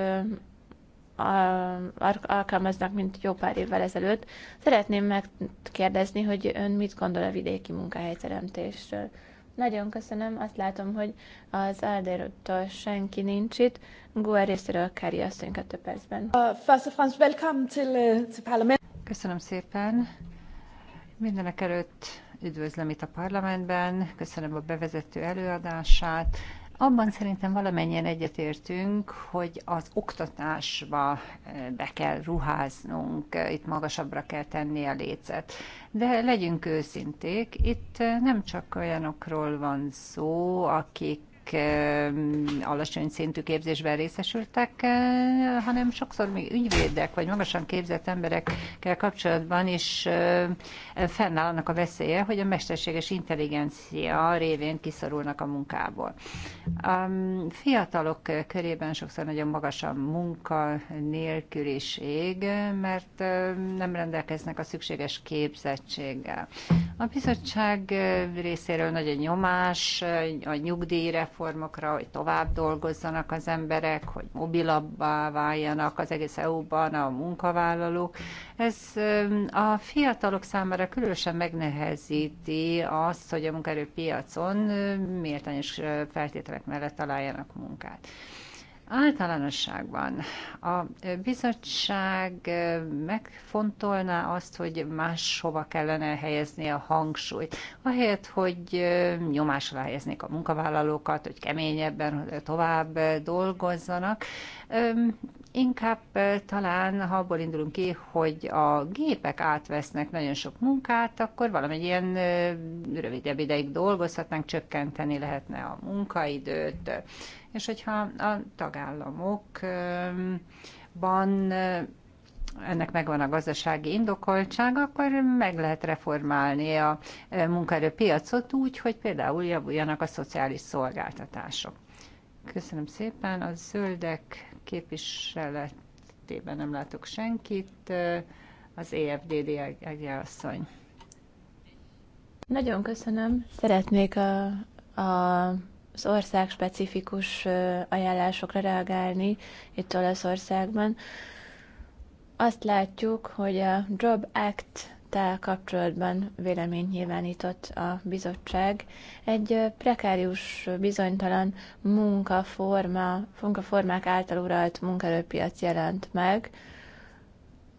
alkalmaznak, mint jó pár évvel ezelőtt. Szeretném megkérdezni, hogy ön mit gondol a vidéki munkahelyteremtésről? Nagyon köszönöm, azt látom, hogy az Alderúttól senki nincs itt. Goa részéről Kári asszony a több percben. Uh, uh, köszönöm szépen. Mindenek előtt üdvözlöm itt a parlamentben, köszönöm a bevezető előadását. Abban szerintem valamennyien egyetértünk, hogy az oktatásba eh, be kell ruháznunk, eh, itt magasabbra kell tenni a lécet. De legyünk őszinték, itt eh, nem csak olyanokról van szó, akik alacsony szintű képzésben részesültek, hanem sokszor még ügyvédek vagy magasan képzett emberekkel kapcsolatban is fennáll annak a veszélye, hogy a mesterséges intelligencia révén kiszorulnak a munkából. A fiatalok körében sokszor nagyon magas a munka nélküliség, mert nem rendelkeznek a szükséges képzettséggel. A bizottság részéről nagy a nyomás, a nyugdíjreform, reformokra, hogy tovább dolgozzanak az emberek, hogy mobilabbá váljanak az egész EU-ban a munkavállalók. Ez a fiatalok számára különösen megnehezíti azt, hogy a munkaerőpiacon méltányos feltételek mellett találjanak munkát. Általánosságban a bizottság megfontolná azt, hogy máshova kellene helyezni a hangsúlyt, ahelyett, hogy nyomásra helyeznék a munkavállalókat, hogy keményebben tovább dolgozzanak. Inkább talán, ha abból indulunk ki, hogy a gépek átvesznek nagyon sok munkát, akkor valamely ilyen rövidebb ideig dolgozhatnánk, csökkenteni lehetne a munkaidőt, és hogyha a tagállamokban ennek megvan a gazdasági indokoltság, akkor meg lehet reformálni a munkaerőpiacot úgy, hogy például javuljanak a szociális szolgáltatások. Köszönöm szépen. A zöldek képviseletében nem látok senkit. Az EFDD asszony. Nagyon köszönöm. Szeretnék a, a az ország specifikus ajánlásokra reagálni itt Olaszországban, azt látjuk, hogy a Job Act tel kapcsolatban véleményt nyilvánított a bizottság. Egy prekárius, bizonytalan munkaforma, munkaformák által uralt munkaerőpiac jelent meg.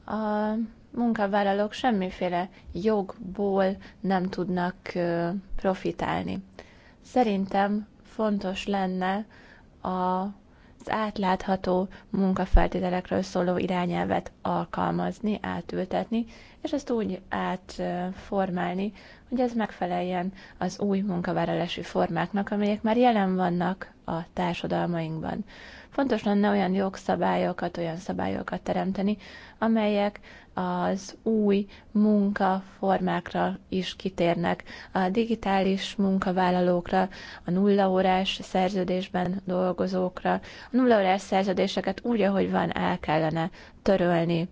A munkavállalók semmiféle jogból nem tudnak profitálni. Szerintem fontos lenne a az átlátható munkafeltételekről szóló irányelvet alkalmazni, átültetni, és ezt úgy átformálni, hogy ez megfeleljen az új munkavállalási formáknak, amelyek már jelen vannak a társadalmainkban. Fontos lenne olyan jogszabályokat, olyan szabályokat teremteni, amelyek az új munkaformákra is kitérnek. A digitális munkavállalókra, a nullaórás szerződésben dolgozókra. A nullaórás szerződéseket úgy, ahogy van, el kellene törölni.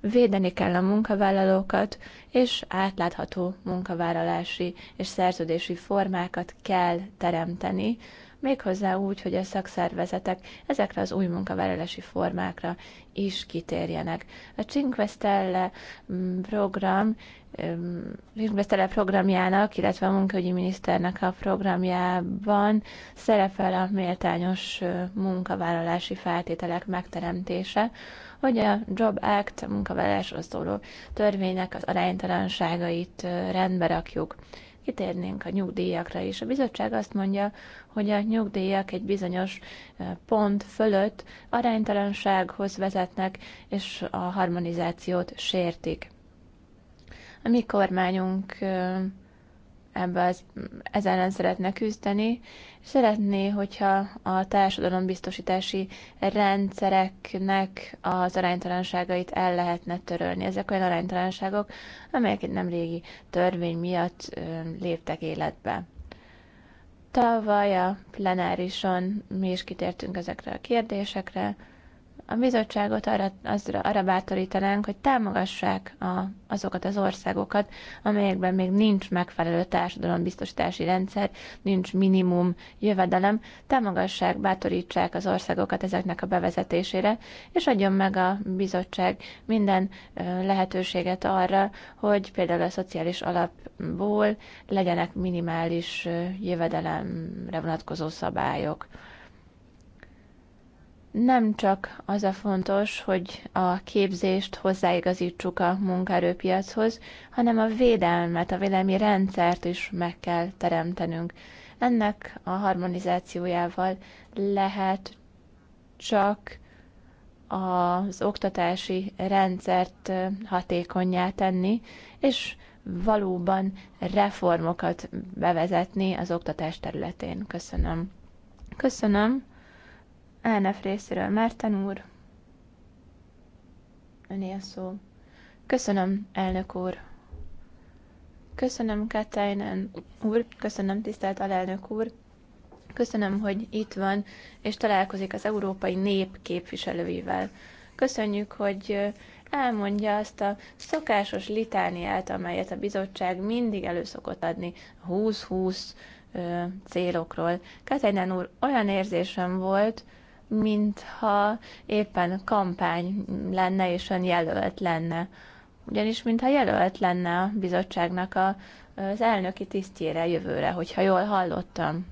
Védeni kell a munkavállalókat, és átlátható munkavállalási és szerződési formákat kell teremteni, méghozzá úgy, hogy a szakszervezetek ezekre az új munkavállalási formákra is kitérjenek. A Cinque Stelle mm, program Ringbesztele mm, programjának, illetve a munkahogyi miniszternek a programjában szerepel a méltányos munkavállalási feltételek megteremtése, hogy a Job Act munkavállalásról szóló törvénynek az aránytalanságait rendbe rakjuk kitérnénk a nyugdíjakra is. A bizottság azt mondja, hogy a nyugdíjak egy bizonyos pont fölött aránytalansághoz vezetnek, és a harmonizációt sértik. A mi kormányunk ebbe az, ez ellen szeretne küzdeni. Szeretné, hogyha a biztosítási rendszereknek az aránytalanságait el lehetne törölni. Ezek olyan aránytalanságok, amelyek egy nem régi törvény miatt léptek életbe. Tavaly a plenárison mi is kitértünk ezekre a kérdésekre, a bizottságot arra, azra, arra bátorítanánk, hogy támogassák a, azokat az országokat, amelyekben még nincs megfelelő társadalombiztosítási rendszer, nincs minimum jövedelem, támogassák, bátorítsák az országokat ezeknek a bevezetésére, és adjon meg a bizottság minden lehetőséget arra, hogy például a szociális alapból legyenek minimális jövedelemre vonatkozó szabályok nem csak az a fontos, hogy a képzést hozzáigazítsuk a munkaerőpiachoz, hanem a védelmet, a védelmi rendszert is meg kell teremtenünk. Ennek a harmonizációjával lehet csak az oktatási rendszert hatékonyá tenni, és valóban reformokat bevezetni az oktatás területén. Köszönöm. Köszönöm. Elnef részéről Merten úr. Öné a szó. Köszönöm, elnök úr. Köszönöm, Katainen úr, köszönöm, tisztelt alelnök úr. Köszönöm, hogy itt van, és találkozik az európai nép képviselőivel. Köszönjük, hogy elmondja azt a szokásos litániát, amelyet a bizottság mindig elő szokott adni 20-20 célokról. Katainen úr, olyan érzésem volt, mintha éppen kampány lenne és ön jelölt lenne. Ugyanis, mintha jelölt lenne a bizottságnak a, az elnöki tisztjére jövőre, hogyha jól hallottam.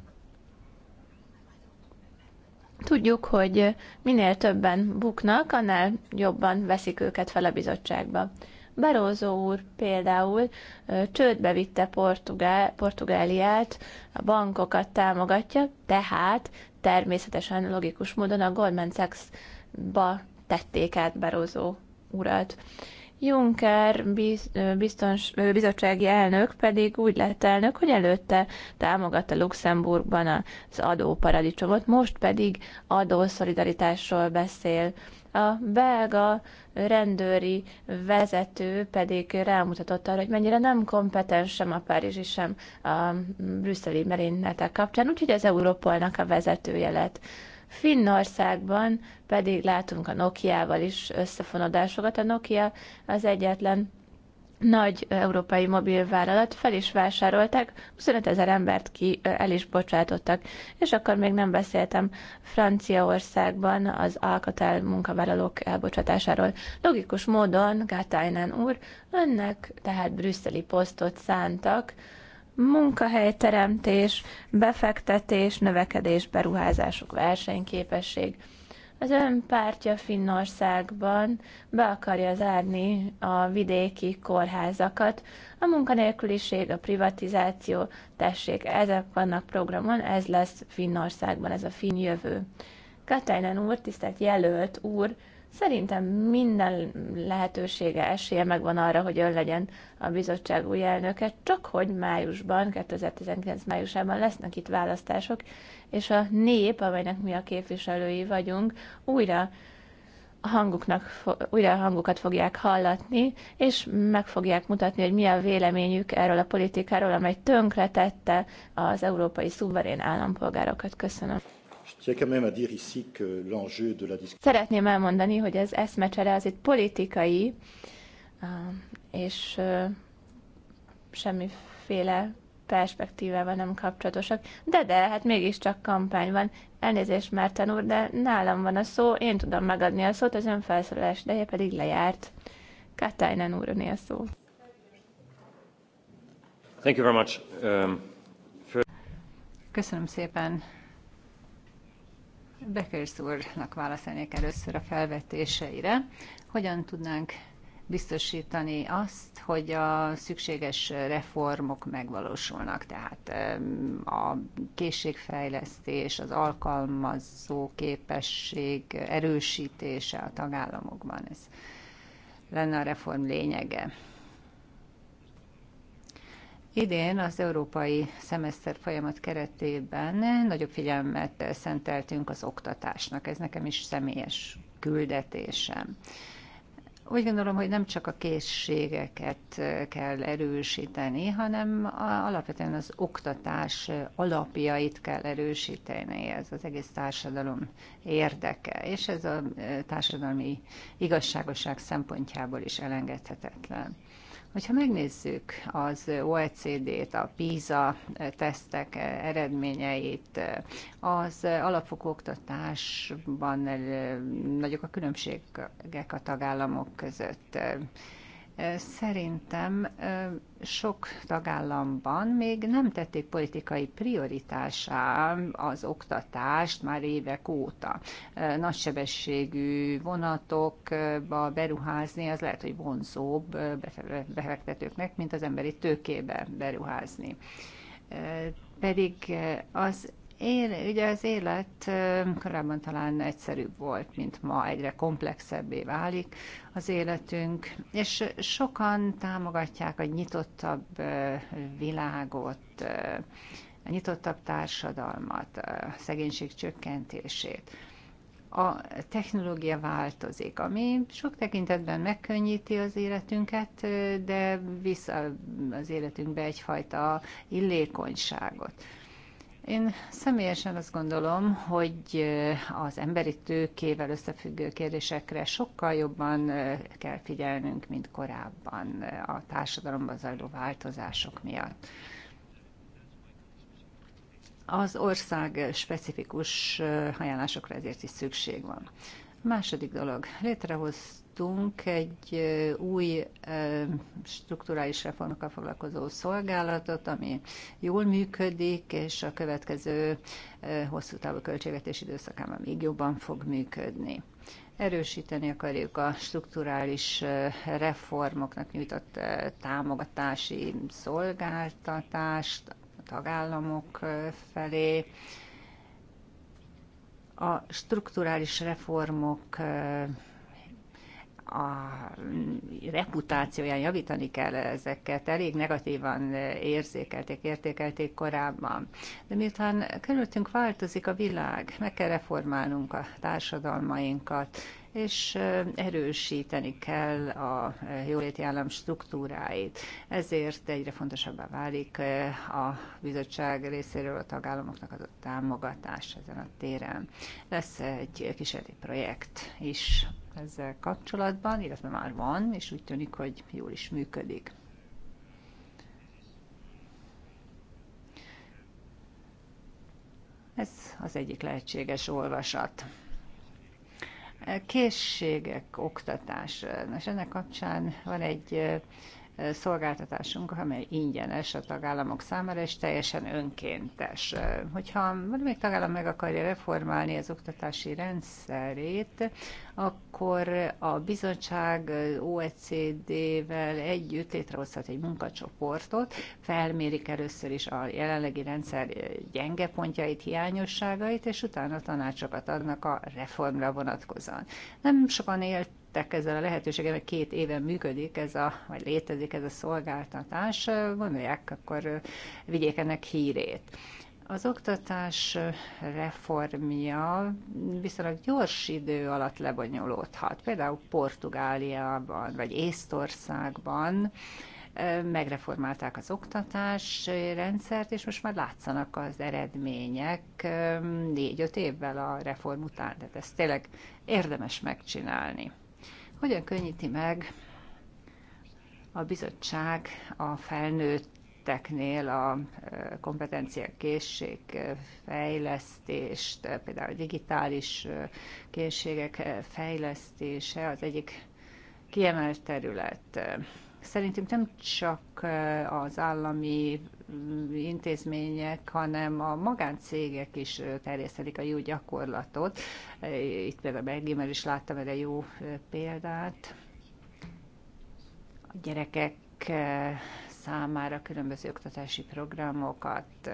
Tudjuk, hogy minél többen buknak, annál jobban veszik őket fel a bizottságba. Barózó úr például csődbe vitte Portugál, Portugáliát, a bankokat támogatja, tehát természetesen logikus módon a Goldman Sachs-ba tették át Barroso urat. Juncker biztons, bizottsági elnök pedig úgy lett elnök, hogy előtte támogatta Luxemburgban az adóparadicsomot, most pedig adószolidaritásról beszél. A belga rendőri vezető pedig rámutatott arra, hogy mennyire nem kompetens sem a párizsi, sem a brüsszeli merényletek kapcsán, úgyhogy az Európolnak a vezetője lett. Finnországban pedig látunk a Nokia-val is összefonodásokat. A Nokia az egyetlen nagy európai mobilvállalat fel is vásárolták, 25 ezer embert ki el is bocsátottak. És akkor még nem beszéltem Franciaországban az alkatel munkavállalók elbocsátásáról. Logikus módon Gátájnán úr, önnek tehát brüsszeli posztot szántak, munkahelyteremtés, befektetés, növekedés, beruházások, versenyképesség – az ön pártja Finnországban be akarja zárni a vidéki kórházakat. A munkanélküliség, a privatizáció, tessék, ezek vannak programon, ez lesz Finnországban, ez a finn jövő. Katajnán úr, tisztelt jelölt úr, Szerintem minden lehetősége, esélye megvan arra, hogy ön legyen a bizottság új elnöke, csak hogy májusban, 2019 májusában lesznek itt választások, és a nép, amelynek mi a képviselői vagyunk, újra a hanguknak, újra a hangukat fogják hallatni, és meg fogják mutatni, hogy mi a véleményük erről a politikáról, amely tönkretette az európai szuverén állampolgárokat. Köszönöm. Szeretném elmondani, hogy ez eszmecsere az itt politikai, és semmiféle perspektívával nem kapcsolatosak. De de, hát mégiscsak kampány van. Elnézést, Márten úr, de nálam van a szó, én tudom megadni a szót, az önfelszólás ideje pedig lejárt. Katainen úr, a szó. Thank you very much. Um, for... Köszönöm szépen, Beckers úrnak válaszolnék először a felvetéseire. Hogyan tudnánk biztosítani azt, hogy a szükséges reformok megvalósulnak, tehát a készségfejlesztés, az alkalmazó képesség erősítése a tagállamokban, ez lenne a reform lényege. Idén az európai szemeszter folyamat keretében nagyobb figyelmet szenteltünk az oktatásnak. Ez nekem is személyes küldetésem. Úgy gondolom, hogy nem csak a készségeket kell erősíteni, hanem alapvetően az oktatás alapjait kell erősíteni. Ez az egész társadalom érdeke, és ez a társadalmi igazságosság szempontjából is elengedhetetlen. Hogyha megnézzük az OECD-t, a PISA tesztek eredményeit, az alapfokú oktatásban nagyok a különbségek a tagállamok között. Szerintem sok tagállamban még nem tették politikai prioritásá az oktatást már évek óta. Nagysebességű vonatokba beruházni, az lehet, hogy vonzóbb befektetőknek, mint az emberi tőkébe beruházni. Pedig az én, ugye az élet korábban talán egyszerűbb volt, mint ma, egyre komplexebbé válik az életünk, és sokan támogatják a nyitottabb világot, a nyitottabb társadalmat, a szegénység csökkentését. A technológia változik, ami sok tekintetben megkönnyíti az életünket, de vissza az életünkbe egyfajta illékonyságot. Én személyesen azt gondolom, hogy eh, az emberi tőkével összefüggő kérdésekre sokkal jobban eh, kell figyelnünk, mint korábban eh, a társadalomban zajló változások miatt. Az ország specifikus ajánlásokra ezért is szükség van. Második dolog. Létrehoztunk egy új strukturális reformokkal foglalkozó szolgálatot, ami jól működik, és a következő hosszú távú költségvetés időszakában még jobban fog működni erősíteni akarjuk a strukturális reformoknak nyújtott támogatási szolgáltatást a tagállamok felé, a strukturális reformok a reputációján javítani kell ezeket. Elég negatívan érzékelték, értékelték korábban. De miután körülöttünk változik a világ, meg kell reformálnunk a társadalmainkat, és erősíteni kell a jóléti állam struktúráit. Ezért egyre fontosabbá válik a bizottság részéről a tagállamoknak az a támogatás ezen a téren. Lesz egy kísérleti projekt is ezzel kapcsolatban, illetve már van, és úgy tűnik, hogy jól is működik. Ez az egyik lehetséges olvasat készségek oktatása. Most ennek kapcsán van egy szolgáltatásunk, amely ingyenes a tagállamok számára, és teljesen önkéntes. Hogyha valamelyik tagállam meg akarja reformálni az oktatási rendszerét, akkor a bizottság OECD-vel együtt létrehozhat egy munkacsoportot, felmérik először is a jelenlegi rendszer gyenge pontjait, hiányosságait, és utána tanácsokat adnak a reformra vonatkozóan. Nem sokan élt éltek ezzel a lehetőséggel, hogy két éven működik ez a, vagy létezik ez a szolgáltatás, gondolják, akkor vigyék ennek hírét. Az oktatás reformja viszonylag gyors idő alatt lebonyolódhat. Például Portugáliában vagy Észtországban megreformálták az oktatás rendszert, és most már látszanak az eredmények négy-öt évvel a reform után. Tehát ezt tényleg érdemes megcsinálni hogyan könnyíti meg a bizottság a felnőtteknél a kompetencia készség fejlesztést, például a digitális készségek fejlesztése az egyik kiemelt terület. Szerintünk nem csak az állami intézmények, hanem a magáncégek is terjesztelik a jó gyakorlatot. Itt például Belgiumban is láttam erre jó példát. A gyerekek számára különböző oktatási programokat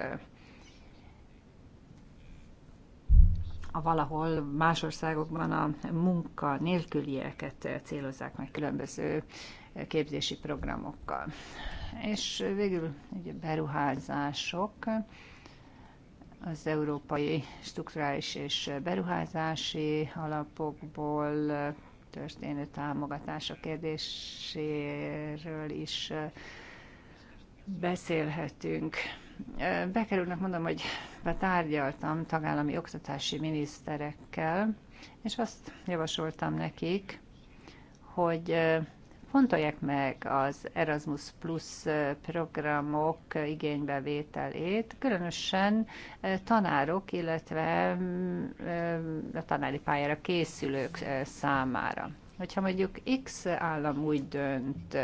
a valahol más országokban a munka nélkülieket célozzák meg különböző képzési programokkal. És végül ugye beruházások, az európai strukturális és beruházási alapokból történő támogatása kérdéséről is beszélhetünk. Bekerülnek, mondom, hogy betárgyaltam tagállami oktatási miniszterekkel, és azt javasoltam nekik, hogy fontolják meg az Erasmus Plus programok igénybevételét, különösen tanárok, illetve mm, a tanári pályára készülők számára hogyha mondjuk X állam úgy dönt,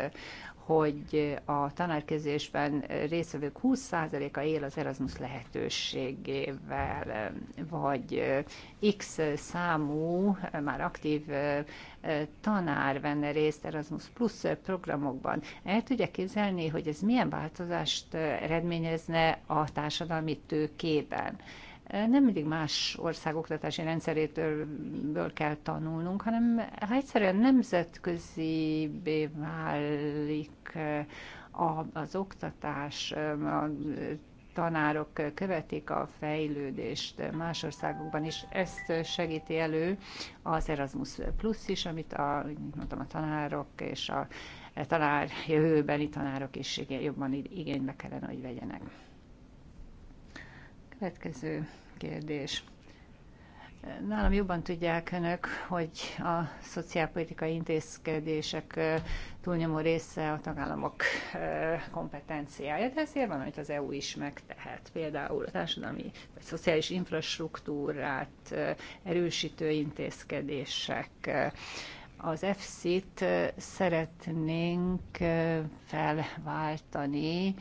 hogy a tanárkezésben részvevők 20%-a él az Erasmus lehetőségével, vagy X számú, már aktív tanár venne részt Erasmus Plus programokban. El tudja képzelni, hogy ez milyen változást eredményezne a társadalmi tőkében? nem mindig más ország oktatási rendszerétől kell tanulnunk, hanem ha egyszerűen nemzetközi válik eh, az oktatás, eh, a tanárok követik a fejlődést eh, más országokban is. Ezt segíti elő az Erasmus Plus is, amit a, mondtam, a tanárok és a tanár jövőbeni tanárok is jobban igénybe kellene, hogy vegyenek. Következő kérdés. Nálam jobban tudják önök, hogy a szociálpolitikai intézkedések túlnyomó része a tagállamok kompetenciája, de ezért van, amit az EU is megtehet. Például a társadalmi vagy szociális infrastruktúrát erősítő intézkedések. Az EFSZ-t szeretnénk felváltani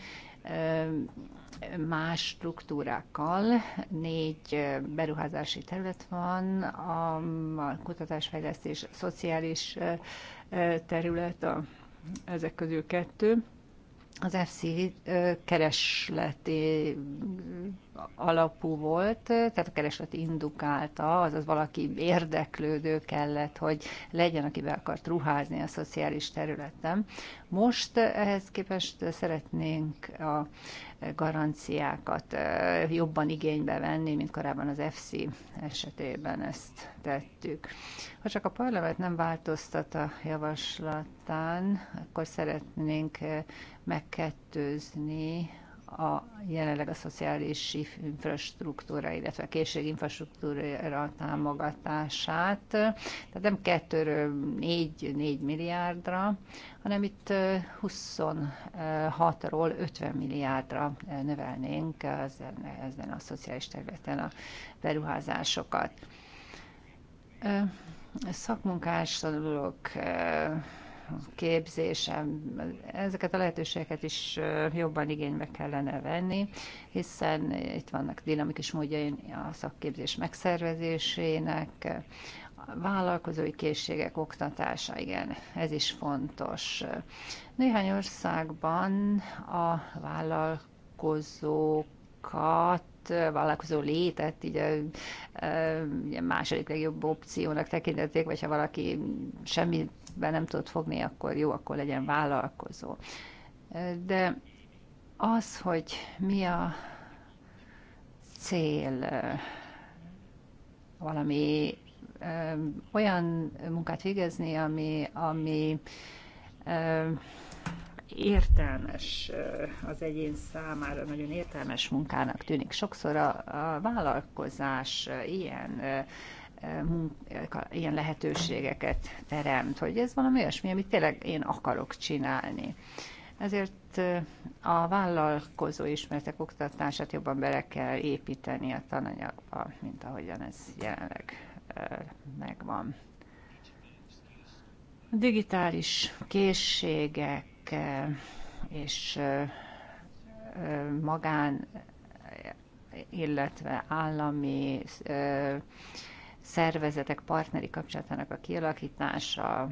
más struktúrákkal. Négy beruházási terület van, a kutatásfejlesztés, a szociális terület, a, ezek közül kettő. Az FC keresleti alapú volt, tehát a kereslet indukálta, azaz valaki érdeklődő kellett, hogy legyen, aki be akart ruházni a szociális területen. Most ehhez képest szeretnénk a garanciákat jobban igénybe venni, mint korábban az FC esetében ezt tettük. Ha csak a parlament nem változtat a javaslatán, akkor szeretnénk megkettőzni a jelenleg a szociális infrastruktúra, illetve a infrastruktúra támogatását. Tehát nem kettőről négy, négy milliárdra, hanem itt 26-ról 50 milliárdra növelnénk ezen, ezen a szociális területen a beruházásokat. Szakmunkás tanulók képzésem, ezeket a lehetőségeket is jobban igénybe kellene venni, hiszen itt vannak dinamikus módjai a szakképzés megszervezésének, vállalkozói készségek oktatása, igen, ez is fontos. Néhány országban a vállalkozókat vállalkozó létet így a második legjobb opciónak tekintették, vagy ha valaki semmiben nem tud fogni, akkor jó, akkor legyen vállalkozó. De az, hogy mi a cél, valami olyan munkát végezni, ami, ami értelmes az egyén számára, nagyon értelmes munkának tűnik. Sokszor a, a vállalkozás ilyen ilyen lehetőségeket teremt, hogy ez valami olyasmi, amit tényleg én akarok csinálni. Ezért a vállalkozó ismertek oktatását jobban bele kell építeni a tananyagba, mint ahogyan ez jelenleg megvan. A digitális készségek eh, és eh, magán, illetve állami eh, szervezetek partneri kapcsolatának a kialakítása, a,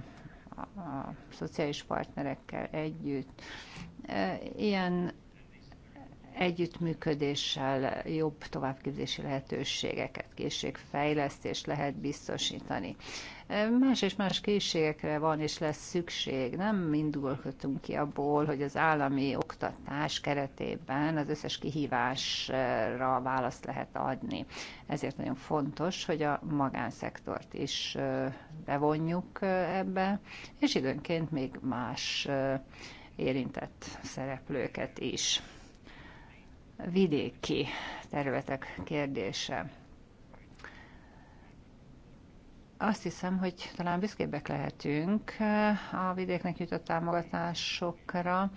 a szociális partnerekkel együtt. Ilyen együttműködéssel jobb továbbképzési lehetőségeket, készségfejlesztést lehet biztosítani. Más és más készségekre van és lesz szükség. Nem indulhatunk ki abból, hogy az állami oktatás keretében az összes kihívásra választ lehet adni. Ezért nagyon fontos, hogy a magánszektort is bevonjuk ebbe, és időnként még más érintett szereplőket is vidéki területek kérdése. Azt hiszem, hogy talán büszkébbek lehetünk eh, a vidéknek jutott támogatásokra,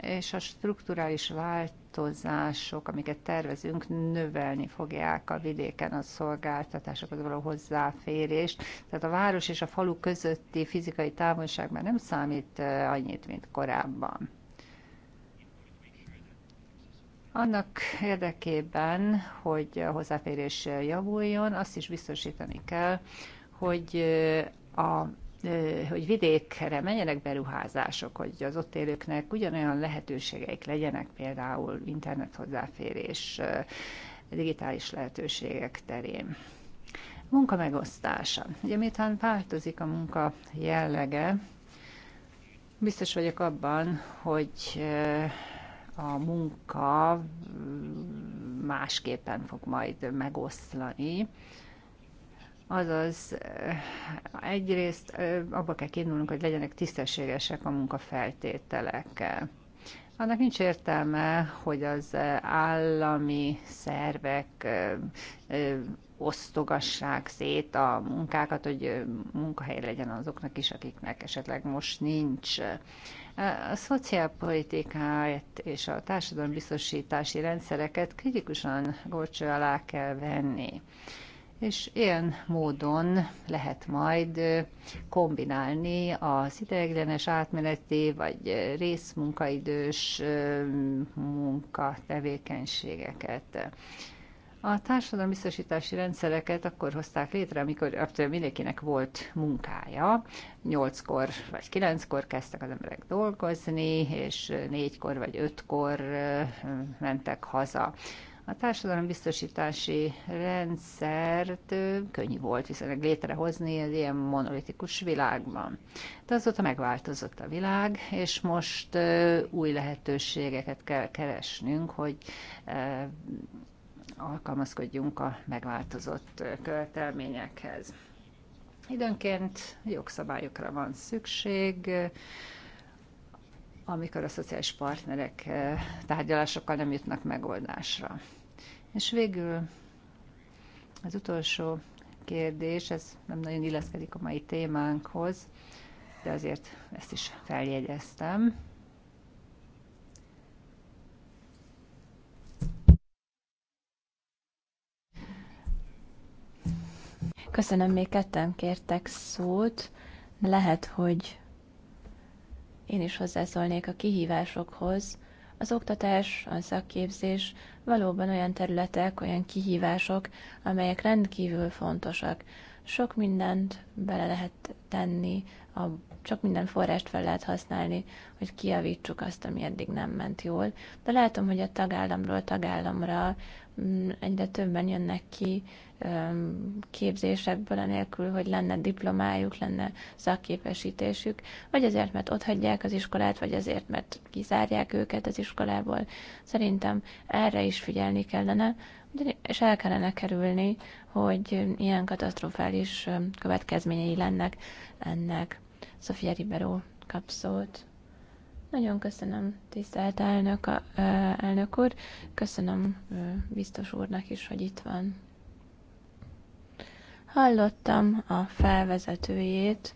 és a strukturális változások, amiket tervezünk, növelni fogják a vidéken a szolgáltatásokhoz való hozzáférést. Tehát a város és a falu közötti fizikai távolság már nem számít eh, annyit, mint korábban. Annak érdekében, hogy a hozzáférés javuljon, azt is biztosítani kell, hogy a hogy vidékre menjenek beruházások, hogy az ott élőknek ugyanolyan lehetőségeik legyenek, például internet hozzáférés, digitális lehetőségek terén. Munka megosztása. Ugye miután változik a munka jellege, biztos vagyok abban, hogy a munka mm, másképpen fog majd megoszlani. Azaz, eh, egyrészt eh, abba kell kiindulnunk, hogy legyenek tisztességesek a munkafeltételek. Annak nincs értelme, hogy az eh, állami szervek osztogassák szét a munkákat, hogy munkahely legyen azoknak is, akiknek esetleg most nincs. A szociálpolitikát és a társadalombiztosítási rendszereket kritikusan gorcső alá kell venni. És ilyen módon lehet majd kombinálni az ideiglenes átmeneti vagy részmunkaidős munkatevékenységeket. A társadalombiztosítási rendszereket akkor hozták létre, amikor mindenkinek volt munkája. Nyolckor vagy kilenckor kezdtek az emberek dolgozni, és négykor vagy ötkor mentek haza. A társadalombiztosítási rendszert könnyű volt viszonylag létrehozni az ilyen monolitikus világban. De azóta megváltozott a világ, és most új lehetőségeket kell keresnünk, hogy alkalmazkodjunk a megváltozott követelményekhez. Időnként jogszabályokra van szükség, amikor a szociális partnerek tárgyalásokkal nem jutnak megoldásra. És végül az utolsó kérdés, ez nem nagyon illeszkedik a mai témánkhoz, de azért ezt is feljegyeztem. Köszönöm, még ketten kértek szót. Lehet, hogy én is hozzászólnék a kihívásokhoz. Az oktatás, a szakképzés valóban olyan területek, olyan kihívások, amelyek rendkívül fontosak. Sok mindent bele lehet tenni, a, sok minden forrást fel lehet használni, hogy kiavítsuk azt, ami eddig nem ment jól. De látom, hogy a tagállamról tagállamra Mm, egyre többen jönnek ki képzésekből, anélkül, hogy lenne diplomájuk, lenne szakképesítésük, vagy azért, mert ott hagyják az iskolát, vagy azért, mert kizárják őket az iskolából. Szerintem erre is figyelni kellene, és el kellene kerülni, hogy ilyen katasztrofális következményei lennek ennek. Sofia Ribeiro kap nagyon köszönöm, tisztelt elnök, elnök úr. Köszönöm biztos úrnak is, hogy itt van. Hallottam a felvezetőjét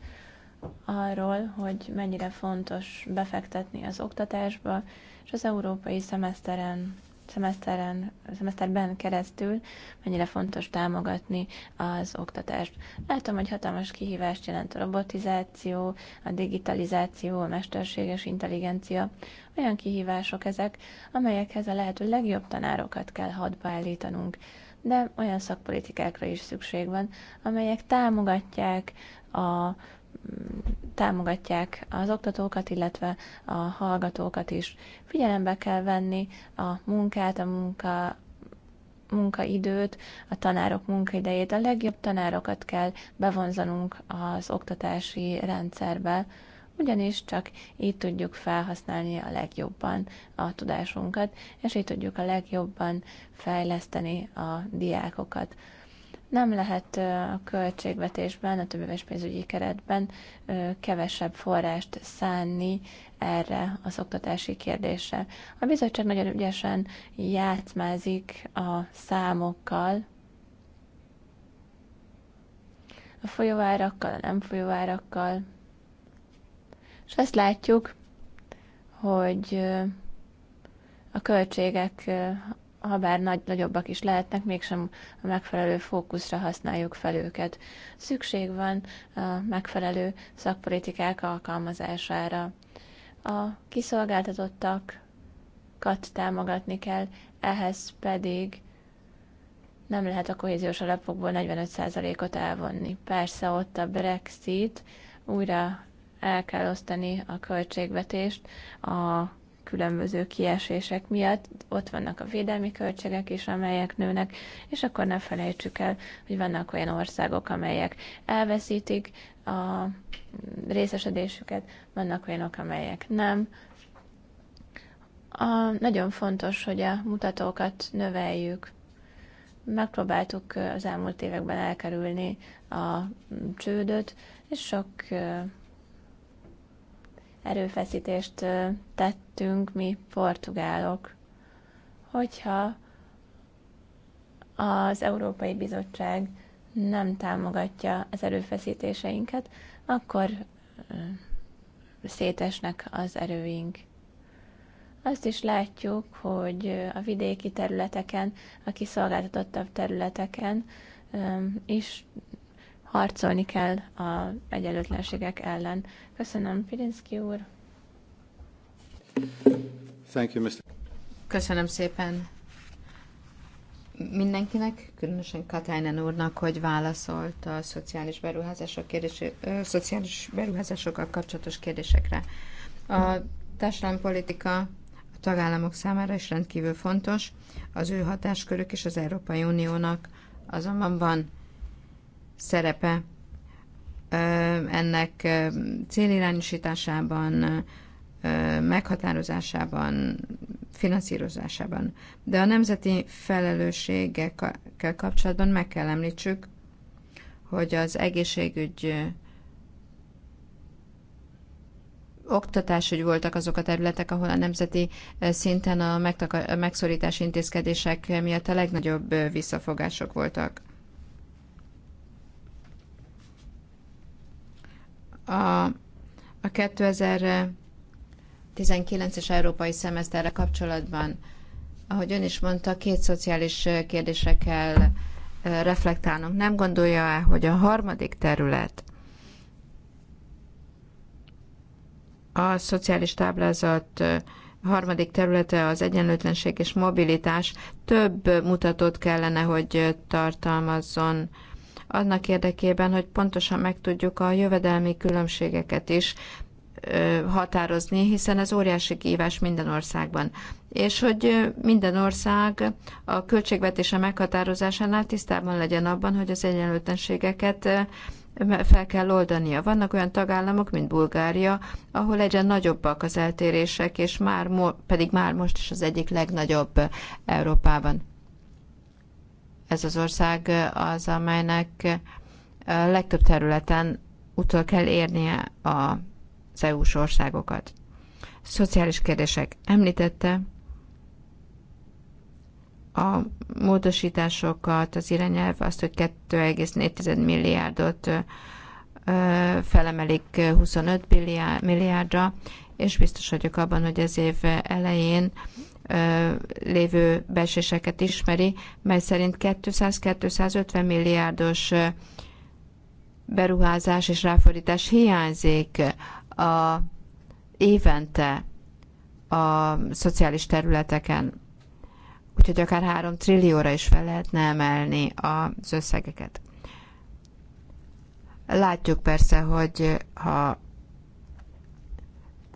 arról, hogy mennyire fontos befektetni az oktatásba, és az európai szemeszteren szemeszteren, szemeszterben keresztül mennyire fontos támogatni az oktatást. Látom, hogy hatalmas kihívást jelent a robotizáció, a digitalizáció, a mesterséges intelligencia. Olyan kihívások ezek, amelyekhez a lehető legjobb tanárokat kell hadba állítanunk. De olyan szakpolitikákra is szükség van, amelyek támogatják a támogatják az oktatókat, illetve a hallgatókat is. Figyelembe kell venni a munkát, a munka, munkaidőt, a tanárok munkaidejét. A legjobb tanárokat kell bevonzanunk az oktatási rendszerbe, ugyanis csak így tudjuk felhasználni a legjobban a tudásunkat, és így tudjuk a legjobban fejleszteni a diákokat nem lehet a költségvetésben, a többéves pénzügyi keretben kevesebb forrást szánni erre az oktatási kérdésre. A bizottság nagyon ügyesen játszmázik a számokkal, a folyóárakkal, a nem folyóárakkal, és azt látjuk, hogy a költségek ha bár nagy, nagyobbak is lehetnek, mégsem a megfelelő fókuszra használjuk fel őket. Szükség van a megfelelő szakpolitikák alkalmazására. A kiszolgáltatottakat támogatni kell, ehhez pedig nem lehet a kohéziós alapokból 45%-ot elvonni. Persze ott a Brexit, újra el kell osztani a költségvetést a különböző kiesések miatt ott vannak a védelmi költségek is, amelyek nőnek, és akkor ne felejtsük el, hogy vannak olyan országok, amelyek elveszítik a részesedésüket, vannak olyanok, amelyek nem. A, nagyon fontos, hogy a mutatókat növeljük. Megpróbáltuk az elmúlt években elkerülni a csődöt, és sok erőfeszítést tettünk mi portugálok, hogyha az Európai Bizottság nem támogatja az erőfeszítéseinket, akkor szétesnek az erőink. Azt is látjuk, hogy a vidéki területeken, a kiszolgáltatottabb területeken is harcolni kell a egyenlőtlenségek ellen. Köszönöm, Pirinszki úr. Thank you, Mr. Köszönöm szépen mindenkinek, különösen Katájnen úrnak, hogy válaszolt a szociális beruházások, kérdésé, ö, szociális beruházásokkal kapcsolatos kérdésekre. A társadalompolitika a tagállamok számára is rendkívül fontos, az ő hatáskörük és az Európai Uniónak azonban van szerepe ennek célirányosításában, meghatározásában, finanszírozásában. De a nemzeti felelősségekkel kapcsolatban meg kell említsük, hogy az egészségügy hogy voltak azok a területek, ahol a nemzeti szinten a megszorítási intézkedések miatt a legnagyobb visszafogások voltak. a, a 2019-es európai szemeszterre kapcsolatban, ahogy ön is mondta, két szociális kérdésre kell reflektálnunk. Nem gondolja-e, hogy a harmadik terület a szociális táblázat harmadik területe az egyenlőtlenség és mobilitás több mutatót kellene, hogy tartalmazzon, annak érdekében, hogy pontosan meg tudjuk a jövedelmi különbségeket is határozni, hiszen ez óriási kívás minden országban. És hogy minden ország a költségvetése meghatározásánál tisztában legyen abban, hogy az egyenlőtlenségeket fel kell oldania. Vannak olyan tagállamok, mint Bulgária, ahol egyre nagyobbak az eltérések, és már pedig már most is az egyik legnagyobb Európában ez az ország az, amelynek legtöbb területen utol kell érnie az EU-s országokat. Szociális kérdések említette, a módosításokat, az irányelv azt, hogy 2,4 milliárdot felemelik 25 milliárdra, és biztos vagyok abban, hogy ez év elején lévő beséseket ismeri, mely szerint 200-250 milliárdos beruházás és ráfordítás hiányzik a, évente a szociális területeken. Úgyhogy akár 3 trillióra is fel lehetne emelni az összegeket. Látjuk persze, hogy ha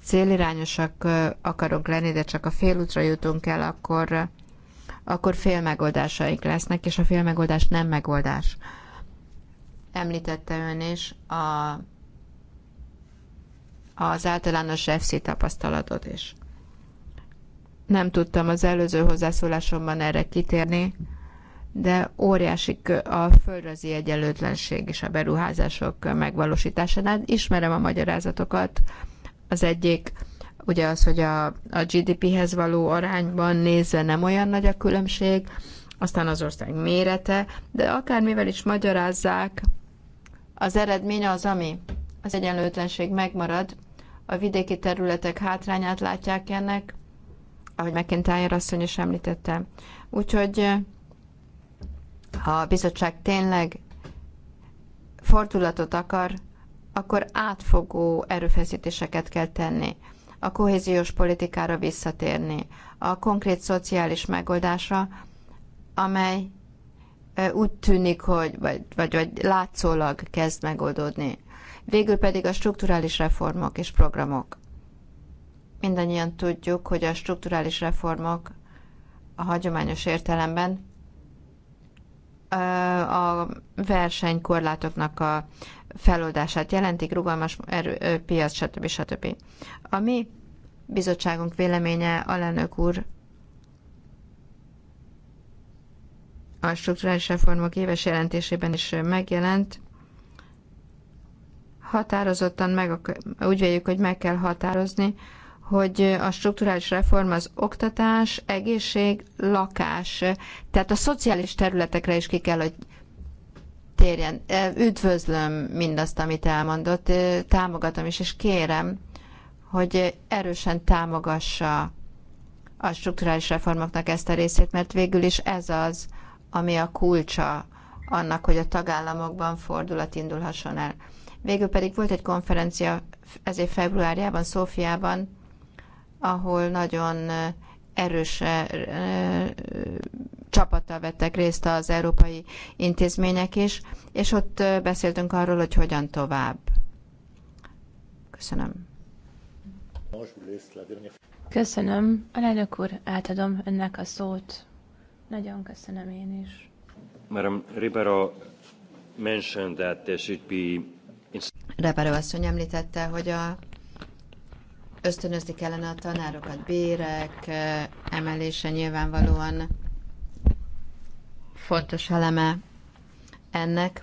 célirányosak akarunk lenni, de csak a félútra jutunk el, akkor, akkor fél megoldásaink lesznek, és a fél megoldás nem megoldás. Említette ön is a, az általános FC tapasztalatot is. Nem tudtam az előző hozzászólásomban erre kitérni, de óriási a földrajzi egyenlőtlenség és a beruházások megvalósításánál. Ismerem a magyarázatokat, az egyik ugye az, hogy a, a GDP-hez való arányban nézve nem olyan nagy a különbség, aztán az ország mérete, de akármivel is magyarázzák, az eredmény az, ami az egyenlőtlenség megmarad, a vidéki területek hátrányát látják ennek, ahogy McIntyre asszony is említette. Úgyhogy ha a bizottság tényleg fordulatot akar, akkor átfogó erőfeszítéseket kell tenni, a kohéziós politikára visszatérni, a konkrét szociális megoldásra, amely úgy tűnik, hogy vagy, vagy, vagy látszólag kezd megoldódni. Végül pedig a strukturális reformok és programok. Mindannyian tudjuk, hogy a strukturális reformok a hagyományos értelemben a versenykorlátoknak a feloldását jelentik, rugalmas erő, piac, stb. stb. A mi bizottságunk véleménye, alelnök úr, a strukturális reformok éves jelentésében is megjelent, határozottan meg, úgy véljük, hogy meg kell határozni, hogy a strukturális reform az oktatás, egészség, lakás, tehát a szociális területekre is ki kell, hogy térjen. Üdvözlöm mindazt, amit elmondott, támogatom is, és kérem, hogy erősen támogassa a strukturális reformoknak ezt a részét, mert végül is ez az, ami a kulcsa annak, hogy a tagállamokban fordulat indulhasson el. Végül pedig volt egy konferencia ezért februárjában, Szófiában, ahol nagyon erős csapattal vettek részt az európai intézmények is, és ott beszéltünk arról, hogy hogyan tovább. Köszönöm. Köszönöm. Alelnök úr, átadom önnek a szót. Nagyon köszönöm én is. Madam Ribeiro mentioned that there should be... Ribeiro asszony említette, hogy a ösztönözni kellene a tanárokat, bérek emelése nyilvánvalóan fontos eleme ennek.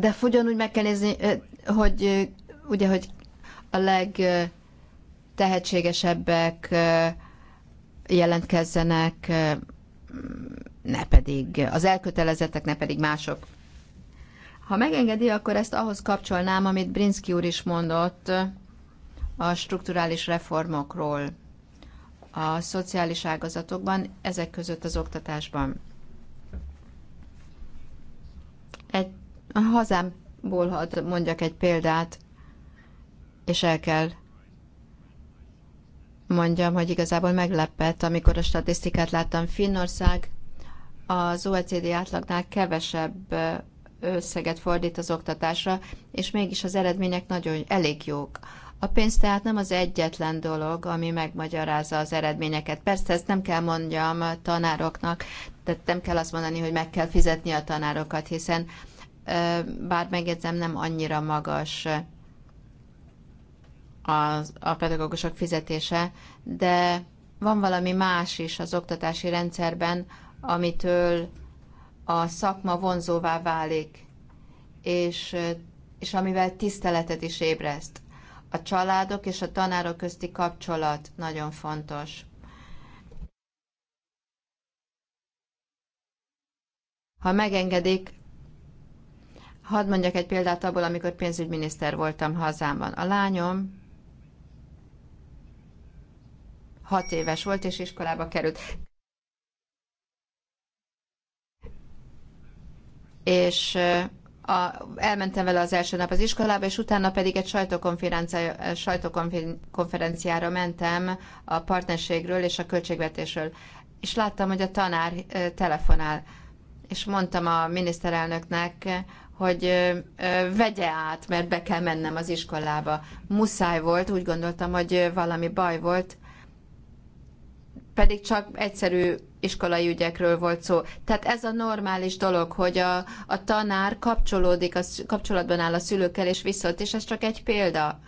De ugyanúgy meg kell nézni, hogy ugye, hogy a legtehetségesebbek jelentkezzenek, ne pedig az elkötelezettek, ne pedig mások. Ha megengedi, akkor ezt ahhoz kapcsolnám, amit Brinski úr is mondott a strukturális reformokról a szociális ágazatokban, ezek között az oktatásban. Egy a hazámból hadd mondjak egy példát, és el kell mondjam, hogy igazából meglepett, amikor a statisztikát láttam. Finnország az OECD átlagnál kevesebb összeget fordít az oktatásra, és mégis az eredmények nagyon elég jók. A pénz tehát nem az egyetlen dolog, ami megmagyarázza az eredményeket. Persze ezt nem kell mondjam a tanároknak, tehát nem kell azt mondani, hogy meg kell fizetni a tanárokat, hiszen bár megjegyzem, nem annyira magas az, a pedagógusok fizetése, de van valami más is az oktatási rendszerben, amitől a szakma vonzóvá válik, és, és amivel tiszteletet is ébreszt a családok és a tanárok közti kapcsolat nagyon fontos. Ha megengedik, hadd mondjak egy példát abból, amikor pénzügyminiszter voltam hazámban. A lányom hat éves volt, és iskolába került. És a, elmentem vele az első nap az iskolába, és utána pedig egy sajtókonferenciára mentem a partnerségről és a költségvetésről. És láttam, hogy a tanár telefonál. És mondtam a miniszterelnöknek, hogy vegye át, mert be kell mennem az iskolába. Muszáj volt, úgy gondoltam, hogy valami baj volt, pedig csak egyszerű iskolai ügyekről volt szó. Tehát ez a normális dolog, hogy a, a tanár kapcsolódik, a, kapcsolatban áll a szülőkkel és viszont, és ez csak egy példa.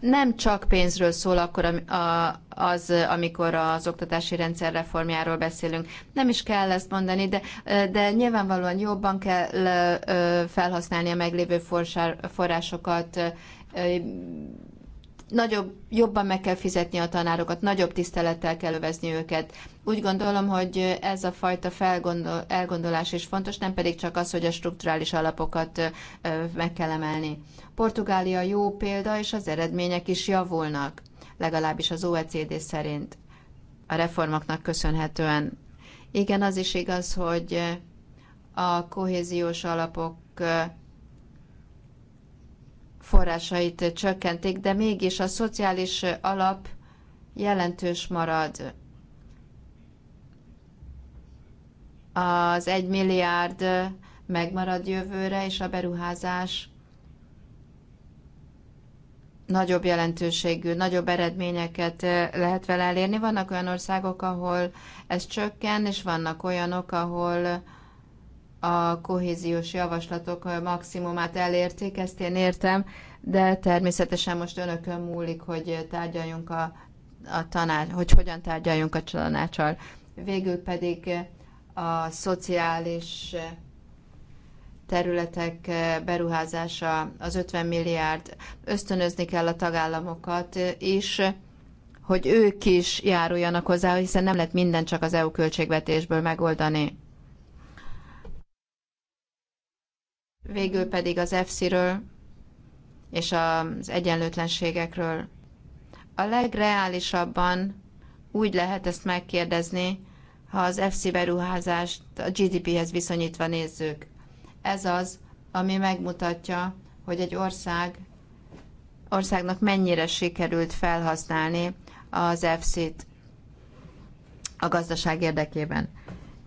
Nem csak pénzről szól akkor az, amikor az oktatási rendszer reformjáról beszélünk. Nem is kell ezt mondani, de, de nyilvánvalóan jobban kell felhasználni a meglévő forrásokat, nagyobb, jobban meg kell fizetni a tanárokat, nagyobb tisztelettel kell övezni őket. Úgy gondolom, hogy ez a fajta felgondol, elgondolás is fontos, nem pedig csak az, hogy a strukturális alapokat meg kell emelni. Portugália jó példa, és az eredmények is javulnak, legalábbis az OECD szerint a reformoknak köszönhetően. Igen, az is igaz, hogy a kohéziós alapok forrásait csökkentik, de mégis a szociális alap jelentős marad. Az egy milliárd megmarad jövőre, és a beruházás nagyobb jelentőségű, nagyobb eredményeket lehet vele elérni. Vannak olyan országok, ahol ez csökken, és vannak olyanok, ahol a kohéziós javaslatok maximumát elérték, ezt én értem, de természetesen most önökön múlik, hogy tárgyaljunk a, a tanács, hogy hogyan tárgyaljunk a tanácsal. Végül pedig a szociális területek beruházása, az 50 milliárd, ösztönözni kell a tagállamokat is, hogy ők is járuljanak hozzá, hiszen nem lehet minden csak az EU költségvetésből megoldani. végül pedig az fc ről és az egyenlőtlenségekről. A legreálisabban úgy lehet ezt megkérdezni, ha az FC beruházást a GDP-hez viszonyítva nézzük. Ez az, ami megmutatja, hogy egy ország országnak mennyire sikerült felhasználni az fc t a gazdaság érdekében.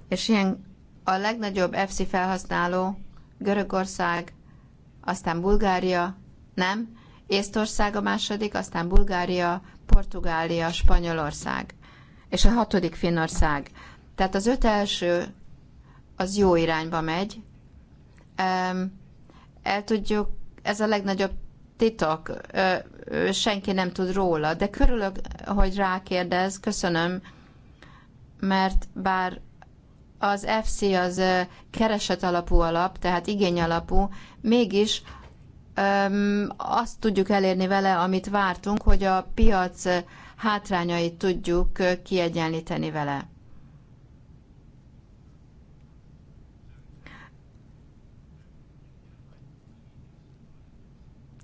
És ilyen a legnagyobb FC felhasználó Görögország, aztán Bulgária, nem, Észtország a második, aztán Bulgária, Portugália, Spanyolország, és a hatodik Finnország. Tehát az öt első az jó irányba megy. El tudjuk, ez a legnagyobb titok, senki nem tud róla, de körülök, hogy rákérdez, köszönöm, mert bár az FC az kereset alapú alap, tehát igény alapú, mégis azt tudjuk elérni vele, amit vártunk, hogy a piac hátrányait tudjuk kiegyenlíteni vele.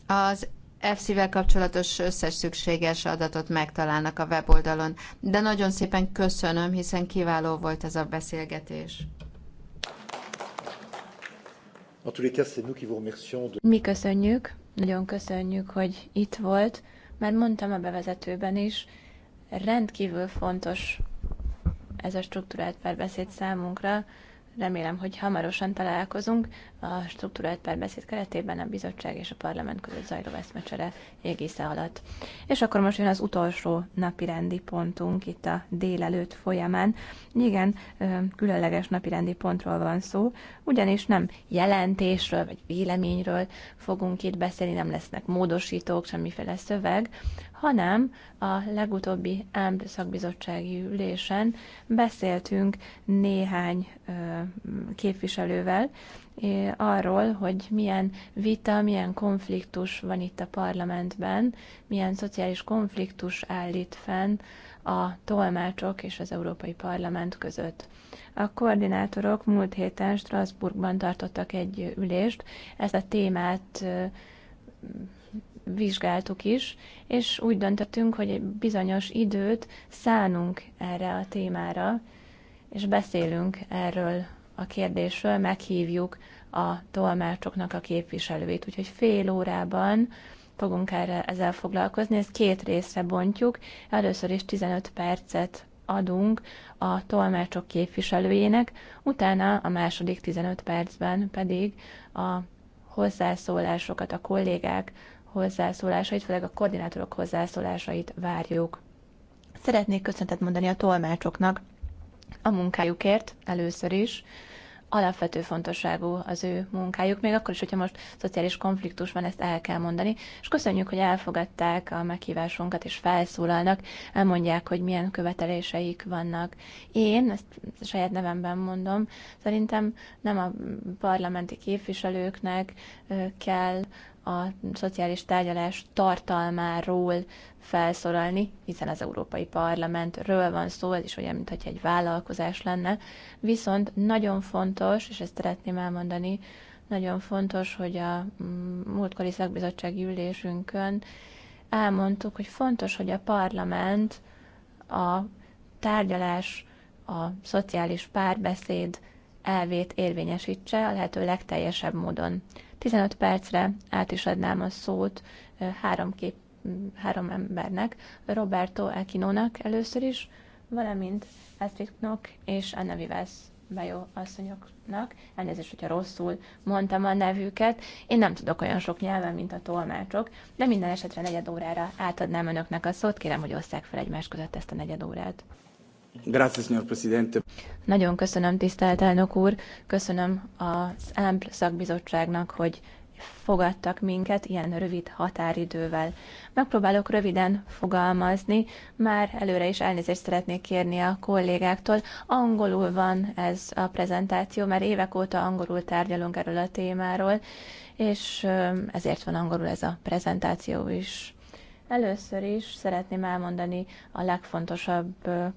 Az EFSZ-vel kapcsolatos összes szükséges adatot megtalálnak a weboldalon. De nagyon szépen köszönöm, hiszen kiváló volt ez a beszélgetés. Mi köszönjük, nagyon köszönjük, hogy itt volt. mert mondtam a bevezetőben is, rendkívül fontos ez a struktúrált párbeszéd számunkra, Remélem, hogy hamarosan találkozunk a struktúrált párbeszéd keretében a bizottság és a parlament között zajló eszmecsere égisze alatt. És akkor most jön az utolsó napirendi pontunk itt a délelőtt folyamán. Igen, különleges napirendi pontról van szó, ugyanis nem jelentésről vagy véleményről fogunk itt beszélni, nem lesznek módosítók, semmiféle szöveg, hanem a legutóbbi AMP szakbizottsági ülésen beszéltünk néhány képviselővel arról, hogy milyen vita, milyen konfliktus van itt a parlamentben, milyen szociális konfliktus állít fenn a tolmácsok és az Európai Parlament között. A koordinátorok múlt héten Strasbourgban tartottak egy ülést, ezt a témát vizsgáltuk is, és úgy döntöttünk, hogy egy bizonyos időt szánunk erre a témára, és beszélünk erről a kérdésről, meghívjuk a tolmácsoknak a képviselőit. Úgyhogy fél órában fogunk erre, ezzel foglalkozni, ezt két részre bontjuk. Először is 15 percet adunk a tolmácsok képviselőjének, utána a második 15 percben pedig a hozzászólásokat a kollégák hozzászólásait, főleg a koordinátorok hozzászólásait várjuk. Szeretnék köszöntet mondani a tolmácsoknak a munkájukért először is. Alapvető fontosságú az ő munkájuk, még akkor is, hogyha most szociális konfliktus van, ezt el kell mondani. És köszönjük, hogy elfogadták a meghívásunkat, és felszólalnak, elmondják, hogy milyen követeléseik vannak. Én, ezt saját nevemben mondom, szerintem nem a parlamenti képviselőknek kell a szociális tárgyalás tartalmáról felszorolni, hiszen az Európai Parlamentről van szó, ez is olyan, mintha egy vállalkozás lenne. Viszont nagyon fontos, és ezt szeretném elmondani, nagyon fontos, hogy a mm, múltkori szakbizottsági ülésünkön elmondtuk, hogy fontos, hogy a parlament a tárgyalás, a szociális párbeszéd elvét érvényesítse a lehető legteljesebb módon. 15 percre át is adnám a szót három, kép, három embernek, Roberto Ekinónak először is, valamint Astridnak és Anna Vivász Bajó asszonyoknak, elnézést, hogyha rosszul mondtam a nevüket, én nem tudok olyan sok nyelven, mint a tolmácsok, de minden esetre negyed órára átadnám önöknek a szót, kérem, hogy osszák fel egymás között ezt a negyed órát. Nagyon köszönöm, tisztelt elnök úr. Köszönöm az EMPL szakbizottságnak, hogy fogadtak minket ilyen rövid határidővel. Megpróbálok röviden fogalmazni, már előre is elnézést szeretnék kérni a kollégáktól. Angolul van ez a prezentáció, mert évek óta angolul tárgyalunk erről a témáról, és ezért van angolul ez a prezentáció is. Először is szeretném elmondani a legfontosabb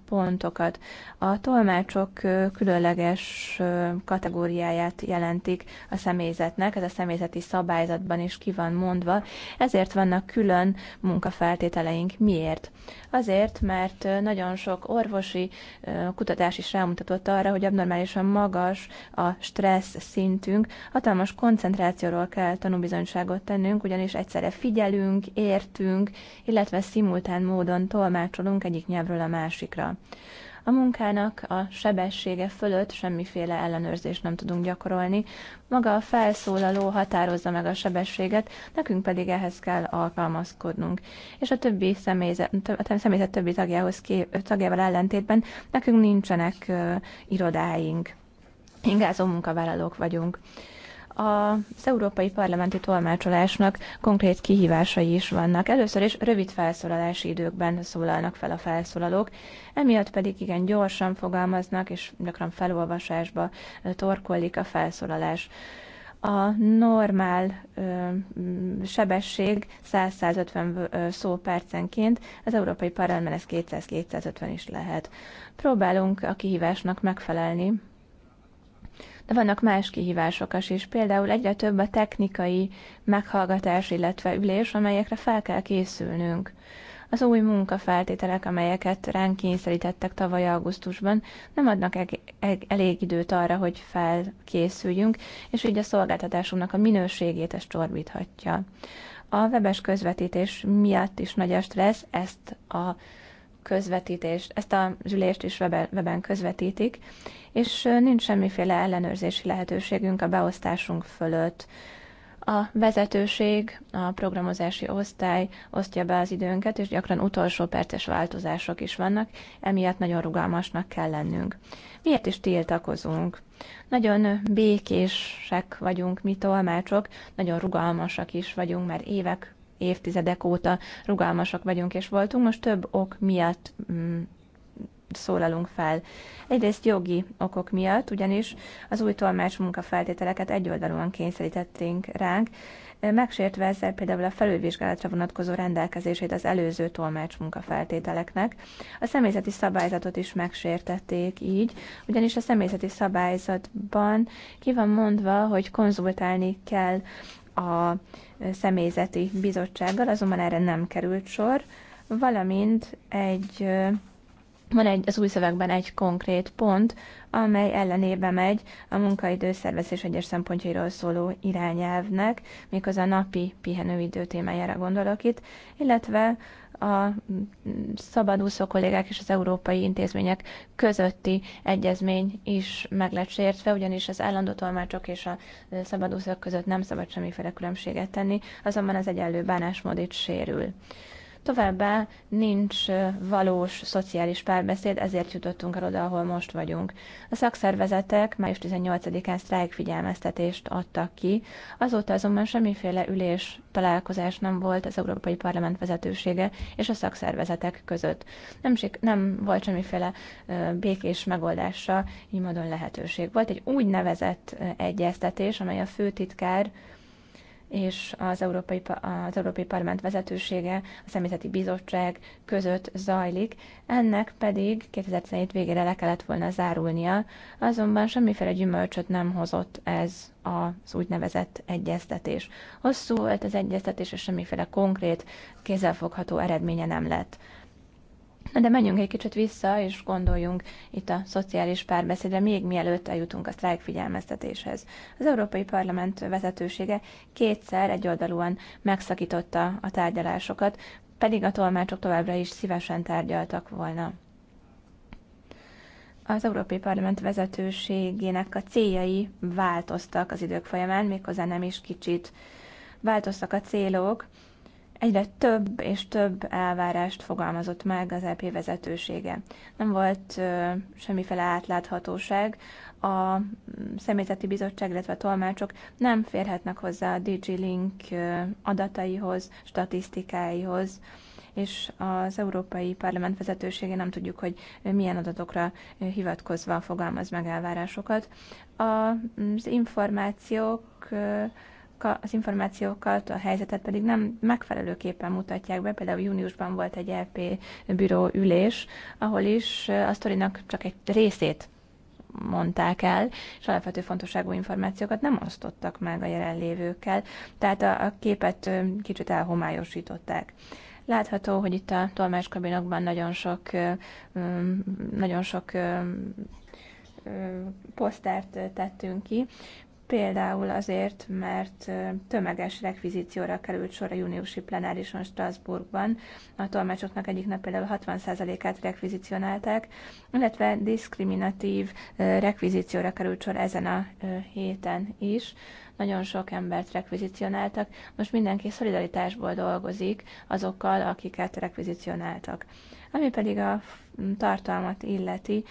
pontokat. A tolmácsok különleges kategóriáját jelentik a személyzetnek, ez a személyzeti szabályzatban is ki van mondva, ezért vannak külön munkafeltételeink. Miért? Azért, mert nagyon sok orvosi kutatás is rámutatott arra, hogy abnormálisan magas a stressz szintünk, hatalmas koncentrációról kell tanúbizonyságot tennünk, ugyanis egyszerre figyelünk, értünk, illetve szimultán módon tolmácsolunk egyik nyelvről a másikra. A munkának a sebessége fölött semmiféle ellenőrzést nem tudunk gyakorolni. Maga a felszólaló határozza meg a sebességet, nekünk pedig ehhez kell alkalmazkodnunk. És a többi személyzet, a személyzet többi tagjához, tagjával ellentétben nekünk nincsenek ö, irodáink. Ingázó munkavállalók vagyunk. Az európai parlamenti tolmácsolásnak konkrét kihívásai is vannak. Először is rövid felszólalási időkben szólalnak fel a felszólalók, emiatt pedig igen gyorsan fogalmaznak, és gyakran felolvasásba torkollik a felszólalás a normál ö, sebesség 100-150 szó percenként, az Európai Parlamentben ez 200-250 is lehet. Próbálunk a kihívásnak megfelelni, de vannak más kihívások is, például egyre több a technikai meghallgatás, illetve ülés, amelyekre fel kell készülnünk. Az új munkafeltételek, amelyeket ránk kényszerítettek tavaly augusztusban, nem adnak elég időt arra, hogy felkészüljünk, és így a szolgáltatásunknak a minőségét ezt csorbíthatja. A webes közvetítés miatt is nagy est stressz, ezt a közvetítést, ezt a ülést is weben közvetítik, és nincs semmiféle ellenőrzési lehetőségünk a beosztásunk fölött. A vezetőség, a programozási osztály osztja be az időnket, és gyakran utolsó perces változások is vannak, emiatt nagyon rugalmasnak kell lennünk. Miért is tiltakozunk? Nagyon békések vagyunk mi tolmácsok, nagyon rugalmasak is vagyunk, mert évek, évtizedek óta rugalmasak vagyunk és voltunk, most több ok miatt mm, szólalunk fel. Egyrészt jogi okok miatt, ugyanis az új tolmács munkafeltételeket egyoldalúan kényszerítettünk ránk, megsértve ezzel például a felülvizsgálatra vonatkozó rendelkezését az előző tolmács munkafeltételeknek. A személyzeti szabályzatot is megsértették így, ugyanis a személyzeti szabályzatban ki van mondva, hogy konzultálni kell a személyzeti bizottsággal, azonban erre nem került sor, valamint egy van egy, az új szövegben egy konkrét pont, amely ellenébe megy a munkaidő szervezés egyes szempontjairól szóló irányelvnek, méghozzá a napi pihenőidő témájára gondolok itt, illetve a szabadúszó kollégák és az európai intézmények közötti egyezmény is meg lett sértve, ugyanis az állandó tolmácsok és a szabadúszók között nem szabad semmiféle különbséget tenni, azonban az egyenlő bánásmód itt sérül. Továbbá nincs valós szociális párbeszéd, ezért jutottunk el oda, ahol most vagyunk. A szakszervezetek május 18-án figyelmeztetést adtak ki, azóta azonban semmiféle ülés, találkozás nem volt az Európai Parlament vezetősége és a szakszervezetek között. Nem, nem volt semmiféle békés megoldása, így módon lehetőség. Volt egy úgynevezett egyeztetés, amely a főtitkár és az Európai, az Európai Parlament vezetősége, a Személyzeti Bizottság között zajlik, ennek pedig 2017 végére le kellett volna zárulnia, azonban semmiféle gyümölcsöt nem hozott ez az úgynevezett egyeztetés. Hosszú volt az egyeztetés, és semmiféle konkrét, kézzelfogható eredménye nem lett. Na de menjünk egy kicsit vissza, és gondoljunk itt a szociális párbeszédre, még mielőtt eljutunk a sztrájk figyelmeztetéshez. Az Európai Parlament vezetősége kétszer egyoldalúan megszakította a tárgyalásokat, pedig a tolmácsok továbbra is szívesen tárgyaltak volna. Az Európai Parlament vezetőségének a céljai változtak az idők folyamán, méghozzá nem is kicsit. Változtak a célok, egyre több és több elvárást fogalmazott meg az EP vezetősége. Nem volt ö, semmiféle átláthatóság, a személyzeti bizottság, illetve a tolmácsok nem férhetnek hozzá a DigiLink adataihoz, statisztikáihoz, és az Európai Parlament vezetősége nem tudjuk, hogy milyen adatokra hivatkozva fogalmaz meg elvárásokat. Az információk az információkat, a helyzetet pedig nem megfelelőképpen mutatják be. Például júniusban volt egy LP e büró ülés, ahol is a sztorinak csak egy részét mondták el, és alapvető fontosságú információkat nem osztottak meg a jelenlévőkkel, tehát a, a képet kicsit elhomályosították. Látható, hogy itt a tolmácskabinokban nagyon sok, nagyon sok posztert tettünk ki, például azért, mert tömeges rekvizícióra került sor a júniusi plenárison Strasbourgban. A tolmácsoknak egyik nap például 60%-át rekvizícionálták, illetve diszkriminatív rekvizícióra került sor ezen a héten is. Nagyon sok embert rekvizícionáltak. Most mindenki szolidaritásból dolgozik azokkal, akiket rekvizícionáltak. Ami pedig a tartalmat illeti,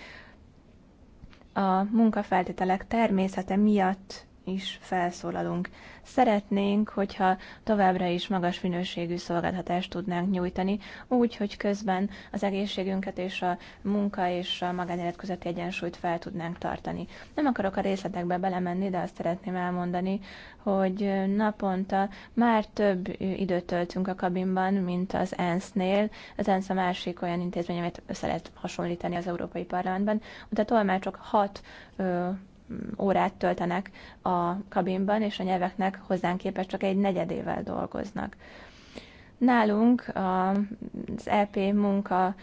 a munkafeltételek természete miatt is felszólalunk. Szeretnénk, hogyha továbbra is magas minőségű szolgáltatást tudnánk nyújtani, úgy, hogy közben az egészségünket és a munka és a magánélet közötti egyensúlyt fel tudnánk tartani. Nem akarok a részletekbe belemenni, de azt szeretném elmondani, hogy naponta már több időt töltünk a kabinban, mint az ENSZ-nél. Az ENSZ a másik olyan intézmény, amit össze lehet hasonlítani az Európai Parlamentben, a tolmácsok hat Mm, órát töltenek a kabinban, és a nyelveknek hozzánk képest csak egy negyedével dolgoznak. Nálunk az EP munka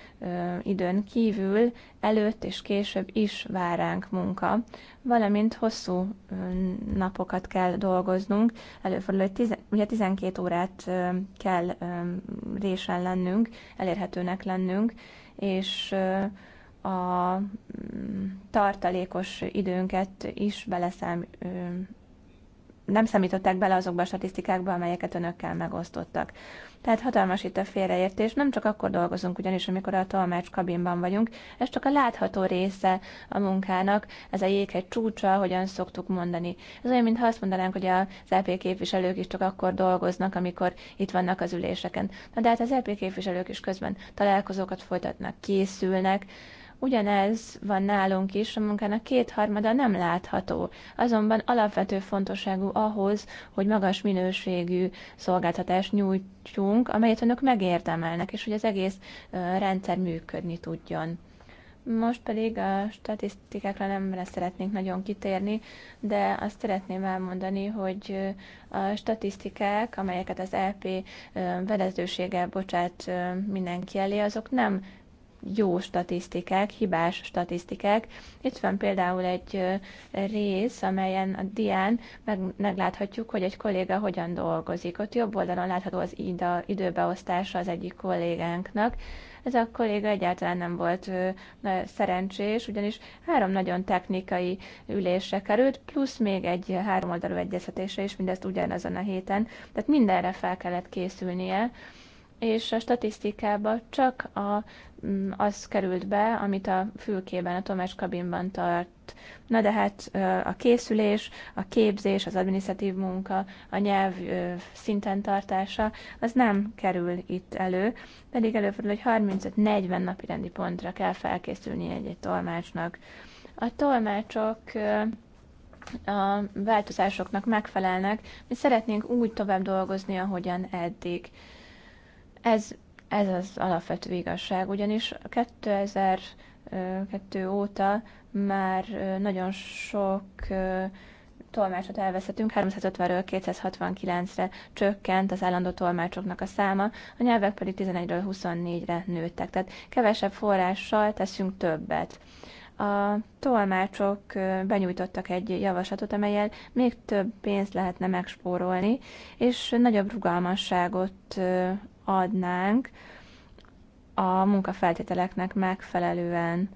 időn kívül előtt és később is vár ránk munka, valamint hosszú napokat kell dolgoznunk. Előfordul, hogy tizen, ugye 12 órát kell résen lennünk, elérhetőnek lennünk, és a mm, tartalékos időnket is beleszám, nem számították bele azokba a statisztikákba, amelyeket önökkel megosztottak. Tehát hatalmas itt a félreértés, nem csak akkor dolgozunk ugyanis, amikor a tolmács kabinban vagyunk, ez csak a látható része a munkának, ez a egy csúcsa, hogyan szoktuk mondani. Ez olyan, mintha azt mondanánk, hogy az LP képviselők is csak akkor dolgoznak, amikor itt vannak az üléseken. Na de hát az LP képviselők is közben találkozókat folytatnak, készülnek, Ugyanez van nálunk is, a munkának kétharmada nem látható, azonban alapvető fontosságú ahhoz, hogy magas minőségű szolgáltatást nyújtsunk, amelyet önök megérdemelnek, és hogy az egész rendszer működni tudjon. Most pedig a statisztikákra nem szeretnénk nagyon kitérni, de azt szeretném elmondani, hogy a statisztikák, amelyeket az LP e vezetősége bocsát mindenki elé, azok nem jó statisztikák, hibás statisztikák. Itt van például egy rész, amelyen a dián meg, megláthatjuk, hogy egy kolléga hogyan dolgozik. Ott jobb oldalon látható az ida, időbeosztása az egyik kollégánknak. Ez a kolléga egyáltalán nem volt ö, szerencsés, ugyanis három nagyon technikai ülésre került, plusz még egy háromoldalú egyeztetésre is, mindezt ugyanazon a héten. Tehát mindenre fel kellett készülnie és a statisztikába csak a, mm, az került be, amit a fülkében, a kabinban tart. Na de hát a készülés, a képzés, az adminisztratív munka, a nyelv szinten tartása, az nem kerül itt elő, pedig előfordul, hogy 35-40 napi rendi pontra kell felkészülni egy-egy tolmácsnak. A tolmácsok a változásoknak megfelelnek, mi szeretnénk úgy tovább dolgozni, ahogyan eddig. Ez, ez az alapvető igazság, ugyanis 2002 óta már nagyon sok tolmácsot elveszettünk, 350-ről 269-re csökkent az állandó tolmácsoknak a száma, a nyelvek pedig 11-ről 24-re nőttek, tehát kevesebb forrással teszünk többet. A tolmácsok benyújtottak egy javaslatot, amelyel még több pénzt lehetne megspórolni, és nagyobb rugalmasságot adnánk a munkafeltételeknek megfelelően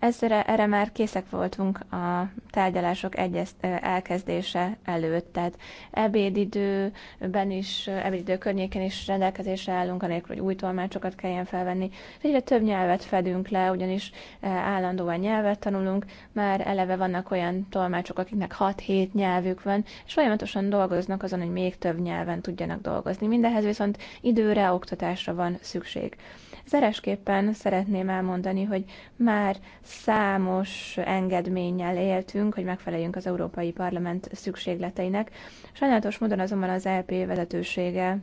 ezzel erre már készek voltunk a tárgyalások egyezt, elkezdése előtt, tehát ebédidőben is, ebédidő környéken is rendelkezésre állunk, anélkül, hogy új tolmácsokat kelljen felvenni. Egyre több nyelvet fedünk le, ugyanis állandóan nyelvet tanulunk, már eleve vannak olyan tolmácsok, akiknek 6-7 nyelvük van, és folyamatosan dolgoznak azon, hogy még több nyelven tudjanak dolgozni. Mindehez viszont időre, oktatásra van szükség. Zeresképpen szeretném elmondani, hogy már számos engedménnyel éltünk, hogy megfeleljünk az Európai Parlament szükségleteinek. Sajnálatos módon azonban az LP vezetősége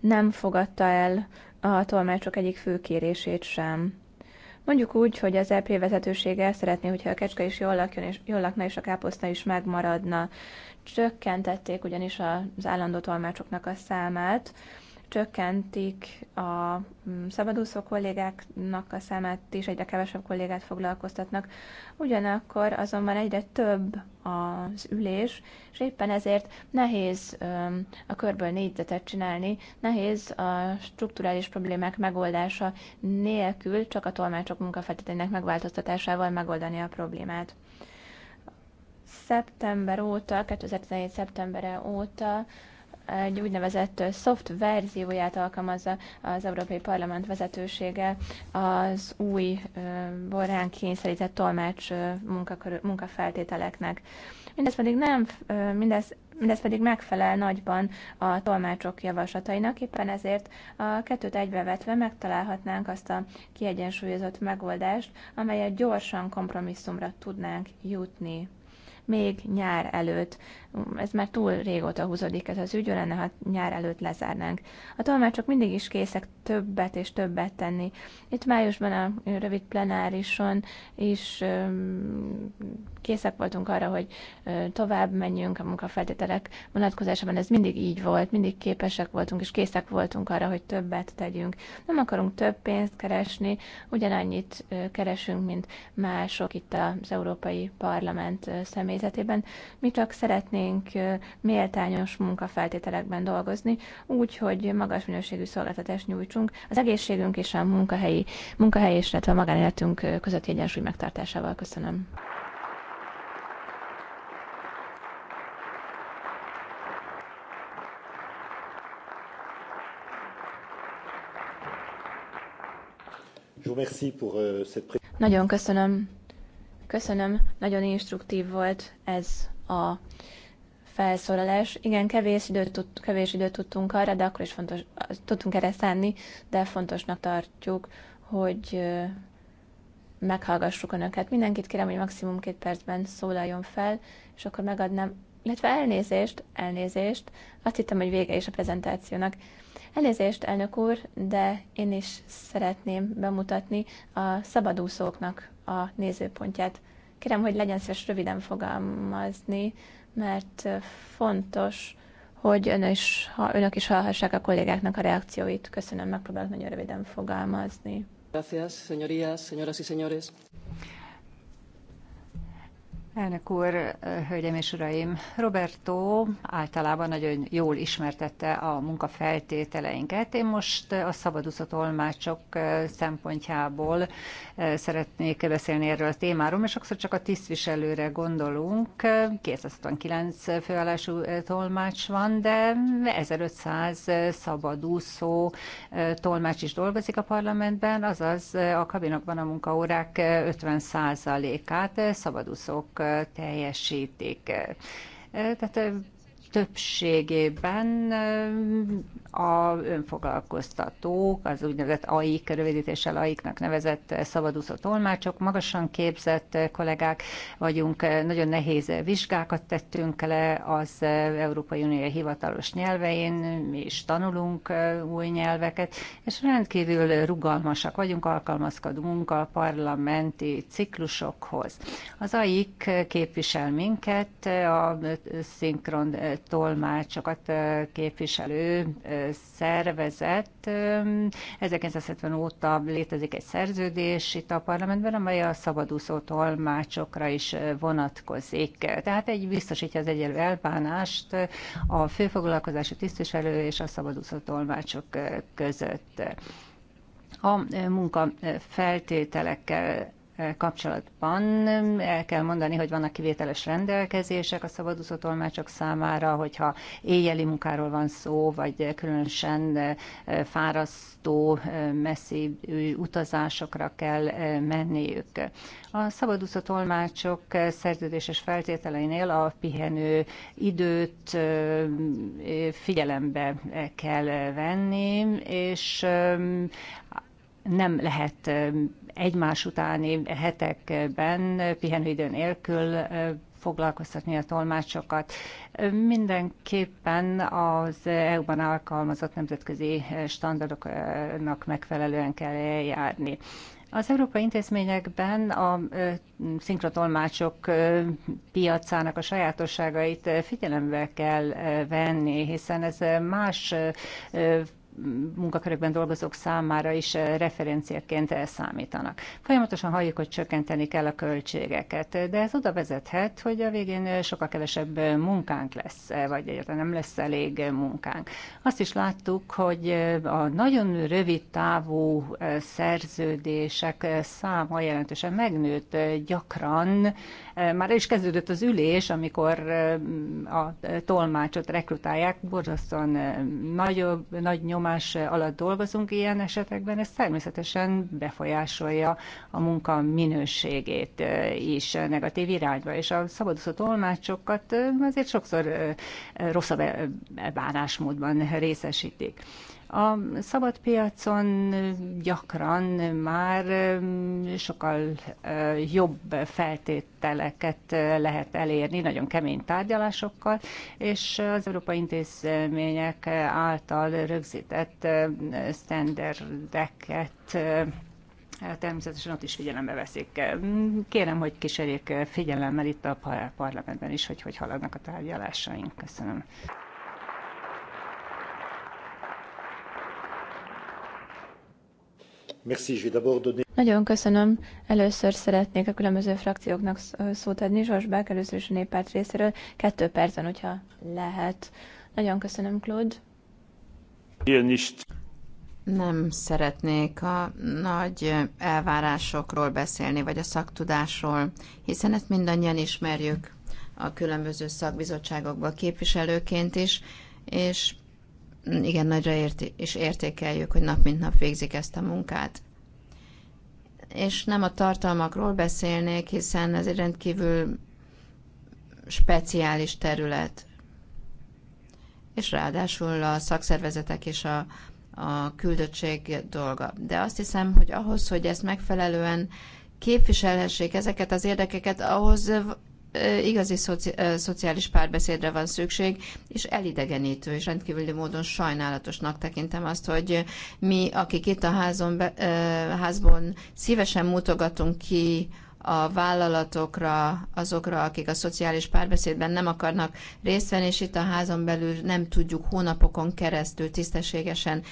nem fogadta el a tolmácsok egyik fő kérését sem. Mondjuk úgy, hogy az EP vezetősége szeretné, hogyha a kecske is jól, lakjon és, jól lakna, és a káposzta is megmaradna. Csökkentették ugyanis az állandó tolmácsoknak a számát, csökkentik a mm, szabadúszó kollégáknak a számát és egyre kevesebb kollégát foglalkoztatnak. Ugyanakkor azonban egyre több az ülés, és éppen ezért nehéz mm, a körből négyzetet csinálni, nehéz a strukturális problémák megoldása nélkül csak a tolmácsok munkafeltételének megváltoztatásával megoldani a problémát szeptember óta, 2017. szeptembere óta egy úgynevezett soft verzióját alkalmazza az Európai Parlament vezetősége az új borrán kényszerített tolmács munkafeltételeknek. Mindez pedig nem, mindez mindez pedig megfelel nagyban a tolmácsok javaslatainak, éppen ezért a kettőt egybevetve megtalálhatnánk azt a kiegyensúlyozott megoldást, amelyet gyorsan kompromisszumra tudnánk jutni még nyár előtt. Ez már túl régóta húzódik ez az ügy, lenne, ha nyár előtt lezárnánk. A tolmácsok mindig is készek többet és többet tenni. Itt májusban a rövid plenárison is készek voltunk arra, hogy tovább menjünk a munkafeltételek vonatkozásában. Ez mindig így volt, mindig képesek voltunk és készek voltunk arra, hogy többet tegyünk. Nem akarunk több pénzt keresni, ugyanannyit keresünk, mint mások itt az Európai Parlament személy helyzetében mi csak szeretnénk méltányos munkafeltételekben dolgozni, úgy, hogy magas minőségű szolgáltatást nyújtsunk az egészségünk és a munkahelyi, munkahelyi és illetve a magánéletünk közötti egyensúly megtartásával. Köszönöm. Euh, Nagyon köszönöm Köszönöm, nagyon instruktív volt ez a felszólalás. Igen, kevés időt, tud, kevés időt tudtunk arra, de akkor is fontos, tudtunk erre szánni, de fontosnak tartjuk, hogy meghallgassuk Önöket. Mindenkit kérem, hogy maximum két percben szólaljon fel, és akkor megadnám, illetve elnézést, elnézést, azt hittem, hogy vége is a prezentációnak. Elnézést, elnök úr, de én is szeretném bemutatni a szabadúszóknak a nézőpontját. Kérem, hogy legyen szíves röviden fogalmazni, mert fontos, hogy ön is, ha önök is hallhassák a kollégáknak a reakcióit. Köszönöm, megpróbálok nagyon röviden fogalmazni. Gracias, señorías, señoras y señores. Elnök úr, hölgyeim és uraim, Roberto általában nagyon jól ismertette a munka feltételeinket. Én most a szabadúszatolmácsok szempontjából szeretnék beszélni erről a témáról, és sokszor csak a tisztviselőre gondolunk. 269 főállású tolmács van, de 1500 szabadúszó tolmács is dolgozik a parlamentben, azaz a kabinokban a munkaórák 50%-át szabadúszók teljesítik. Tehát többségében a önfoglalkoztatók, az úgynevezett AIK, rövidítéssel AIK-nak nevezett szabadúszó tolmácsok, magasan képzett kollégák vagyunk, nagyon nehéz vizsgákat tettünk le az Európai Unió hivatalos nyelvein, mi is tanulunk új nyelveket, és rendkívül rugalmasak vagyunk, alkalmazkodunk a parlamenti ciklusokhoz. Az AIK képvisel minket, a szinkron tolmácsokat képviselő szervezet. 1970 óta létezik egy szerződés itt a parlamentben, amely a szabadúszó tolmácsokra is vonatkozik. Tehát egy biztosítja az egyenlő elbánást a főfoglalkozási tisztviselő és a szabadúszó tolmácsok között a munka feltételekkel kapcsolatban el kell mondani, hogy vannak kivételes rendelkezések a szabadúszó tolmácsok számára, hogyha éjjeli munkáról van szó, vagy különösen eh, fárasztó, eh, messzi utazásokra kell eh, menniük. A szabadúszó tolmácsok szerződéses feltételeinél a pihenő időt figyelembe kell venni, és nem lehet egymás utáni hetekben pihenőidő nélkül foglalkoztatni a tolmácsokat. Mindenképpen az EU-ban alkalmazott nemzetközi standardoknak megfelelően kell eljárni. Az európai intézményekben a szinkrotolmácsok piacának a sajátosságait figyelembe kell venni, hiszen ez más munkakörökben dolgozók számára is eh, referenciaként elszámítanak. Folyamatosan halljuk, hogy csökkenteni kell a költségeket, de ez oda vezethet, hogy a végén eh, sokkal kevesebb eh, munkánk lesz, vagy egyáltalán nem lesz elég munkánk. Azt is láttuk, hogy a nagyon rövid távú szerződések száma jelentősen megnőtt gyakran, már is kezdődött az ülés, amikor a tolmácsot rekrutálják, borzasztóan nagyobb, nagy nyomás alatt dolgozunk ilyen esetekben, ez természetesen befolyásolja a munka minőségét is negatív irányba, és a szabadúszó tolmácsokat azért sokszor rosszabb bánásmódban részesítik. A szabad piacon gyakran már sokkal jobb feltételeket lehet elérni, nagyon kemény tárgyalásokkal, és az európai intézmények által rögzített sztenderdeket hát természetesen ott is figyelembe veszik. Kérem, hogy kísérjék figyelemmel itt a parlamentben is, hogy hogy haladnak a tárgyalásaink. Köszönöm. Nagyon köszönöm. Először szeretnék a különböző frakcióknak szót adni. Zsorsbák először is a néppárt részéről. Kettő percen, hogyha lehet. Nagyon köszönöm, Claude. Én is. Nem szeretnék a nagy elvárásokról beszélni, vagy a szaktudásról, hiszen ezt mindannyian ismerjük a különböző szakbizottságokból képviselőként is, és igen nagyra érti, és értékeljük, hogy nap mint nap végzik ezt a munkát. És nem a tartalmakról beszélnék, hiszen ez egy rendkívül speciális terület. És ráadásul a szakszervezetek és a, a küldöttség dolga. De azt hiszem, hogy ahhoz, hogy ezt megfelelően képviselhessék ezeket az érdekeket, ahhoz igazi szoci, szociális párbeszédre van szükség, és elidegenítő, és rendkívüli módon sajnálatosnak tekintem azt, hogy mi, akik itt a házon, házban szívesen mutogatunk ki a vállalatokra, azokra, akik a szociális párbeszédben nem akarnak részt venni, és itt a házon belül nem tudjuk hónapokon keresztül tisztességesen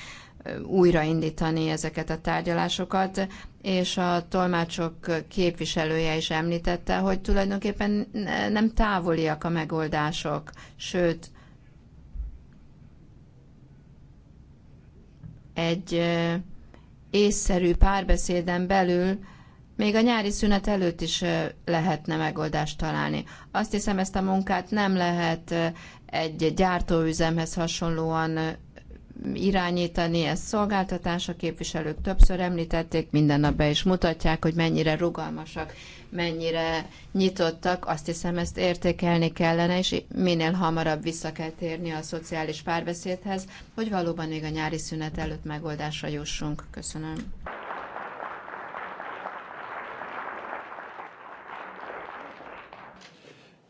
újraindítani ezeket a tárgyalásokat, és a tolmácsok képviselője is említette, hogy tulajdonképpen nem távoliak a megoldások, sőt, egy észszerű párbeszéden belül még a nyári szünet előtt is lehetne megoldást találni. Azt hiszem, ezt a munkát nem lehet egy gyártóüzemhez hasonlóan irányítani, ez szolgáltatás, a képviselők többször említették, minden nap be is mutatják, hogy mennyire rugalmasak, mennyire nyitottak, azt hiszem ezt értékelni kellene, és minél hamarabb vissza kell térni a szociális párbeszédhez, hogy valóban még a nyári szünet előtt megoldásra jussunk. Köszönöm.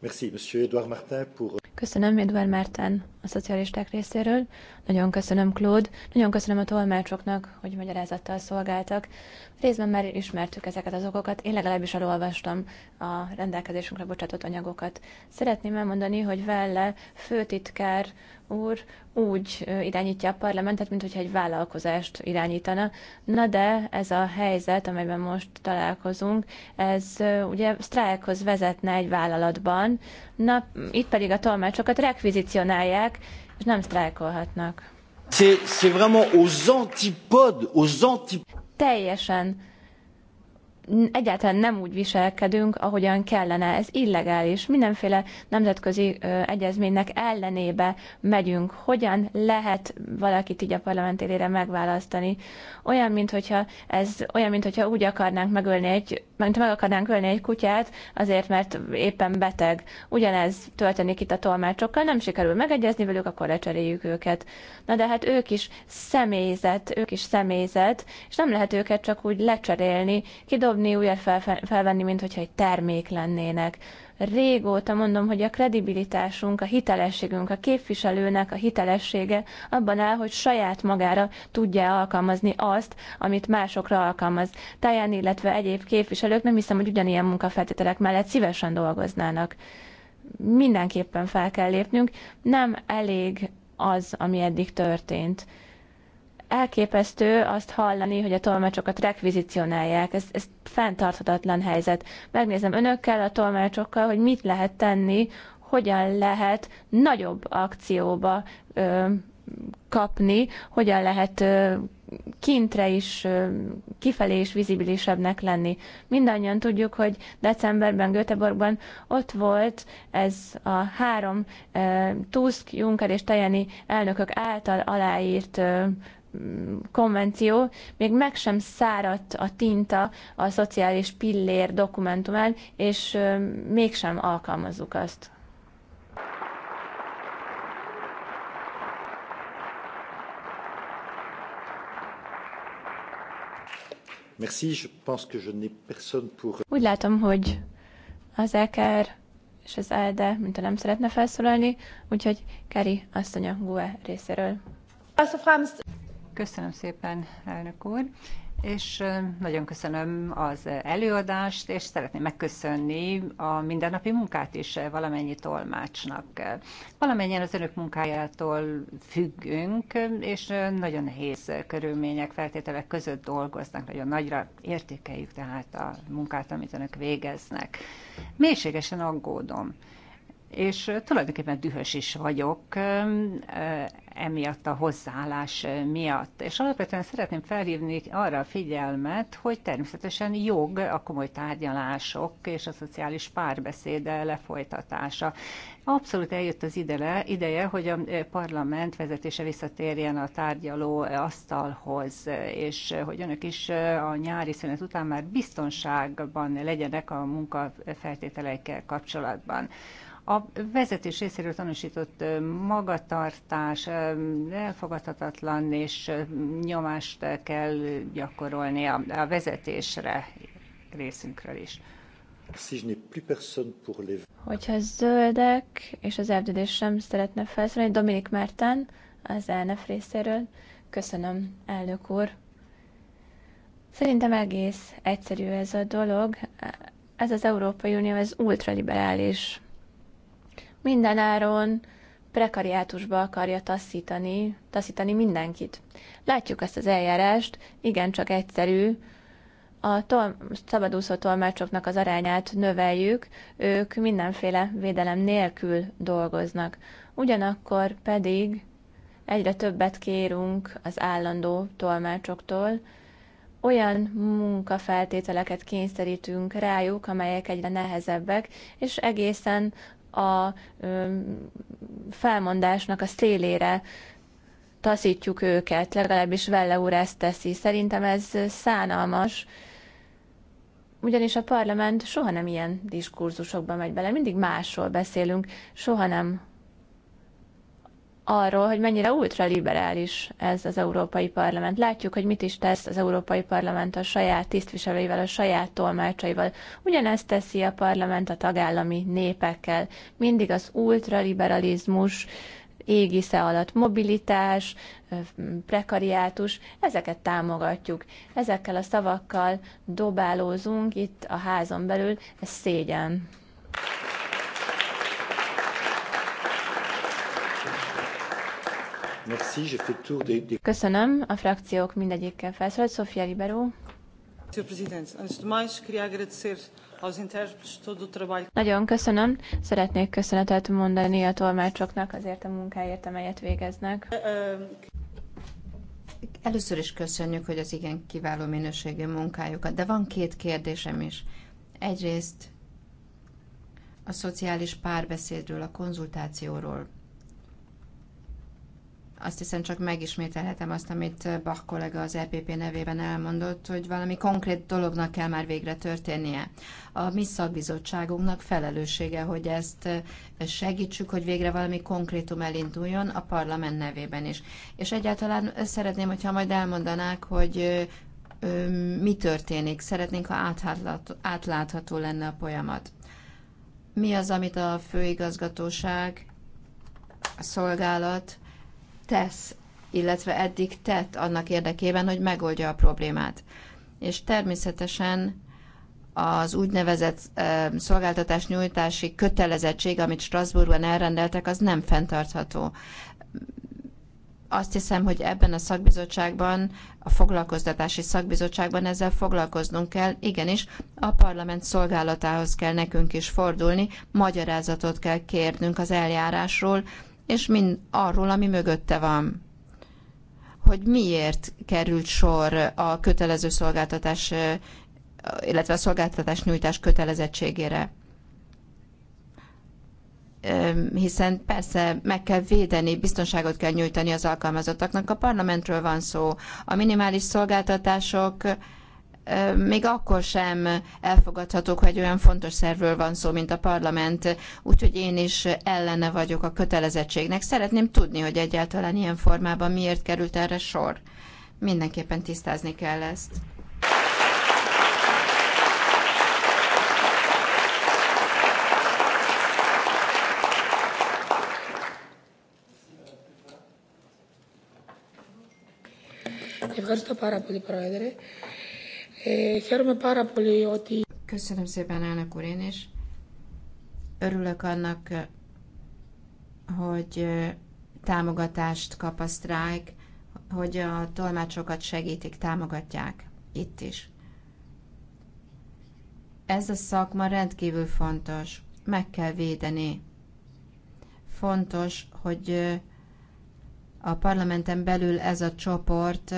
Köszönöm, Edouard Martin pour... Köszönöm, Edouard Martin a szocialisták részéről. Nagyon köszönöm, Claude. Nagyon köszönöm a tolmácsoknak, hogy magyarázattal szolgáltak. Részben már ismertük ezeket az okokat. Én legalábbis elolvastam a rendelkezésünkre bocsátott anyagokat. Szeretném elmondani, hogy Velle főtitkár úr úgy irányítja a parlamentet, mint hogyha egy vállalkozást irányítana. Na de ez a helyzet, amelyben most találkozunk, ez ugye sztrájkhoz vezetne egy vállalatban. Na, itt pedig a tolmácsokat rekvizicionálják, kollégák, és nem sztrájkolhatnak. c'est vraiment aux antipodes, aux antipodes. Teljesen egyáltalán nem úgy viselkedünk, ahogyan kellene. Ez illegális. Mindenféle nemzetközi egyezménynek ellenébe megyünk. Hogyan lehet valakit így a parlament élére megválasztani? Olyan, mintha ez olyan, mintha úgy akarnánk megölni egy, mint meg akarnánk ölni egy kutyát, azért, mert éppen beteg. Ugyanez történik itt a tolmácsokkal, nem sikerül megegyezni velük, akkor lecseréljük őket. Na de hát ők is személyzet, ők is személyzet, és nem lehet őket csak úgy lecserélni, kidobni dobni, újra fel, felvenni, mint hogyha egy termék lennének. Régóta mondom, hogy a kredibilitásunk, a hitelességünk, a képviselőnek a hitelessége abban áll, hogy saját magára tudja alkalmazni azt, amit másokra alkalmaz. Táján, illetve egyéb képviselők nem hiszem, hogy ugyanilyen munkafeltételek mellett szívesen dolgoznának. Mindenképpen fel kell lépnünk, nem elég az, ami eddig történt Elképesztő azt hallani, hogy a tolmácsokat rekvizicionálják. Ez, ez fenntarthatatlan helyzet. Megnézem önökkel, a tolmácsokkal, hogy mit lehet tenni, hogyan lehet nagyobb akcióba ö, kapni, hogyan lehet ö, kintre is, kifelé is vizibilisebbnek lenni. Mindannyian tudjuk, hogy decemberben Göteborgban ott volt ez a három Tusk, Juncker és Tajani elnökök által aláírt konvenció, még meg sem száradt a tinta a szociális pillér dokumentumán, és mégsem alkalmazzuk azt. Merci, je pense que je n'ai personne pour... Úgy látom, hogy az EKR és az ELDE, mint a nem szeretne felszólalni, úgyhogy Keri asszonya GUE részéről. Köszönöm szépen, elnök úr, és nagyon köszönöm az előadást, és szeretném megköszönni a mindennapi munkát is valamennyi tolmácsnak. Valamennyien az önök munkájától függünk, és nagyon nehéz körülmények, feltételek között dolgoznak, nagyon nagyra értékeljük tehát a munkát, amit önök végeznek. Mélységesen aggódom és tulajdonképpen dühös is vagyok emiatt a hozzáállás miatt. És alapvetően szeretném felhívni arra a figyelmet, hogy természetesen jog a komoly tárgyalások és a szociális párbeszéde lefolytatása. Abszolút eljött az idele, ideje, hogy a parlament vezetése visszatérjen a tárgyaló asztalhoz, és hogy önök is a nyári szünet után már biztonságban legyenek a munkafeltételeikkel kapcsolatban. A vezetés részéről tanúsított magatartás elfogadhatatlan, és nyomást kell gyakorolni a, a vezetésre részünkről is. Hogyha zöldek és az erdődés sem szeretne felszólalni, Dominik Márten az elnök részéről. Köszönöm, elnök úr. Szerintem egész egyszerű ez a dolog. Ez az Európai Unió, ez ultraliberális mindenáron prekariátusba akarja taszítani, taszítani mindenkit. Látjuk ezt az eljárást, igencsak egyszerű, a tol- szabadúszó tolmácsoknak az arányát növeljük, ők mindenféle védelem nélkül dolgoznak. Ugyanakkor pedig egyre többet kérünk az állandó tolmácsoktól, olyan munkafeltételeket kényszerítünk rájuk, amelyek egyre nehezebbek, és egészen a felmondásnak a szélére taszítjuk őket, legalábbis Velle úr ezt teszi. Szerintem ez szánalmas, ugyanis a parlament soha nem ilyen diskurzusokba megy bele, mindig másról beszélünk, soha nem arról, hogy mennyire ultraliberális ez az Európai Parlament. Látjuk, hogy mit is tesz az Európai Parlament a saját tisztviselőivel, a saját tolmácsaival. Ugyanezt teszi a parlament a tagállami népekkel. Mindig az ultraliberalizmus égisze alatt mobilitás, prekariátus, ezeket támogatjuk. Ezekkel a szavakkal dobálózunk itt a házon belül, ez szégyen. Köszönöm, a frakciók mindegyikkel felszólalt. Sofia Libero. Nagyon köszönöm. Szeretnék köszönetet mondani a tolmácsoknak azért a munkáért, amelyet végeznek. Eh, eh, Először is köszönjük, hogy az igen kiváló minőségű munkájukat, de van két kérdésem is. Egyrészt a szociális párbeszédről, a konzultációról azt hiszem csak megismételhetem azt, amit Bach kollega az EPP nevében elmondott, hogy valami konkrét dolognak kell már végre történnie. A mi szakbizottságunknak felelőssége, hogy ezt eh, segítsük, hogy végre valami konkrétum elinduljon a parlament nevében is. És egyáltalán szeretném, hogyha majd elmondanák, hogy eh, mi történik. Szeretnénk, ha átlátható lenne a folyamat. Mi az, amit a főigazgatóság, a szolgálat, tesz, illetve eddig tett annak érdekében, hogy megoldja a problémát. És természetesen az úgynevezett szolgáltatás nyújtási kötelezettség, amit Strasbourgban elrendeltek, az nem fenntartható. Azt hiszem, hogy ebben a szakbizottságban, a foglalkoztatási szakbizottságban ezzel foglalkoznunk kell. Igenis, a parlament szolgálatához kell nekünk is fordulni, magyarázatot kell kérnünk az eljárásról, és mind arról, ami mögötte van hogy miért került sor a kötelező szolgáltatás, illetve a szolgáltatás nyújtás kötelezettségére. Hiszen persze meg kell védeni, biztonságot kell nyújtani az alkalmazottaknak. A parlamentről van szó. A minimális szolgáltatások még akkor sem elfogadhatók, hogy olyan fontos szervről van szó, mint a parlament, úgyhogy én is ellene vagyok a kötelezettségnek. Szeretném tudni, hogy egyáltalán ilyen formában miért került erre sor. Mindenképpen tisztázni kell ezt. Ευχαριστώ πάρα πολύ, Πρόεδρε. Köszönöm szépen, elnök úr, én is. Örülök annak, hogy támogatást kap a sztrájk, hogy a tolmácsokat segítik, támogatják itt is. Ez a szakma rendkívül fontos. Meg kell védeni. Fontos, hogy a parlamenten belül ez a csoport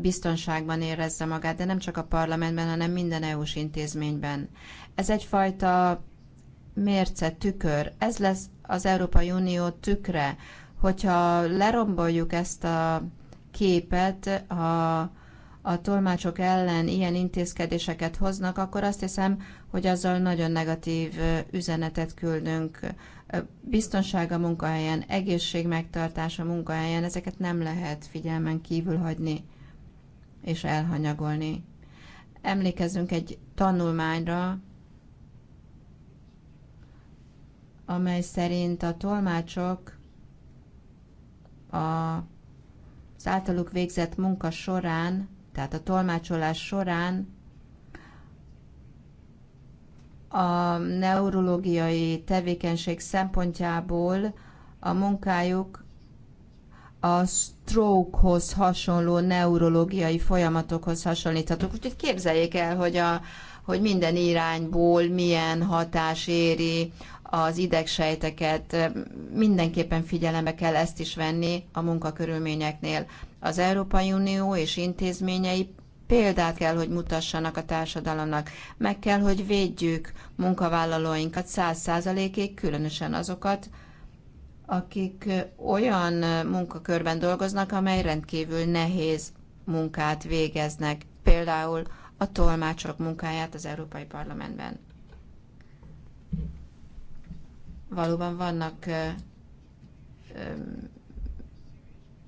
biztonságban érezze magát, de nem csak a parlamentben, hanem minden EU-s intézményben. Ez egyfajta mérce, tükör. Ez lesz az Európai Unió tükre. Hogyha leromboljuk ezt a képet, ha a tolmácsok ellen ilyen intézkedéseket hoznak, akkor azt hiszem, hogy azzal nagyon negatív üzenetet küldünk. Biztonság a munkahelyen, egészség megtartása a munkahelyen, ezeket nem lehet figyelmen kívül hagyni és elhanyagolni. Emlékezzünk egy tanulmányra, amely szerint a tolmácsok a, az általuk végzett munka során, tehát a tolmácsolás során a neurológiai tevékenység szempontjából a munkájuk a strokehoz hasonló neurológiai folyamatokhoz hasonlíthatók. Úgyhogy képzeljék el, hogy, a, hogy minden irányból milyen hatás éri az idegsejteket. Mindenképpen figyelembe kell ezt is venni a munkakörülményeknél. Az Európai Unió és intézményei példát kell, hogy mutassanak a társadalomnak. Meg kell, hogy védjük munkavállalóinkat száz százalékig, különösen azokat, akik olyan munkakörben dolgoznak, amely rendkívül nehéz munkát végeznek, például a tolmácsok munkáját az Európai Parlamentben. Valóban vannak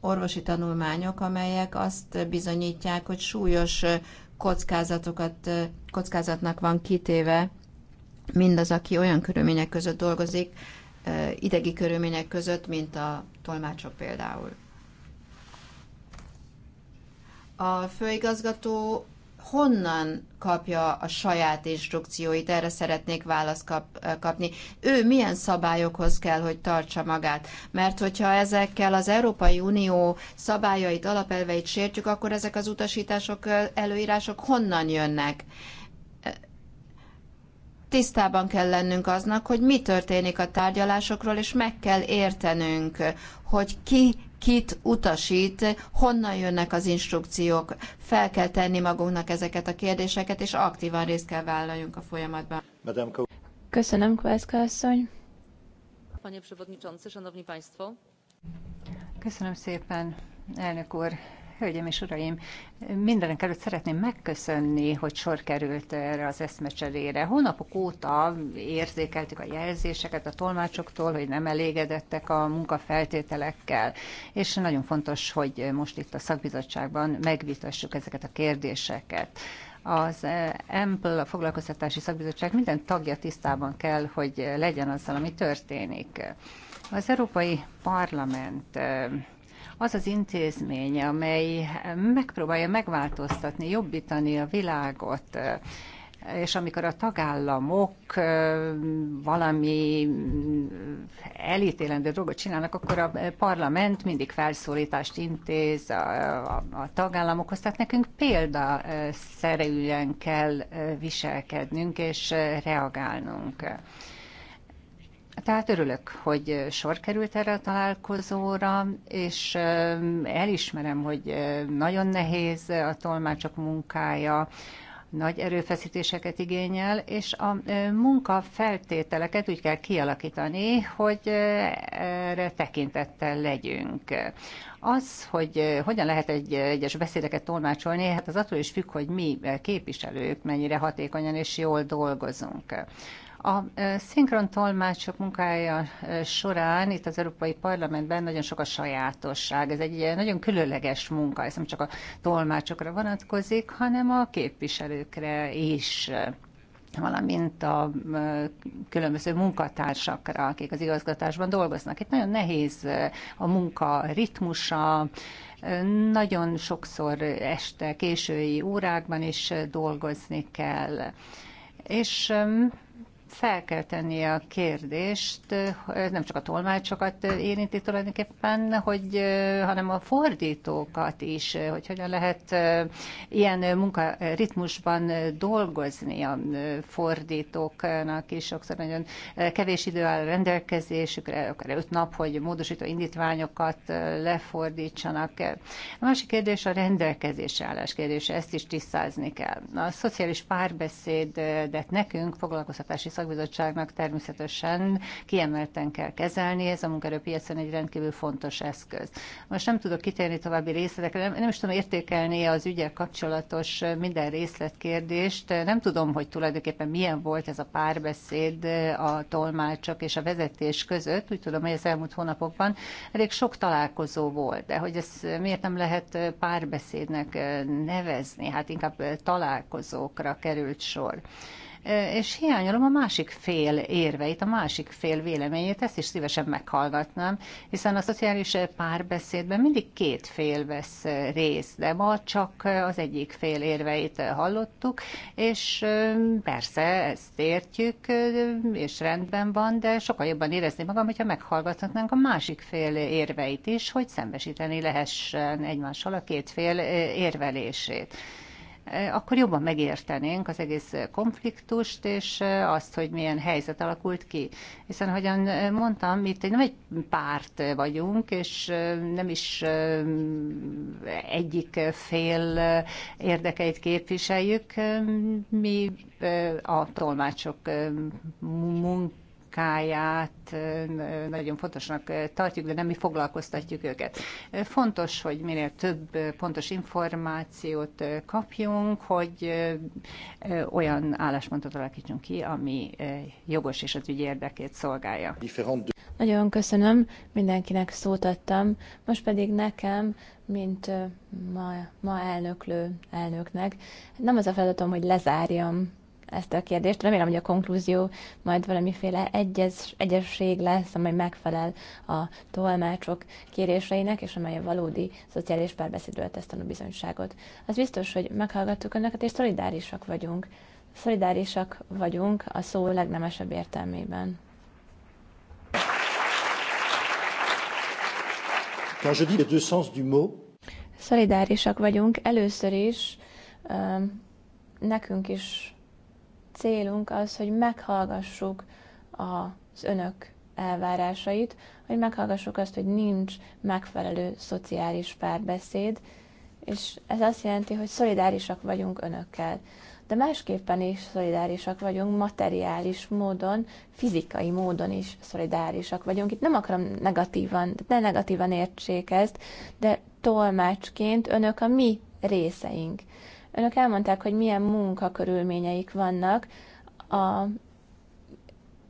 orvosi tanulmányok, amelyek azt bizonyítják, hogy súlyos kockázatokat, kockázatnak van kitéve mindaz, aki olyan körülmények között dolgozik, idegi körülmények között, mint a tolmácsok például. A főigazgató honnan kapja a saját instrukcióit, erre szeretnék választ kap, kapni. Ő milyen szabályokhoz kell, hogy tartsa magát? Mert hogyha ezekkel az Európai Unió szabályait, alapelveit sértjük, akkor ezek az utasítások, előírások honnan jönnek? tisztában kell lennünk aznak, hogy mi történik a tárgyalásokról, és meg kell értenünk, hogy ki kit utasít, honnan jönnek az instrukciók. Fel kell tenni magunknak ezeket a kérdéseket, és aktívan részt kell vállaljunk a folyamatban. Köszönöm, Kvászka asszony. Panie Przewodniczący, Szanowni Państwo. Köszönöm szépen, elnök úr, Hölgyeim és uraim, mindenek előtt szeretném megköszönni, hogy sor került erre az eszmecserére. Hónapok óta érzékeltük a jelzéseket a tolmácsoktól, hogy nem elégedettek a munkafeltételekkel, és nagyon fontos, hogy most itt a szakbizottságban megvitassuk ezeket a kérdéseket az EMPL, eh, a Foglalkoztatási Szakbizottság minden tagja tisztában kell, hogy legyen azzal, ami történik. Az Európai Parlament eh, az az intézmény, amely megpróbálja megváltoztatni, jobbítani a világot, és amikor a tagállamok valami elítélendő dolgot csinálnak, akkor a parlament mindig felszólítást intéz a, a, a tagállamokhoz. Tehát nekünk példaszerűen kell viselkednünk és reagálnunk. Tehát örülök, hogy sor került erre a találkozóra, és elismerem, hogy nagyon nehéz a tolmácsok munkája, nagy erőfeszítéseket igényel, és a munka feltételeket úgy kell kialakítani, hogy erre tekintettel legyünk. Az, hogy hogyan lehet egy egyes beszédeket tolmácsolni, hát az attól is függ, hogy mi képviselők mennyire hatékonyan és jól dolgozunk. A szinkron tolmácsok munkája során itt az Európai Parlamentben nagyon sok a sajátosság. Ez egy nagyon különleges munka, ez nem csak a tolmácsokra vonatkozik, hanem a képviselőkre is valamint a különböző munkatársakra, akik az igazgatásban dolgoznak. Itt nagyon nehéz a munka ritmusa, nagyon sokszor este, késői órákban is dolgozni kell. És fel kell tenni a kérdést, eh, nem csak a tolmácsokat érinti tulajdonképpen, hogy, eh, hanem a fordítókat is, eh, hogy hogyan lehet ilyen munkaritmusban dolgozni a fordítóknak is. Sokszor nagyon kevés idő áll rendelkezésükre, akár öt nap, hogy módosító indítványokat lefordítsanak. A másik kérdés a rendelkezés állás kérdése, ezt is tisztázni kell. A szociális párbeszédet nekünk foglalkoztatási szakbizottságnak természetesen kiemelten kell kezelni, ez a munkaerőpiacon egy rendkívül fontos eszköz. Most nem tudok kitérni további részletekre, nem, nem is tudom értékelni az ügyek kapcsolatos minden részletkérdést, nem tudom, hogy tulajdonképpen milyen volt ez a párbeszéd a tolmácsok és a vezetés között, úgy tudom, hogy az elmúlt hónapokban elég sok találkozó volt, de hogy ezt miért nem lehet párbeszédnek nevezni, hát inkább találkozókra került sor és hiányolom a másik fél érveit, a másik fél véleményét, ezt is szívesen meghallgatnám, hiszen a szociális párbeszédben mindig két fél vesz részt, de ma csak az egyik fél érveit hallottuk, és persze ezt értjük, és rendben van, de sokkal jobban érezni magam, hogyha meghallgathatnánk a másik fél érveit is, hogy szembesíteni lehessen egymással a két fél érvelését. E, akkor jobban megértenénk az egész konfliktust, és e, azt, hogy milyen helyzet alakult ki. Hiszen, ahogyan mondtam, itt nem egy párt vagyunk, és e, nem is egyik fél érdekeit képviseljük. Mi a tolmácsok munkájában, munkáját nagyon fontosnak tartjuk, de nem mi foglalkoztatjuk őket. Fontos, hogy minél több pontos információt kapjunk, hogy olyan álláspontot alakítsunk ki, ami jogos és az ügy érdekét szolgálja. Nagyon köszönöm, mindenkinek szót adtam, most pedig nekem, mint ma, ma elnöklő elnöknek, nem az a feladatom, hogy lezárjam ezt a kérdést. Remélem, hogy a konklúzió majd valamiféle egyes, egyesség lesz, amely megfelel a tolmácsok kéréseinek, és amely a valódi szociális párbeszédről tesz bizonyságot. Az biztos, hogy meghallgattuk önöket, és szolidárisak vagyunk. Szolidárisak vagyunk a szó legnemesebb értelmében. Quand je dis les deux sens du mot, szolidárisak vagyunk. Először is uh, nekünk is célunk az, hogy meghallgassuk az önök elvárásait, hogy meghallgassuk azt, hogy nincs megfelelő szociális párbeszéd, és ez azt jelenti, hogy szolidárisak vagyunk önökkel. De másképpen is szolidárisak vagyunk, materiális módon, fizikai módon is szolidárisak vagyunk. Itt nem akarom negatívan, ne negatívan értsék ezt, de tolmácsként önök a mi részeink. Önök elmondták, hogy milyen munkakörülményeik vannak. A,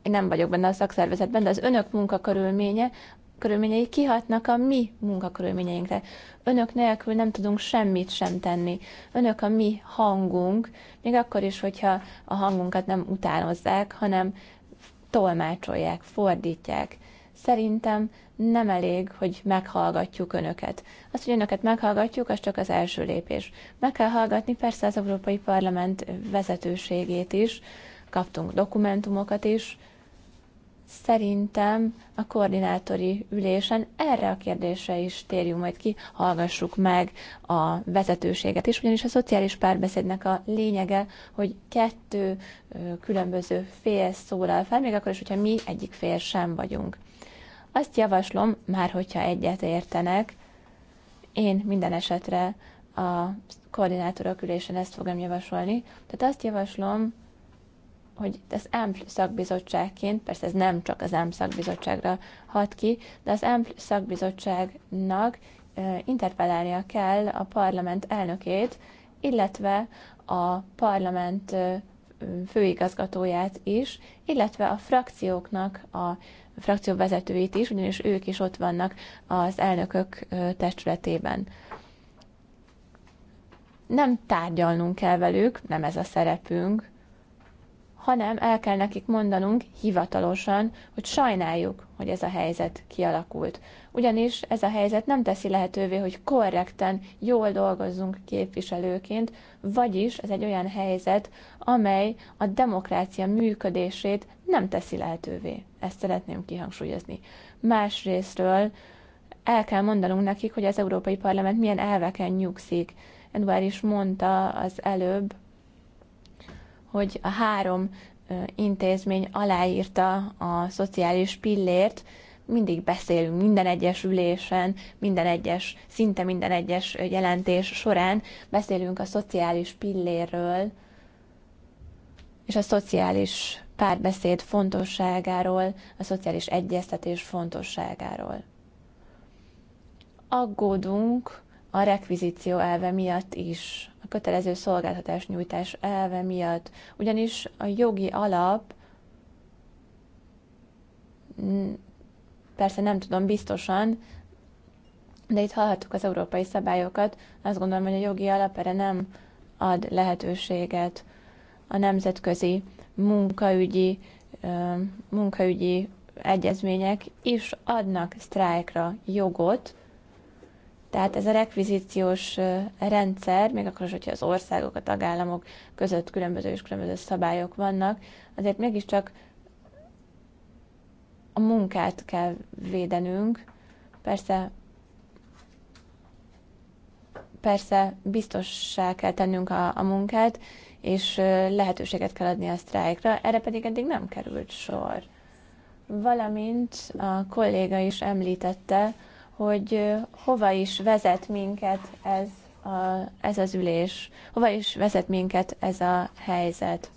én nem vagyok benne a szakszervezetben, de az önök munkakörülménye körülményei kihatnak a mi munkakörülményeinkre. Önök nélkül nem tudunk semmit sem tenni. Önök a mi hangunk, még akkor is, hogyha a hangunkat nem utánozzák, hanem tolmácsolják, fordítják. Szerintem nem elég, hogy meghallgatjuk önöket. Azt, hogy önöket meghallgatjuk, az csak az első lépés. Meg kell hallgatni persze az Európai Parlament vezetőségét is, kaptunk dokumentumokat is. Szerintem a koordinátori ülésen erre a kérdésre is térjünk majd ki, hallgassuk meg a vezetőséget is, ugyanis a szociális párbeszédnek a lényege, hogy kettő különböző fél szólal fel, még akkor is, hogyha mi egyik fél sem vagyunk. Azt javaslom, már hogyha egyet értenek, én minden esetre a koordinátorok ülésen ezt fogom javasolni. Tehát azt javaslom, hogy az AMP szakbizottságként, persze ez nem csak az AMP szakbizottságra hat ki, de az AMP szakbizottságnak interpellálnia kell a parlament elnökét, illetve a parlament főigazgatóját is, illetve a frakcióknak a frakció vezetőit is, ugyanis ők is ott vannak az elnökök testületében. Nem tárgyalnunk kell velük, nem ez a szerepünk, hanem el kell nekik mondanunk hivatalosan, hogy sajnáljuk, hogy ez a helyzet kialakult. Ugyanis ez a helyzet nem teszi lehetővé, hogy korrekten, jól dolgozzunk képviselőként, vagyis ez egy olyan helyzet, amely a demokrácia működését nem teszi lehetővé. Ezt szeretném kihangsúlyozni. Másrésztről el kell mondanunk nekik, hogy az Európai Parlament milyen elveken nyugszik. Edward is mondta az előbb, hogy a három intézmény aláírta a szociális pillért, mindig beszélünk minden egyes ülésen, minden egyes, szinte minden egyes jelentés során beszélünk a szociális pillérről és a szociális párbeszéd fontosságáról, a szociális egyeztetés fontosságáról. Aggódunk a rekvizíció elve miatt is, a kötelező szolgáltatás nyújtás elve miatt, ugyanis a jogi alap persze nem tudom biztosan, de itt hallhattuk az európai szabályokat, azt gondolom, hogy a jogi alap erre nem ad lehetőséget a nemzetközi munkaügyi, munkaügyi egyezmények is adnak sztrájkra jogot, tehát ez a rekvizíciós rendszer, még akkor is, hogyha az országok, a tagállamok között különböző és különböző szabályok vannak, azért mégiscsak a munkát kell védenünk. Persze, persze biztossá kell tennünk a, a munkát, és lehetőséget kell adni a sztrájkra, erre pedig eddig nem került sor. Valamint a kolléga is említette, hogy hova is vezet minket ez, a, ez az ülés, hova is vezet minket ez a helyzet.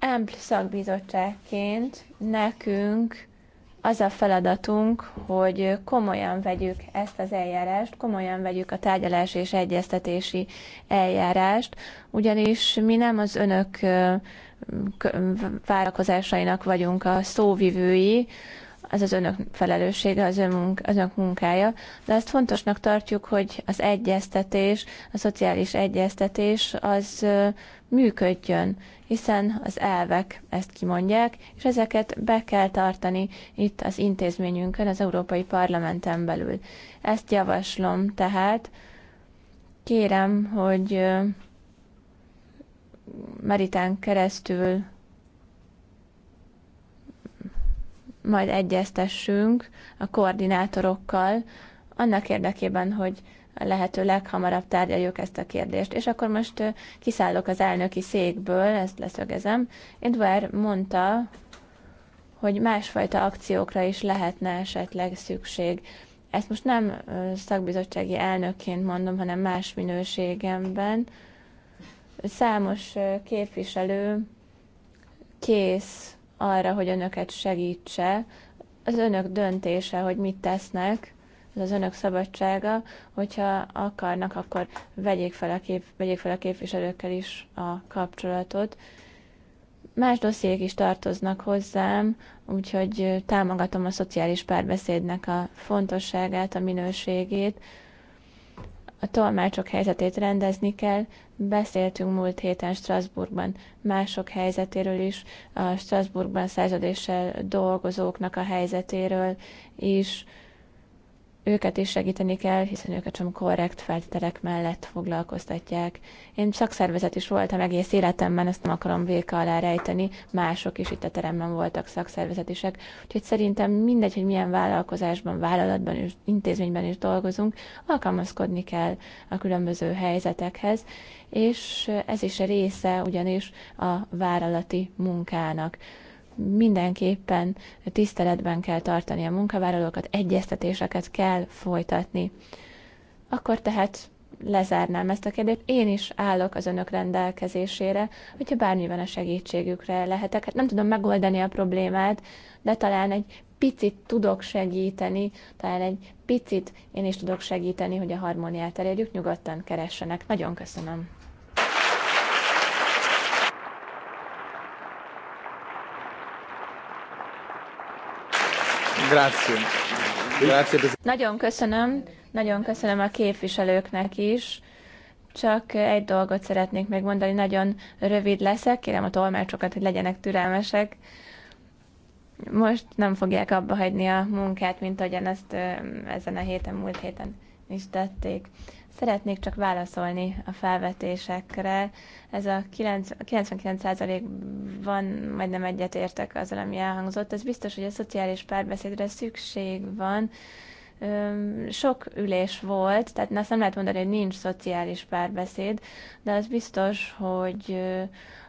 Ampl szakbizottságként nekünk az a feladatunk, hogy komolyan vegyük ezt az eljárást, komolyan vegyük a tárgyalás és egyeztetési eljárást, ugyanis mi nem az önök várakozásainak vagyunk a szóvivői, ez az önök felelőssége, az, önmunk, az önök munkája, de azt fontosnak tartjuk, hogy az egyeztetés, a szociális egyeztetés az működjön hiszen az elvek ezt kimondják, és ezeket be kell tartani itt az intézményünkön, az Európai Parlamenten belül. Ezt javaslom tehát. Kérem, hogy Meritán keresztül majd egyeztessünk a koordinátorokkal, annak érdekében, hogy lehető leghamarabb tárgyaljuk ezt a kérdést. És akkor most kiszállok az elnöki székből, ezt leszögezem. Edward mondta, hogy másfajta akciókra is lehetne esetleg szükség. Ezt most nem szakbizottsági elnökként mondom, hanem más minőségemben. Számos képviselő kész arra, hogy önöket segítse. Az önök döntése, hogy mit tesznek, ez az önök szabadsága, hogyha akarnak, akkor vegyék fel a, kép, vegyék fel a képviselőkkel is a kapcsolatot. Más dossziék is tartoznak hozzám, úgyhogy támogatom a szociális párbeszédnek a fontosságát, a minőségét. A tolmácsok helyzetét rendezni kell. Beszéltünk múlt héten Strasbourgban mások helyzetéről is, a Strasbourgban szerződéssel dolgozóknak a helyzetéről is őket is segíteni kell, hiszen őket sem korrekt feltételek mellett foglalkoztatják. Én szakszervezet is voltam egész életemben, ezt nem akarom véka alá rejteni, mások is itt a teremben voltak szakszervezetisek, úgyhogy szerintem mindegy, hogy milyen vállalkozásban, vállalatban és intézményben is dolgozunk, alkalmazkodni kell a különböző helyzetekhez, és ez is része ugyanis a vállalati munkának mindenképpen tiszteletben kell tartani a munkavállalókat, egyeztetéseket kell folytatni. Akkor tehát lezárnám ezt a kérdést. Én is állok az önök rendelkezésére, hogyha bármiben a segítségükre lehetek. Hát nem tudom megoldani a problémát, de talán egy picit tudok segíteni, talán egy picit én is tudok segíteni, hogy a harmóniát elérjük, nyugodtan keressenek. Nagyon köszönöm. Grazie. Grazie. Nagyon köszönöm, nagyon köszönöm a képviselőknek is. Csak egy dolgot szeretnék még mondani, nagyon rövid leszek, kérem a tolmácsokat, hogy legyenek türelmesek. Most nem fogják abba hagyni a munkát, mint ahogyan ezt ezen a héten, múlt héten is tették. Szeretnék csak válaszolni a felvetésekre. Ez a 99 van, majdnem egyetértek azzal, ami elhangzott. Ez biztos, hogy a szociális párbeszédre szükség van. Sok ülés volt, tehát azt nem lehet mondani, hogy nincs szociális párbeszéd, de az biztos, hogy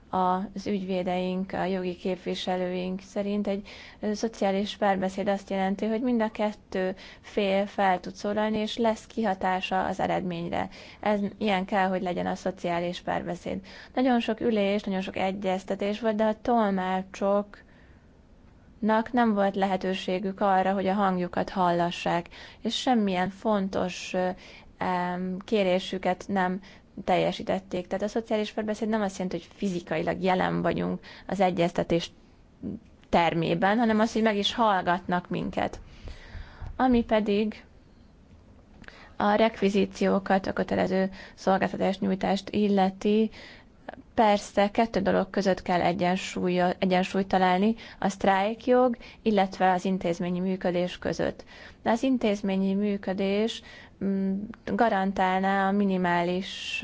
az ügyvédeink, a jogi képviselőink szerint egy szociális párbeszéd azt jelenti, hogy mind a kettő fél fel tud szólalni, és lesz kihatása az eredményre. Ez ilyen kell, hogy legyen a szociális párbeszéd. Nagyon sok ülés, nagyon sok egyeztetés volt, de a tolmácsok nem volt lehetőségük arra, hogy a hangjukat hallassák, és semmilyen fontos kérésüket nem teljesítették. Tehát a szociális párbeszéd nem azt jelenti, hogy fizikailag jelen vagyunk az egyeztetés termében, hanem az, hogy meg is hallgatnak minket. Ami pedig a rekvizíciókat, a kötelező szolgáltatás nyújtást illeti, persze kettő dolog között kell egyensúly, egyensúlyt találni, a sztrájkjog, illetve az intézményi működés között. De az intézményi működés Mm, garantálná a minimális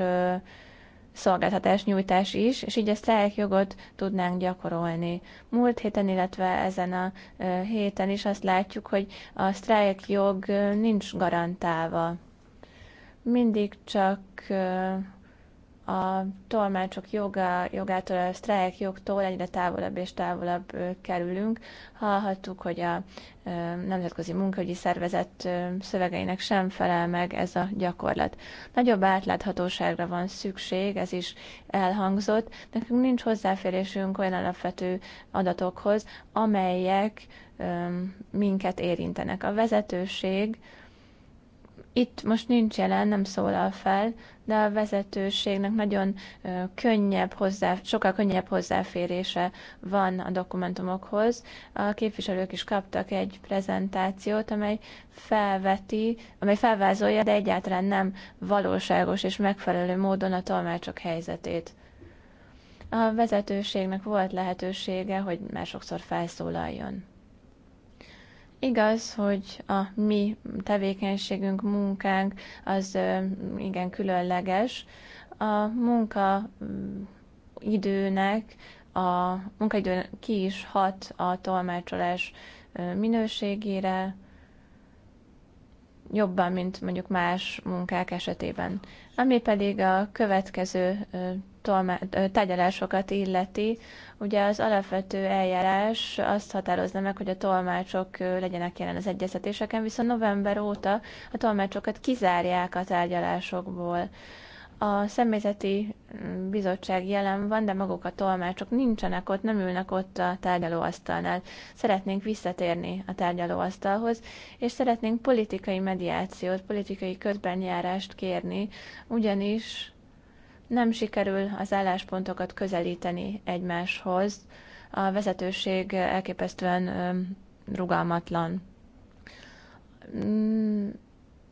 szolgáltatás nyújtás is, és így a sztrájk jogot tudnánk gyakorolni. Múlt héten, illetve ezen a héten is azt látjuk, hogy a sztrájk jog nincs garantálva. Mindig csak a tolmácsok joga, jogától, a sztrájk jogtól egyre távolabb és távolabb kerülünk. Hallhattuk, hogy a Nemzetközi Munkahogyi Szervezet szövegeinek sem felel meg ez a gyakorlat. Nagyobb átláthatóságra van szükség, ez is elhangzott. Nekünk nincs hozzáférésünk olyan alapvető adatokhoz, amelyek minket érintenek. A vezetőség itt most nincs jelen, nem szólal fel, de a vezetőségnek nagyon könnyebb hozzá, sokkal könnyebb hozzáférése van a dokumentumokhoz. A képviselők is kaptak egy prezentációt, amely felveti, amely felvázolja, de egyáltalán nem valóságos és megfelelő módon a tolmácsok helyzetét. A vezetőségnek volt lehetősége, hogy már sokszor felszólaljon. Igaz, hogy a mi tevékenységünk, munkánk az igen különleges. A munka mm, időnek, a munkaidő ki is hat a tolmácsolás minőségére, jobban, mint mondjuk más munkák esetében. Ami pedig a következő tolmá- tárgyalásokat illeti, Ugye az alapvető eljárás azt határozna meg, hogy a tolmácsok legyenek jelen az egyeztetéseken, viszont november óta a tolmácsokat kizárják a tárgyalásokból. A személyzeti mm, bizottság jelen van, de maguk a tolmácsok nincsenek ott, nem ülnek ott a tárgyalóasztalnál. Szeretnénk visszatérni a tárgyalóasztalhoz, és szeretnénk politikai mediációt, politikai közbenjárást kérni, ugyanis nem sikerül az álláspontokat közelíteni egymáshoz. A vezetőség elképesztően rugalmatlan. Mm,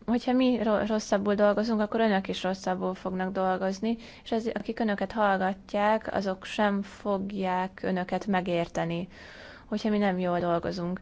hogyha mi rosszabbul dolgozunk, akkor önök is rosszabbul fognak dolgozni, és az, akik önöket hallgatják, azok sem fogják önöket megérteni, hogyha mi nem jól dolgozunk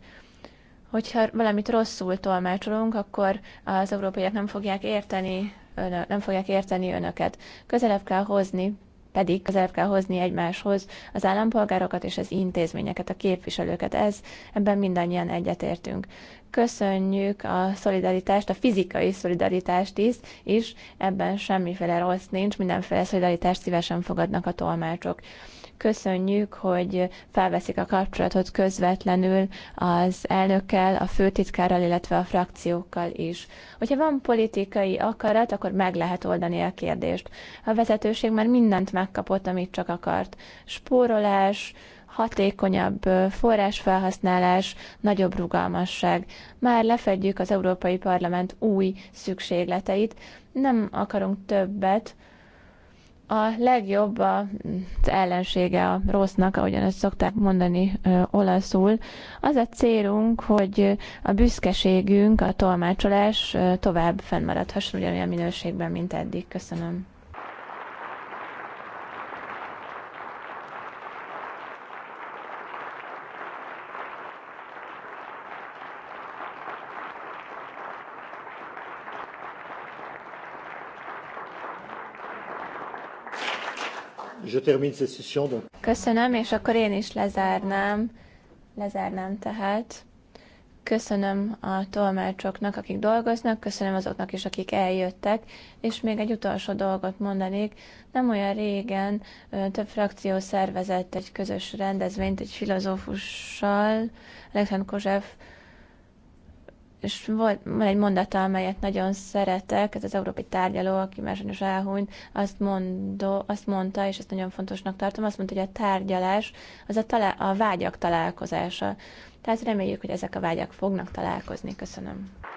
hogyha valamit rosszul tolmácsolunk, akkor az európaiak nem fogják érteni önök, nem fogják érteni önöket. Közelebb kell hozni pedig közelebb kell hozni egymáshoz az állampolgárokat és az intézményeket, a képviselőket. Ez, ebben mindannyian egyetértünk. Köszönjük a szolidaritást, a fizikai szolidaritást is, és ebben semmiféle rossz nincs, mindenféle szolidaritást szívesen fogadnak a tolmácsok. Köszönjük, hogy felveszik a kapcsolatot közvetlenül az elnökkel, a főtitkárral, illetve a frakciókkal is. Hogyha van politikai akarat, akkor meg lehet oldani a kérdést. A vezetőség már mindent megkapott, amit csak akart. Spórolás, hatékonyabb forrásfelhasználás, nagyobb rugalmasság. Már lefedjük az Európai Parlament új szükségleteit, nem akarunk többet, a legjobb az ellensége a rossznak, ahogyan ezt szokták mondani ö, olaszul. Az a célunk, hogy a büszkeségünk, a tolmácsolás ö, tovább fennmaradhasson ugyanolyan minőségben, mint eddig. Köszönöm. Je termine cette session, donc. Köszönöm, és akkor én is lezárnám. Lezárnám tehát. Köszönöm a tolmácsoknak, akik dolgoznak, köszönöm azoknak is, akik eljöttek, és még egy utolsó dolgot mondanék. Nem olyan régen több frakció szervezett egy közös rendezvényt egy filozófussal, Alexander Kozsev és volt, van egy mondata, amelyet nagyon szeretek, ez az európai tárgyaló, aki már sajnos elhúnyt, azt, mondó, azt mondta, és ezt nagyon fontosnak tartom, azt mondta, hogy a tárgyalás az a, talál, a vágyak találkozása. Tehát reméljük, hogy ezek a vágyak fognak találkozni. Köszönöm.